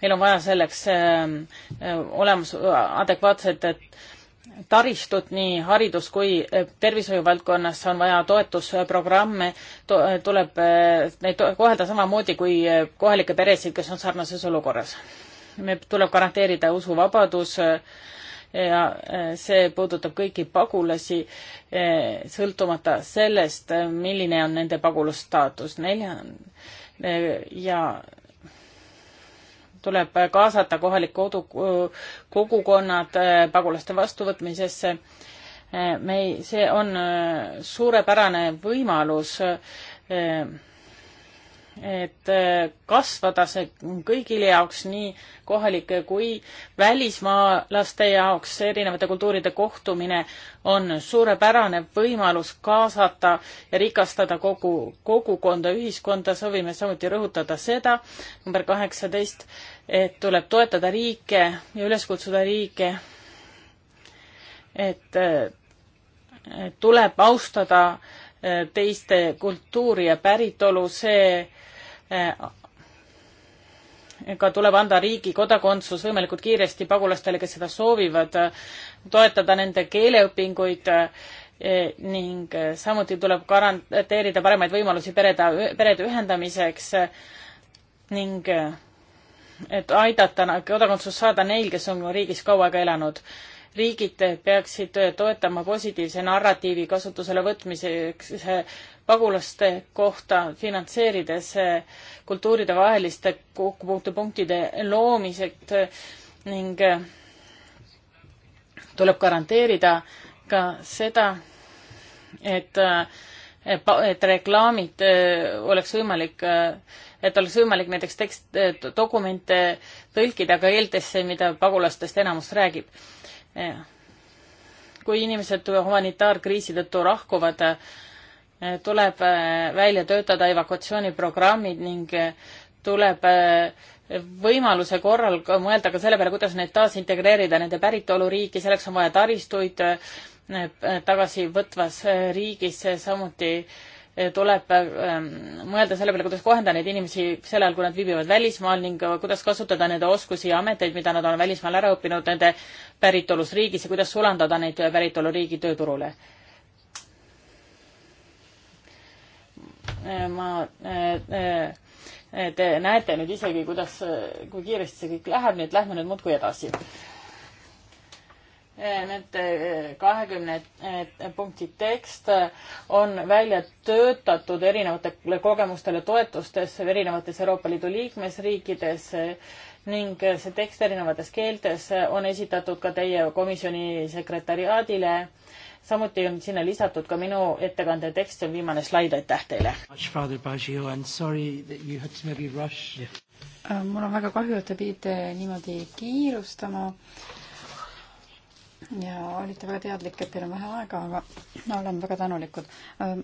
meil on vaja selleks eh, eh, olemas adekvaatset taristut nii haridus kui tervishoiu valdkonnas, on vaja toetusprogramme to,, tuleb neid kohelda samamoodi kui kohalikke peresid, kes on sarnases olukorras. me, tuleb garanteerida usuvabadus, ja e, see puudutab kõiki pagulasi, e, sõltumata sellest, e, milline on nende pagulasstaatus. nelja- ja tuleb kaasata kohalik kodu, kogukonnad pagulaste vastuvõtmisesse. me ei, see on suurepärane võimalus et äh, kasvada see kõigile jaoks, nii kohalike kui välismaalaste jaoks, erinevate kultuuride kohtumine on suurepärane võimalus kaasata ja rikastada kogu kogukonda, ühiskonda, soovime samuti rõhutada seda, number kaheksateist, et tuleb toetada riike ja üles kutsuda riike, et äh, tuleb austada äh, teiste kultuuri ja päritolu, see Äh, ka tuleb anda riigi kodakondsus võimalikult kiiresti pagulastele, kes seda soovivad, toetada nende keeleõpinguid äh, ning äh, samuti tuleb garanteerida paremaid võimalusi perede, perede ühendamiseks ning et aidata kodakondsust saada neil, kes on riigis kaua aega elanud riigid peaksid toetama positiivse narratiivi kasutusele võtmiseks eh, pagulaste kohta, finantseerides eh, kultuuride vaheliste kokkupuutepunktide loomised eh, ning tuleb garanteerida ka seda, et, et reklaamid oleks võimalik, et oleks võimalik näiteks tekst, dokumente tõlkida ka keeltesse, mida pagulastest enamus räägib kui inimesed humanitaarkriisi tõttu lahkuvad, eh, tuleb eh, välja töötada evakuatsiooniprogrammid ning eh, tuleb võimaluse korral mõelda ka selle peale, kuidas neid taasintegreerida nende päritoluriiki, selleks on vaja taristuid tagasi võtvas riigis, samuti äh, Eh, tuleb ehm, mõelda selle peale, kuidas kohendada neid inimesi sel ajal, kui nad viibivad välismaal ning eh, kuidas kasutada nende oskusi ja ameteid, mida nad on välismaal ära õppinud nende päritolus riigis ja kuidas sulandada neid päritoluriigi tööturule. Eh, ma, te näete nüüd isegi, kuidas, kui kiiresti see kõik läheb, nii et lähme nüüd muudkui edasi Need eh, kahekümne eh, punkti tekst eh, on välja töötatud erinevatele kogemustele toetustes erinevates Euroopa Liidu liikmesriikides ning see tekst erinevates keeltes on esitatud ka teie komisjoni sekretariaadile. samuti on sinna lisatud ka minu ettekande tekst, see on viimane slaid, aitäh teile. Äh, mul on väga kahju, et te pidite niimoodi kiirustama ja olite väga teadlik, et teil on vähe aega, aga no, oleme väga tänulikud. Äh,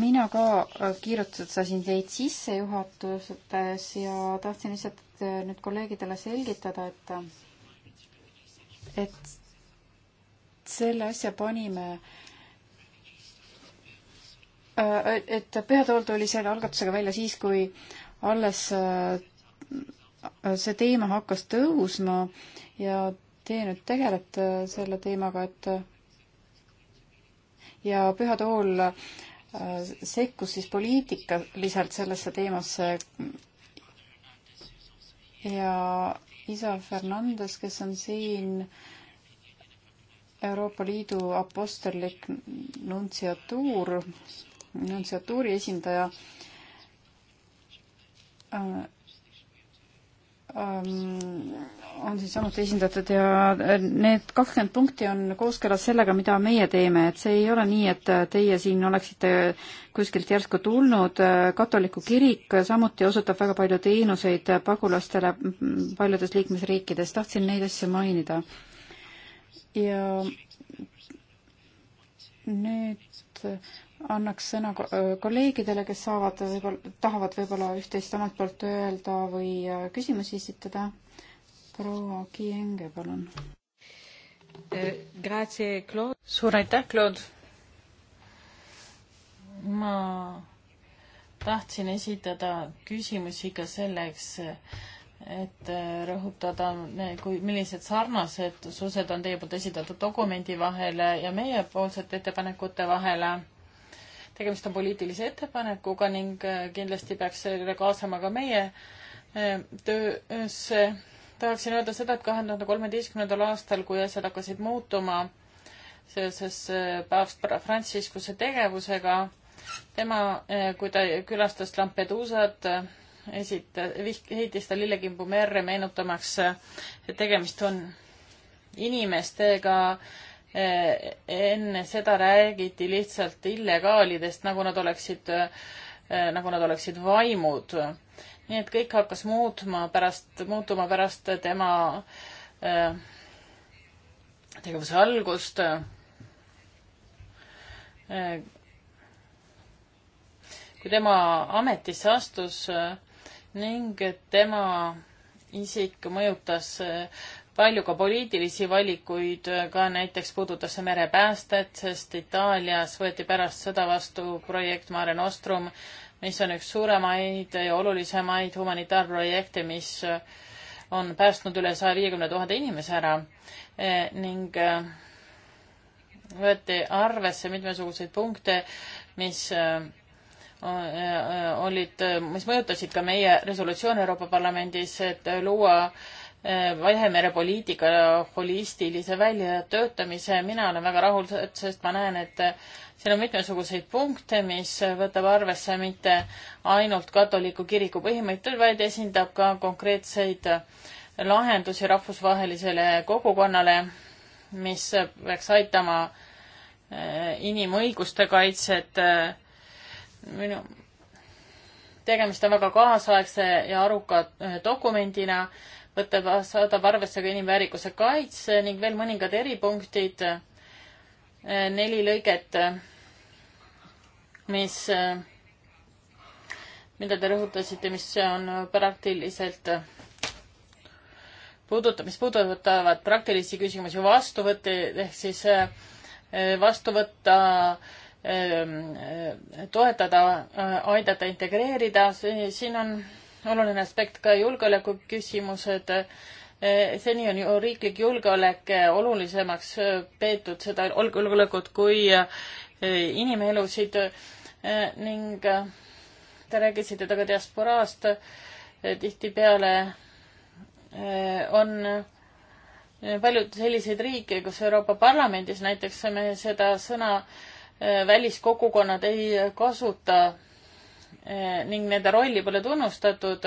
mina ka äh, kiirutasin teid sissejuhatuses ja tahtsin lihtsalt äh, nüüd kolleegidele selgitada, et et selle asja panime et Pühatool tuli selle algatusega välja siis, kui alles see teema hakkas tõusma ja te nüüd tegelete selle teemaga, et ja Püha Tool äh, sekkus siis poliitikaliselt sellesse teemasse ja isa Fernandes, kes on siin Euroopa Liidu apostellik nuntsiatuur, nuntsiatuuri esindaja, äh, Ähm, on siin samuti esindatud ja äh, need kakskümmend punkti on kooskõlas sellega, mida meie teeme, et see ei ole nii, et äh, teie siin oleksite kuskilt järsku tulnud, äh, katoliku kirik samuti osutab väga palju teenuseid pagulastele paljudes liikmesriikides, tahtsin neid asju mainida. ja nüüd annaks sõna kolleegidele, kes saavad võib-olla, tahavad võib-olla üht-teist omalt poolt öelda või küsimusi esitada. proua Kienge, palun. Eh, suur aitäh, Claude. ma tahtsin esitada küsimusi ka selleks, et rõhutada, kui, millised sarnased sused on teie poolt esitatud dokumendi vahele ja meiepoolsete ettepanekute vahele tegemist on poliitilise ettepanekuga ning äh, kindlasti peaks selle kaasama ka meie äh, töösse. tahaksin öelda seda, et kahe tuhande kolmeteistkümnendal aastal, kui asjad hakkasid muutuma seoses äh, paavst Franciscuse tegevusega, tema, kui ta külastas Lampeduusat, esita-, heitis ta lillekimbu merre, meenutamaks, et tegemist on inimestega, Eh, enne seda räägiti lihtsalt illegaalidest, nagu nad oleksid, eh, nagu nad oleksid vaimud. nii et kõik hakkas muutma pärast, muutuma pärast tema eh, tegevuse algust. kui tema ametisse astus ning tema isik mõjutas palju ka poliitilisi valikuid, ka näiteks puudutas see merepäästet, sest Itaalias võeti pärast sõda vastu projekt Mare Nostrum, mis on üks suuremaid ja olulisemaid humanitaarprojekte, mis on päästnud üle saja viiekümne tuhande inimese ära e, ning e, võeti arvesse mitmesuguseid punkte, mis e, olid, mis mõjutasid ka meie resolutsiooni Euroopa Parlamendis, et luua Vahemere poliitika holistilise väljatöötamise, mina olen väga rahul, sest ma näen, et siin on mitmesuguseid punkte, mis võtab arvesse mitte ainult katoliku kiriku põhimõtteid, vaid esindab ka konkreetseid lahendusi rahvusvahelisele kogukonnale, mis peaks aitama eh, inimõiguste kaitset. minu, tegemist on väga kaasaegse ja aruka eh, dokumendina võtab, saadab arvesse ka inimväärikuse kaitse ning veel mõningad eripunktid, neli lõiget, mis, mida te rõhutasite, mis on praktiliselt puudutab, mis puudutavad praktilisi küsimusi vastuvõtte ehk siis vastu võtta, ehm, toetada, aidata integreerida, siin on oluline aspekt ka julgeoleku küsimused. seni on ju riiklik julgeolek olulisemaks peetud seda julgeolekut kui inimelusid ning te rääkisite taga diasporaast. tihtipeale on paljud selliseid riike, kus Euroopa Parlamendis näiteks me seda sõna väliskogukonnad ei kasuta Eh, ning nende rolli pole tunnustatud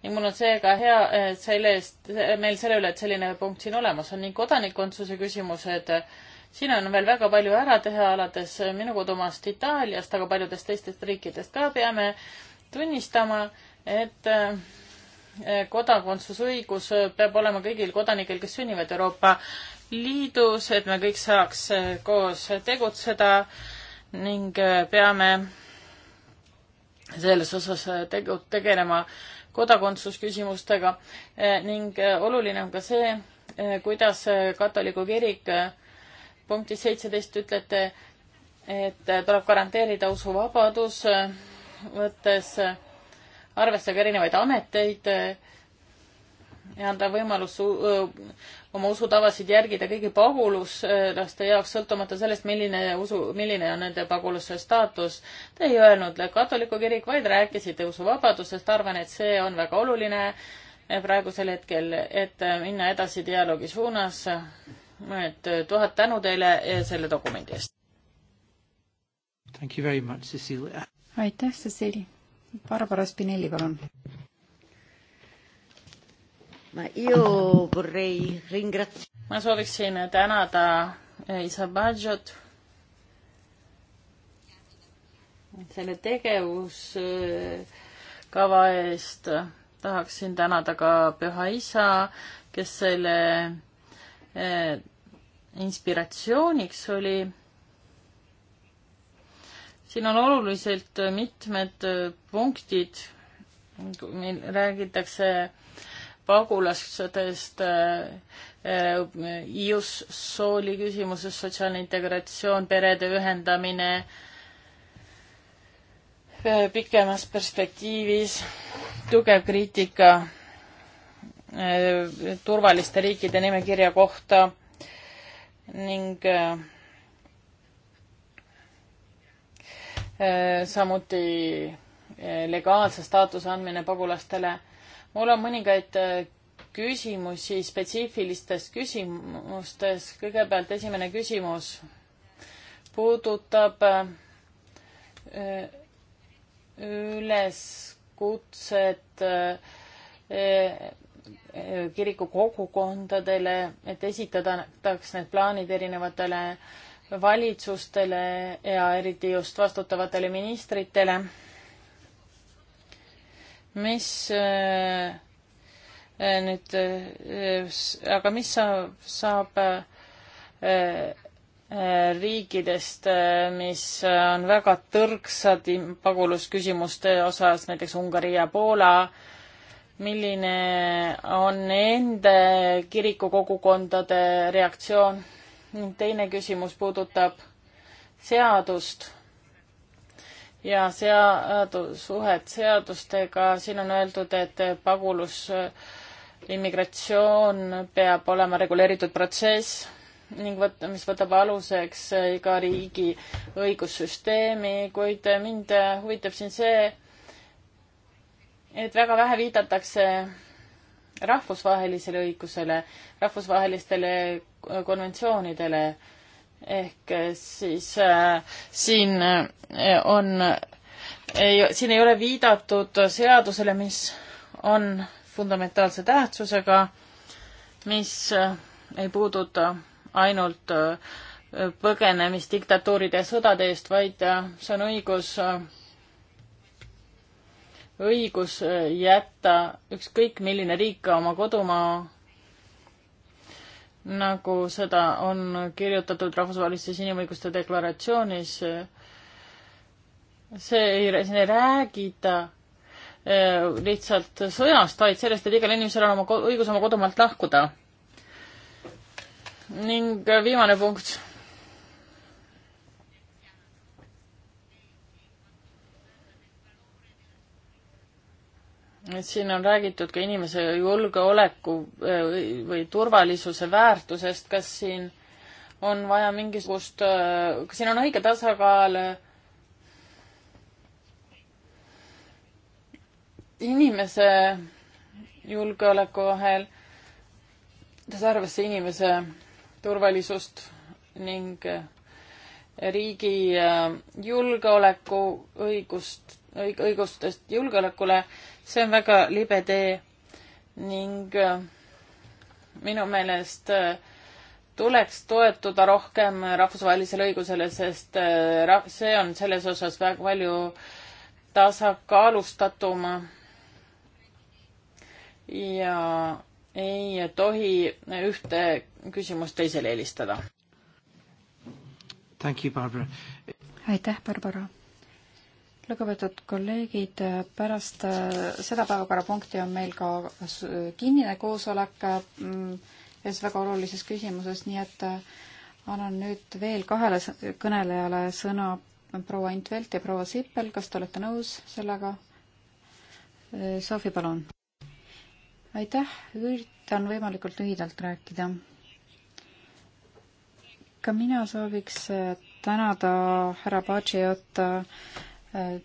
ning mul on seega hea eh, selle eest, eh, meil selle üle, et selline punkt siin olemas on ning kodanikkondsuse küsimused. siin on veel väga palju ära teha, alates minu kodumaast Itaaliast, aga paljudest teistest riikidest ka peame tunnistama, et kodakondsusõigus peab olema kõigil kodanikel, kes sünnivad Euroopa Liidus, et me kõik saaks koos tegutseda ning peame selles osas äh, tegu, tegelema kodakondsusküsimustega äh, ning äh, oluline on ka see, kuidas katoliku kirik punktis seitseteist ütlete, et tuleb garanteerida usuvabadus, võttes arvesse ka erinevaid ameteid ja anda võimalus oma usutavasid järgida kõigi pagulaste jaoks, sõltumata sellest, milline usu, milline on nende pagulase staatus. Te ei öelnud katoliku kirik, vaid rääkisite usuvabadusest, arvan, et see on väga oluline praegusel hetkel, et minna edasi dialoogi suunas. et tuhat tänu teile e, selle dokumendi eest. aitäh, Cecil. Barbara Spinelli, palun ma sooviksin tänada eh, Isabadžot selle tegevuskava eest. tahaksin tänada ka Püha Isa, kes selle eh, inspiratsiooniks oli. siin on oluliselt mitmed eh, punktid, mil räägitakse äh, pagulastest äh, äh, ius sooli küsimuses, sotsiaalne integratsioon, perede ühendamine äh, pikemas perspektiivis, tugev kriitika turvaliste riikide nimekirja kohta ning samuti legaalse staatuse andmine pagulastele mul on mõningaid äh, küsimusi spetsiifilistes küsimustes. kõigepealt esimene küsimus puudutab äh, üleskutset äh, kiriku kogukondadele, et esitataks need plaanid erinevatele valitsustele ja eriti just vastutavatele ministritele mis äh, äh, nüüd, äh, aga mis saab, saab riikidest, mis on väga tõrksad pagulusküsimuste osas, näiteks Ungari ja Poola, milline on nende kirikukogukondade reaktsioon? ning teine küsimus puudutab seadust ja seadus, suhet seadustega, siin on öeldud, et pagulus, äh, immigratsioon peab olema reguleeritud protsess ning võt-, mis võtab aluseks äh, iga riigi õigussüsteemi, kuid äh, mind huvitab siin see, et väga vähe viidatakse rahvusvahelisele õigusele, rahvusvahelistele konventsioonidele ehk eh, siis äh, siin eh, on, siin ei ole viidatud seadusele, mis on fundamentaalse tähtsusega, mis ei puuduta ainult põgenemist diktatuuride ja sõdade eest, vaid see on õigus, õigus jätta ükskõik milline riik oma kodumaa nagu seda on kirjutatud rahvusvahelises inimõiguste deklaratsioonis. see ei, siin ei räägita eh, lihtsalt sõjast, vaid sellest, et igal inimesel on oma õigus oma kodumaalt lahkuda. ning viimane punkt siin on räägitud ka inimese julgeoleku äh, või turvalisuse väärtusest, kas siin on vaja mingisugust, äh, kas siin on õige tasakaal äh, inimese julgeoleku vahel, võttes arvesse inimese turvalisust ning riigi julgeoleku õigust õigustest julgeolekule, see on väga libe tee ning äh, minu meelest äh, tuleks toetuda rohkem rahvusvahelisele õigusele, sest äh, see on selles osas väga palju tasakaalustatum ja ei tohi ühte küsimust teisele eelistada. aitäh, Barbara lugupeetud kolleegid, pärast äh, seda päevakorrapunkti on meil ka kinnine koosolek ühes mm, väga olulises küsimuses, nii et äh, annan nüüd veel kahele kõnelejale sõna, proua Intvelt ja proua Sippel, kas te olete nõus sellega? Äh, Sofi, palun. aitäh, üritan võimalikult lühidalt rääkida. ka mina sooviks tänada härra Paciot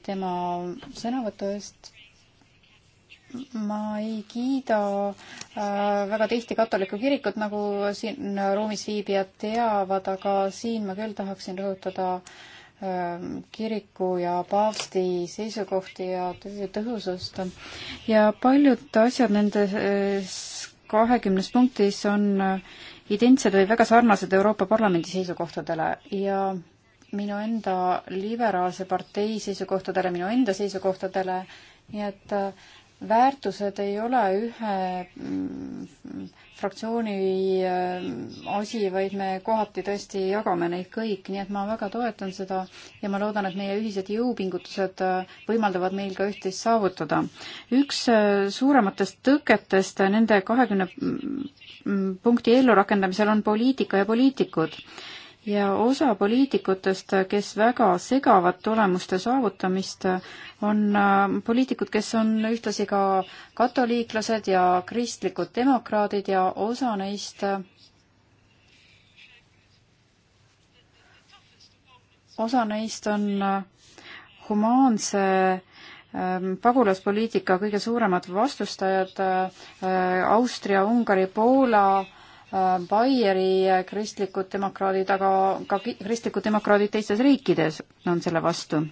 tema sõnavõtu eest. ma ei kiida äh, väga tihti katoliku kirikut, nagu siin ruumis viibijad teavad, aga siin ma küll tahaksin rõhutada ähm, kiriku ja paavsti seisukohti ja töö tõhusust ja paljud asjad nendes äh, kahekümnes punktis on äh, identsed või väga sarnased Euroopa Parlamendi seisukohtadele ja minu enda liberaalse partei seisukohtadele, minu enda seisukohtadele, nii et äh, väärtused ei ole ühe mm, fraktsiooni äh, asi, vaid me kohati tõesti jagame neid kõik, nii et ma väga toetan seda ja ma loodan, et meie ühised jõupingutused äh, võimaldavad meil ka üht-teist saavutada. üks suurematest tõketest nende kahekümne mm, mm, punkti ellurakendamisel on poliitika ja poliitikud ja osa poliitikutest, kes väga segavad tulemuste saavutamist, on äh, poliitikud, kes on ühtlasi ka katoliiklased ja kristlikud demokraadid ja osa neist osa neist on äh, humaanse ähm, pagulaspoliitika kõige suuremad vastustajad äh, Austria, Ungari, Poola, Äh, Baieri kristlikud demokraadid, aga ka kristlikud demokraadid teistes riikides on selle vastu.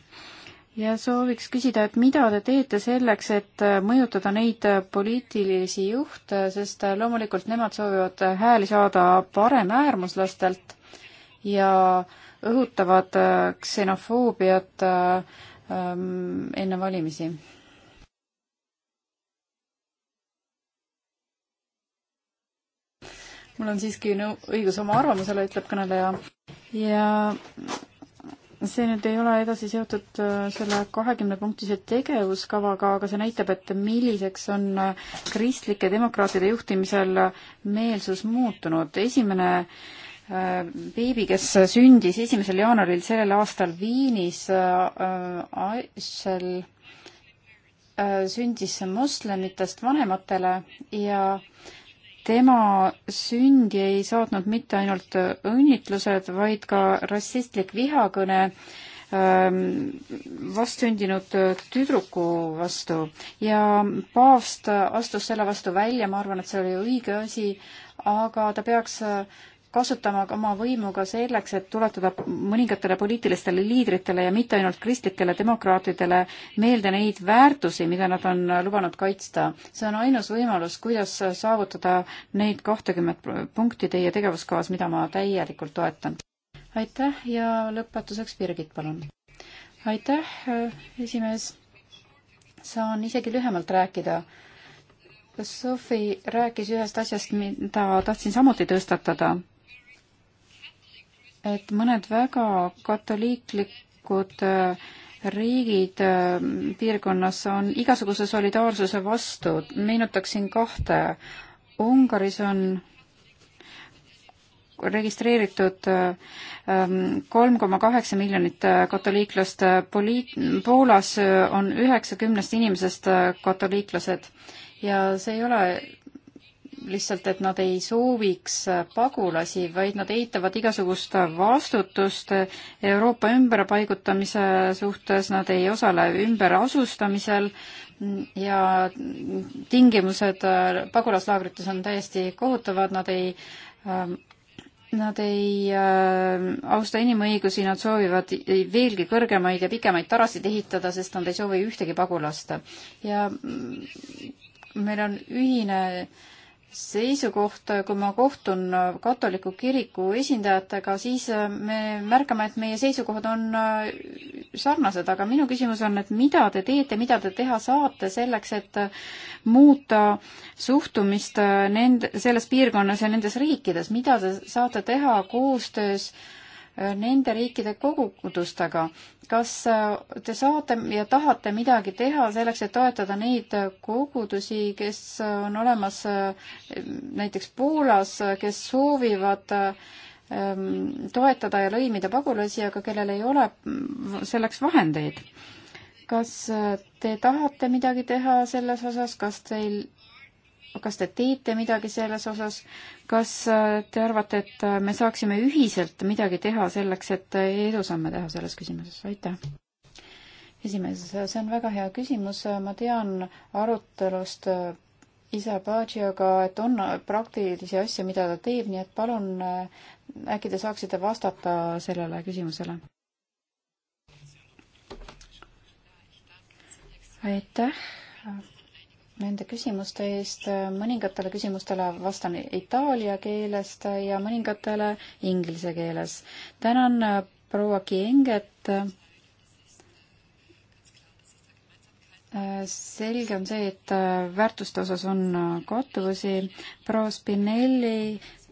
ja sooviks küsida, et mida te teete selleks, et äh, mõjutada neid äh, poliitilisi juhte, sest loomulikult nemad soovivad hääli saada paremäärmuslastelt ja õhutavad ksenofoobiat ähm, enne valimisi mul on siiski nõu-, õigus oma arvamusele, ütleb kõneleja. ja see nüüd ei ole edasi seotud äh, selle kahekümne punktise tegevuskavaga, aga see näitab, et milliseks on äh, kristlike demokraatide juhtimisel äh, meelsus muutunud. esimene beebi, kes sündis esimesel jaanuaril sellel aastal Viinis, Aisel, sündis moslemitest vanematele ja äh, tema sündi ei saatnud mitte ainult õnnitlused, vaid ka rassistlik vihakõne ähm, vastsündinud tüdruku vastu ja paavst astus selle vastu välja, ma arvan, et see oli õige asi, aga ta peaks äh, kasutama oma võimu ka selleks, et tuletada mõningatele poliitilistele liidritele ja mitte ainult kristlikele demokraatidele meelde neid väärtusi, mida nad on lubanud kaitsta. see on ainus võimalus, kuidas saavutada neid kahtekümmet punkti teie tegevuskavas, mida ma täielikult toetan. aitäh ja lõpetuseks Birgit, palun. aitäh, esimees. saan isegi lühemalt rääkida Sofi rääkis ühest asjast, mida tahtsin samuti tõstatada et mõned väga katoliiklikud äh, riigid äh, piirkonnas on igasuguse solidaarsuse vastu. meenutaksin kahte. Ungaris on registreeritud äh, ähm, kolm koma kaheksa miljonit katoliiklast, poliit-, Poolas on üheksakümnest inimesest katoliiklased ja see ei ole lihtsalt, et nad ei sooviks pagulasi, vaid nad eitavad igasugust vastutust Euroopa ümberpaigutamise suhtes, nad ei osale ümberasustamisel ja tingimused pagulaslaagrites on täiesti kohutavad, nad ei Nad ei äh, austa inimõigusi, nad soovivad veelgi kõrgemaid ja pikemaid tarasid ehitada, sest nad ei soovi ühtegi pagulast. ja mm, meil on ühine äh, seisukoht, kui ma kohtun katoliku kiriku esindajatega, siis äh, me märkame, et meie seisukohad on äh, sarnased, aga minu küsimus on, et mida te teete, mida te teha saate selleks, et äh, muuta suhtumist nend-, selles piirkonnas ja nendes riikides, mida te saate teha koostöös äh, nende riikide kogudustega. kas äh, te saate ja tahate midagi teha selleks, et toetada neid kogudusi, kes äh, on olemas äh, näiteks Poolas, kes soovivad ähm, toetada ja lõimida pagulasi, aga kellel ei ole mm, selleks vahendeid? kas te tahate midagi teha selles osas, kas teil kas te teete midagi selles osas, kas äh, te arvate, et äh, me saaksime ühiselt midagi teha selleks, et äh, edusamme teha selles küsimuses, aitäh! esimees, see on väga hea küsimus, ma tean arutelust isa Baggioga, et on praktilisi asju, mida ta teeb, nii et palun äkki te saaksite vastata sellele küsimusele? aitäh nende küsimuste eest. mõningatele küsimustele vastan itaalia keelest ja mõningatele inglise keeles. tänan äh, proua Kienget. Äh, selge on see, et äh, väärtuste osas on kattuvusi. proua Spinelli,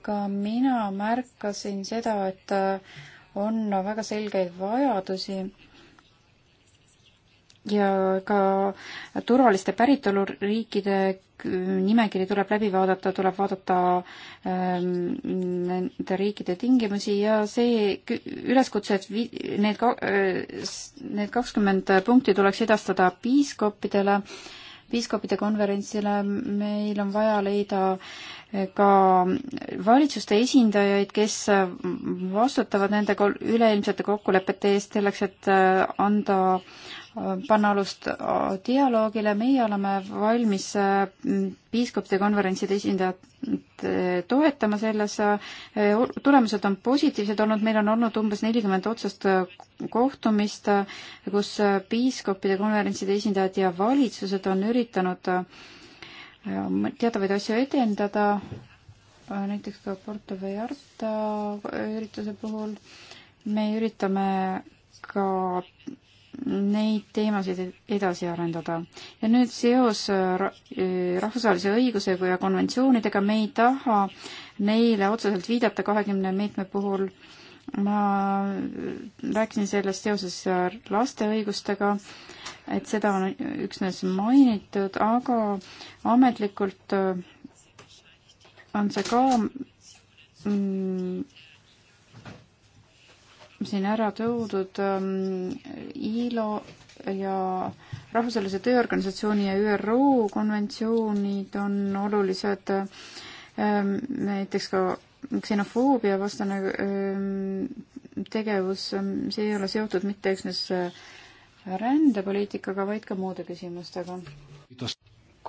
ka mina märkasin seda, et on väga selgeid vajadusi ja ka turvaliste päritoluriikide nimekiri tuleb läbi vaadata, tuleb vaadata ähm, nende riikide tingimusi ja see üleskutse, et need ka,, äh, need kakskümmend punkti tuleks edastada piiskopidele, piiskopide konverentsile, meil on vaja leida äh, ka valitsuste esindajaid, kes äh, vastutavad nende üleilmsete kokkulepete eest selleks, et anda panna alust äh, dialoogile, meie oleme valmis äh, piiskopite konverentside esindajat äh, toetama selles, tulemused on positiivsed olnud, meil on olnud umbes nelikümmend otsest kohtumist, kus piiskopide konverentside esindajad ja valitsused on üritanud teatavaid asju edendada, näiteks ka Porto Vallarta ürituse puhul me üritame ka neid teemasid edasi arendada. ja nüüd seos äh, äh, rahvusvahelise õigusega ja konventsioonidega, me ei taha neile otseselt viidata kahekümne meetme puhul, ma rääkisin sellest seoses äh, laste õigustega, et seda on üksnes mainitud, aga ametlikult on see ka mm, siin ära toodud ähm, ILO ja Rahvusvahelise Tööorganisatsiooni ja ÜRO konventsioonid on olulised ähm, näiteks ka ksenofoobia vastane ähm, tegevus, ähm, see ei ole seotud mitte üksnes äh, rändepoliitikaga, vaid ka muude küsimustega.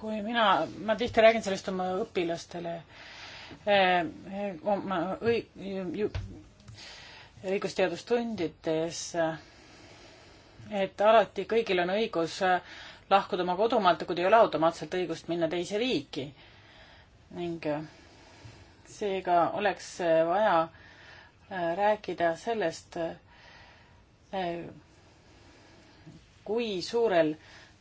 kui mina, ma tihti räägin sellest oma õpilastele äh, oma õi-, õigusteadustundides, et alati kõigil on õigus lahkuda oma kodumaalt, kuid ei ole automaatselt õigust minna teise riiki. ning seega oleks vaja äh, rääkida sellest, äh, kui suurel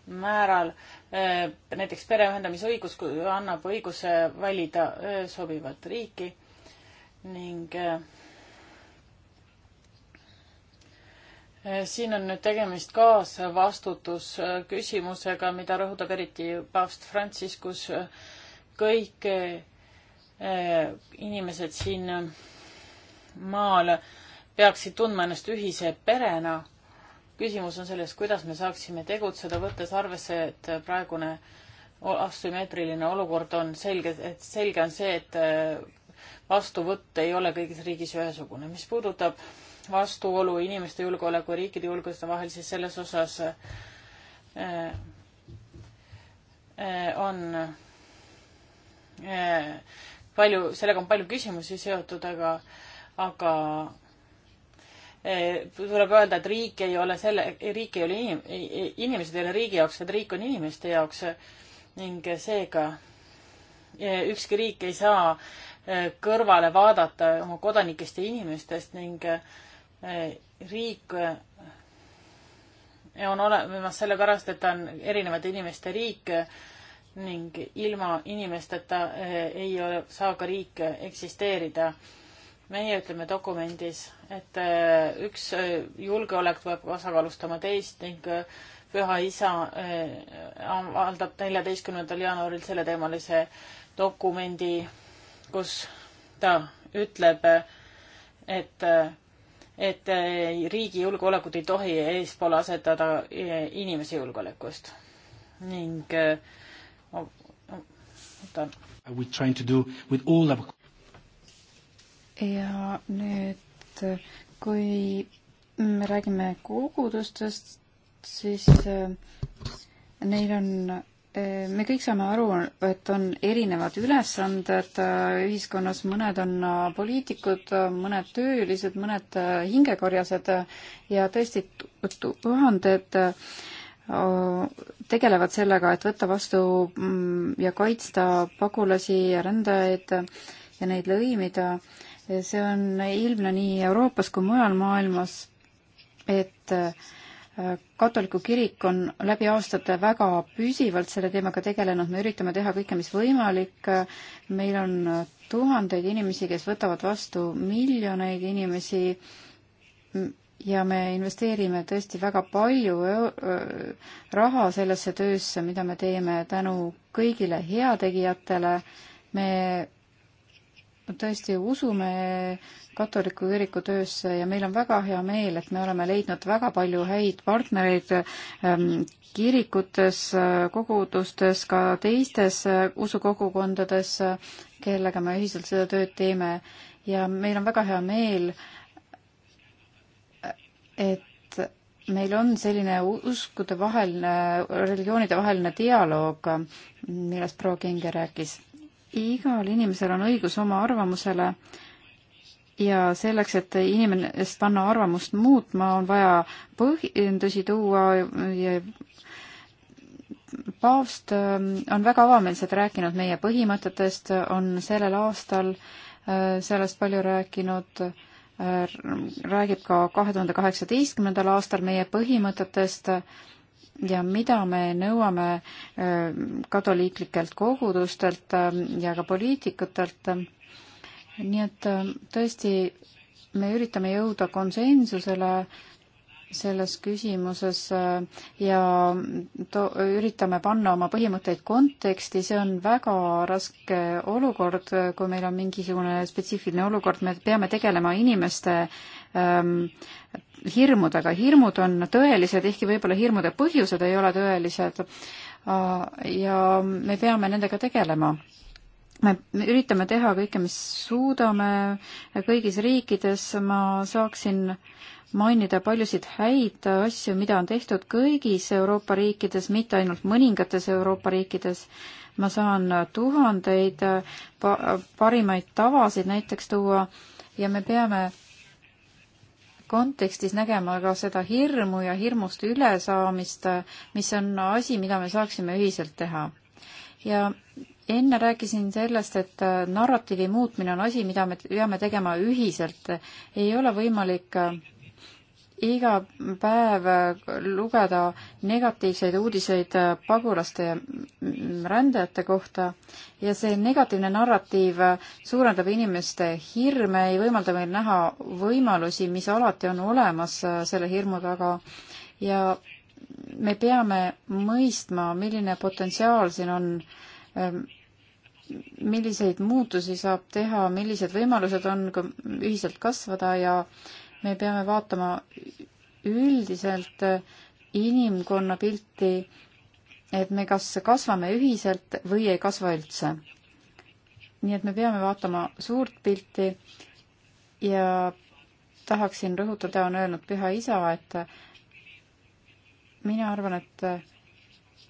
määral äh, näiteks pereühendamisõigus annab õiguse valida sobivat riiki ning Äh, siin on nüüd tegemist kaasvastutusküsimusega, mida rõhutab eriti paavst Francis, kus äh, kõik äh, inimesed siin maal peaksid tundma ennast ühise perena. küsimus on selles, kuidas me saaksime tegutseda, võttes arvesse, et praegune asümmeetriline olukord on selge, et selge on see, et vastuvõtt ei ole kõigis riigis ühesugune. mis puudutab vastuolu inimeste julgeoleku ja riikide julgeoleku vahel, siis selles osas äh, äh, on äh, palju, sellega on palju küsimusi seotud, aga, aga äh, tuleb öelda, et riik ei ole selle, riik ei ole inim-, inimesed ei ole riigi jaoks, vaid riik on inimeste jaoks ning seega äh, ükski riik ei saa äh, kõrvale vaadata oma kodanikest ja inimestest ning äh, Äh, riik äh, on olemas noh, sellepärast, et ta on erinevate inimeste riik äh, ning ilma inimesteta ei ole, saa ka riik eksisteerida. meie ütleme dokumendis, et üks julgeolek peab tasakaalustama teist ning Püha Isa avaldab neljateistkümnendal jaanuaril selleteemalise dokumendi, kus ta ütleb, et et eh, riigi julgeolekut ei tohi eespoole asetada eh, inimese julgeolekust ning ma eh, oh, oh, võtan. ja nüüd, kui me räägime kogudustest, siis neil on Ehm, me kõik saame aru, et on erinevad ülesanded äh, ühiskonnas, mõned on äh, poliitikud, äh, mõned töölised, mõned hingekorjased ja tõesti tuhanded tegelevad sellega, et võtta vastu mm, ja kaitsta pagulasi ja rändajaid ja neid lõimida. see on ilmne nii Euroopas kui mujal maailmas, et äh, katoliku kirik on läbi aastate väga püsivalt selle teemaga tegelenud, me üritame teha kõike, mis võimalik, meil on tuhandeid inimesi, kes võtavad vastu miljoneid inimesi ja me investeerime tõesti väga palju raha sellesse töösse, mida me teeme tänu kõigile heategijatele, me tõesti usume katoliku kiriku töösse ja meil on väga hea meel, et me oleme leidnud väga palju häid partnereid ähm, kirikutes, kogudustes, ka teistes äh, usukogukondades, kellega me ühiselt seda tööd teeme ja meil on väga hea meel, et meil on selline uskude vaheline, religioonide vaheline dialoog, millest proua Kinge rääkis igal inimesel on õigus oma arvamusele ja selleks, et inimest panna arvamust muutma, on vaja põhjendusi tuua ja paavst ähm, on väga avameelselt rääkinud meie põhimõtetest, on sellel aastal äh, sellest palju rääkinud, äh, räägib ka kahe tuhande kaheksateistkümnendal aastal meie põhimõtetest ja mida me nõuame äh, katoliiklikelt kogudustelt äh, ja ka poliitikutelt. nii et äh, tõesti, me üritame jõuda konsensusele äh, selles küsimuses äh, ja to, üritame panna oma põhimõtteid konteksti, see on väga raske olukord, kui meil on mingisugune spetsiifiline olukord, me peame tegelema inimeste ähm, hirmudega, hirmud on tõelised, ehkki võib-olla hirmude põhjused ei ole tõelised äh, ja me peame nendega tegelema me üritame teha kõike, mis suudame kõigis riikides, ma saaksin mainida paljusid häid asju, mida on tehtud kõigis Euroopa riikides, mitte ainult mõningates Euroopa riikides. ma saan tuhandeid pa parimaid tavasid näiteks tuua ja me peame kontekstis nägema ka seda hirmu ja hirmust ülesaamist, mis on asi, mida me saaksime ühiselt teha. ja enne rääkisin sellest, et äh, narratiivi muutmine on asi, mida me peame tegema ühiselt. ei ole võimalik äh, iga päev äh, lugeda negatiivseid uudiseid pagulaste ja rändajate kohta ja see negatiivne narratiiv suurendab inimeste hirme, ei võimalda meil näha võimalusi, mis alati on olemas selle hirmu taga ja me peame mõistma, milline potentsiaal siin on äh, Ähm, milliseid muutusi saab teha, millised võimalused on ka ühiselt kasvada ja me peame vaatama üldiselt äh, inimkonna pilti, et me kas kasvame ühiselt või ei kasva üldse. nii et me peame vaatama suurt pilti ja tahaksin rõhutada, on öelnud Püha Isa, et mina arvan, et äh,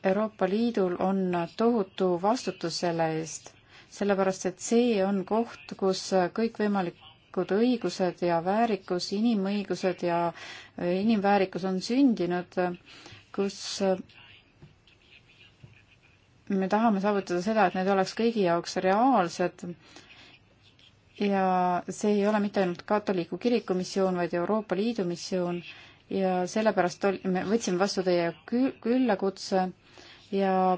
Euroopa Liidul on tohutu vastutus selle eest, sellepärast et see on koht, kus kõikvõimalikud õigused ja väärikus, inimõigused ja äh, inimväärikus on sündinud, kus äh, me tahame saavutada seda, et need oleks kõigi jaoks reaalsed ja see ei ole mitte ainult katoliku kiriku missioon, vaid Euroopa Liidu missioon ja sellepärast ol-, me võtsime vastu teie kü-, küllakutse ja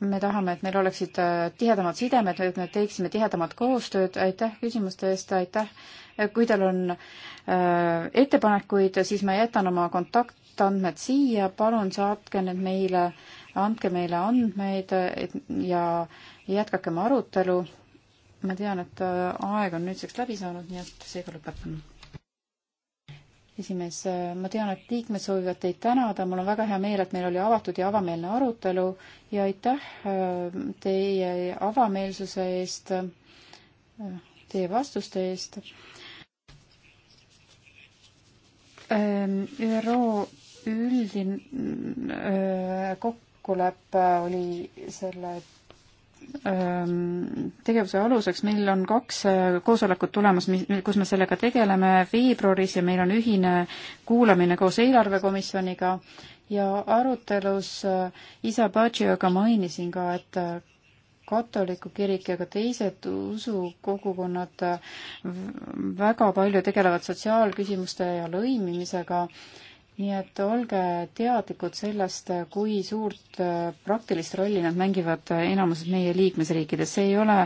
me tahame, et meil oleksid äh, tihedamad sidemed, et me teeksime tihedamat koostööd, aitäh küsimuste eest, aitäh. kui teil on äh, ettepanekuid, siis ma jätan oma kontaktandmed siia, palun saatke need meile, andke meile andmeid et, ja jätkakem arutelu. ma tean, et äh, aeg on nüüdseks läbi saanud, nii et seega lõpetan esimees, ma tean, et liikmed soovivad teid tänada, mul on väga hea meel, et meil oli avatud ja avameelne arutelu ja aitäh äh, teie avameelsuse eest, äh, teie vastuste eest. Ähm, ÜRO üldine äh, kokkulepe oli selle Ähm, tegevuse aluseks, meil on kaks äh, koosolekut tulemas, kus me sellega tegeleme veebruaris ja meil on ühine kuulamine koos eelarvekomisjoniga ja arutelus äh, isa Baggioga mainisin ka, et äh, katoliku kirik ja ka teised usukogukonnad väga palju tegelevad sotsiaalküsimuste ja lõimimisega nii et olge teadlikud sellest, kui suurt äh, praktilist rolli nad mängivad enamuses meie liikmesriikides. see ei ole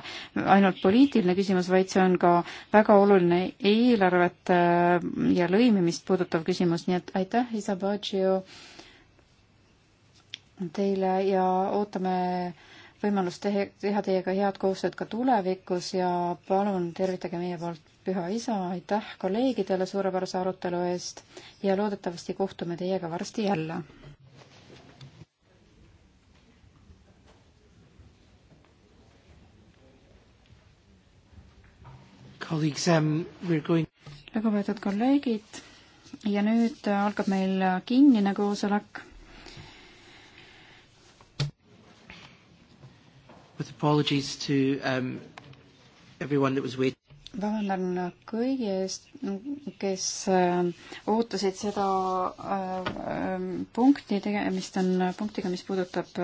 ainult poliitiline küsimus, vaid see on ka väga oluline eelarvet äh, ja lõimimist puudutav küsimus, nii et aitäh, Isabaggio teile ja ootame võimalust tehe, teha teiega head koostööd ka tulevikus ja palun tervitage meie poolt püha isa, aitäh kolleegidele suurepärase arutelu eest ja loodetavasti kohtume teiega varsti jälle. Um, lugupeetud kolleegid ja nüüd algab meil kinnine koosolek. With apologies to um, everyone that was waiting vabandan kõigi eest, kes äh, ootasid seda äh, äh, punkti, tegemist on punktiga, mis puudutab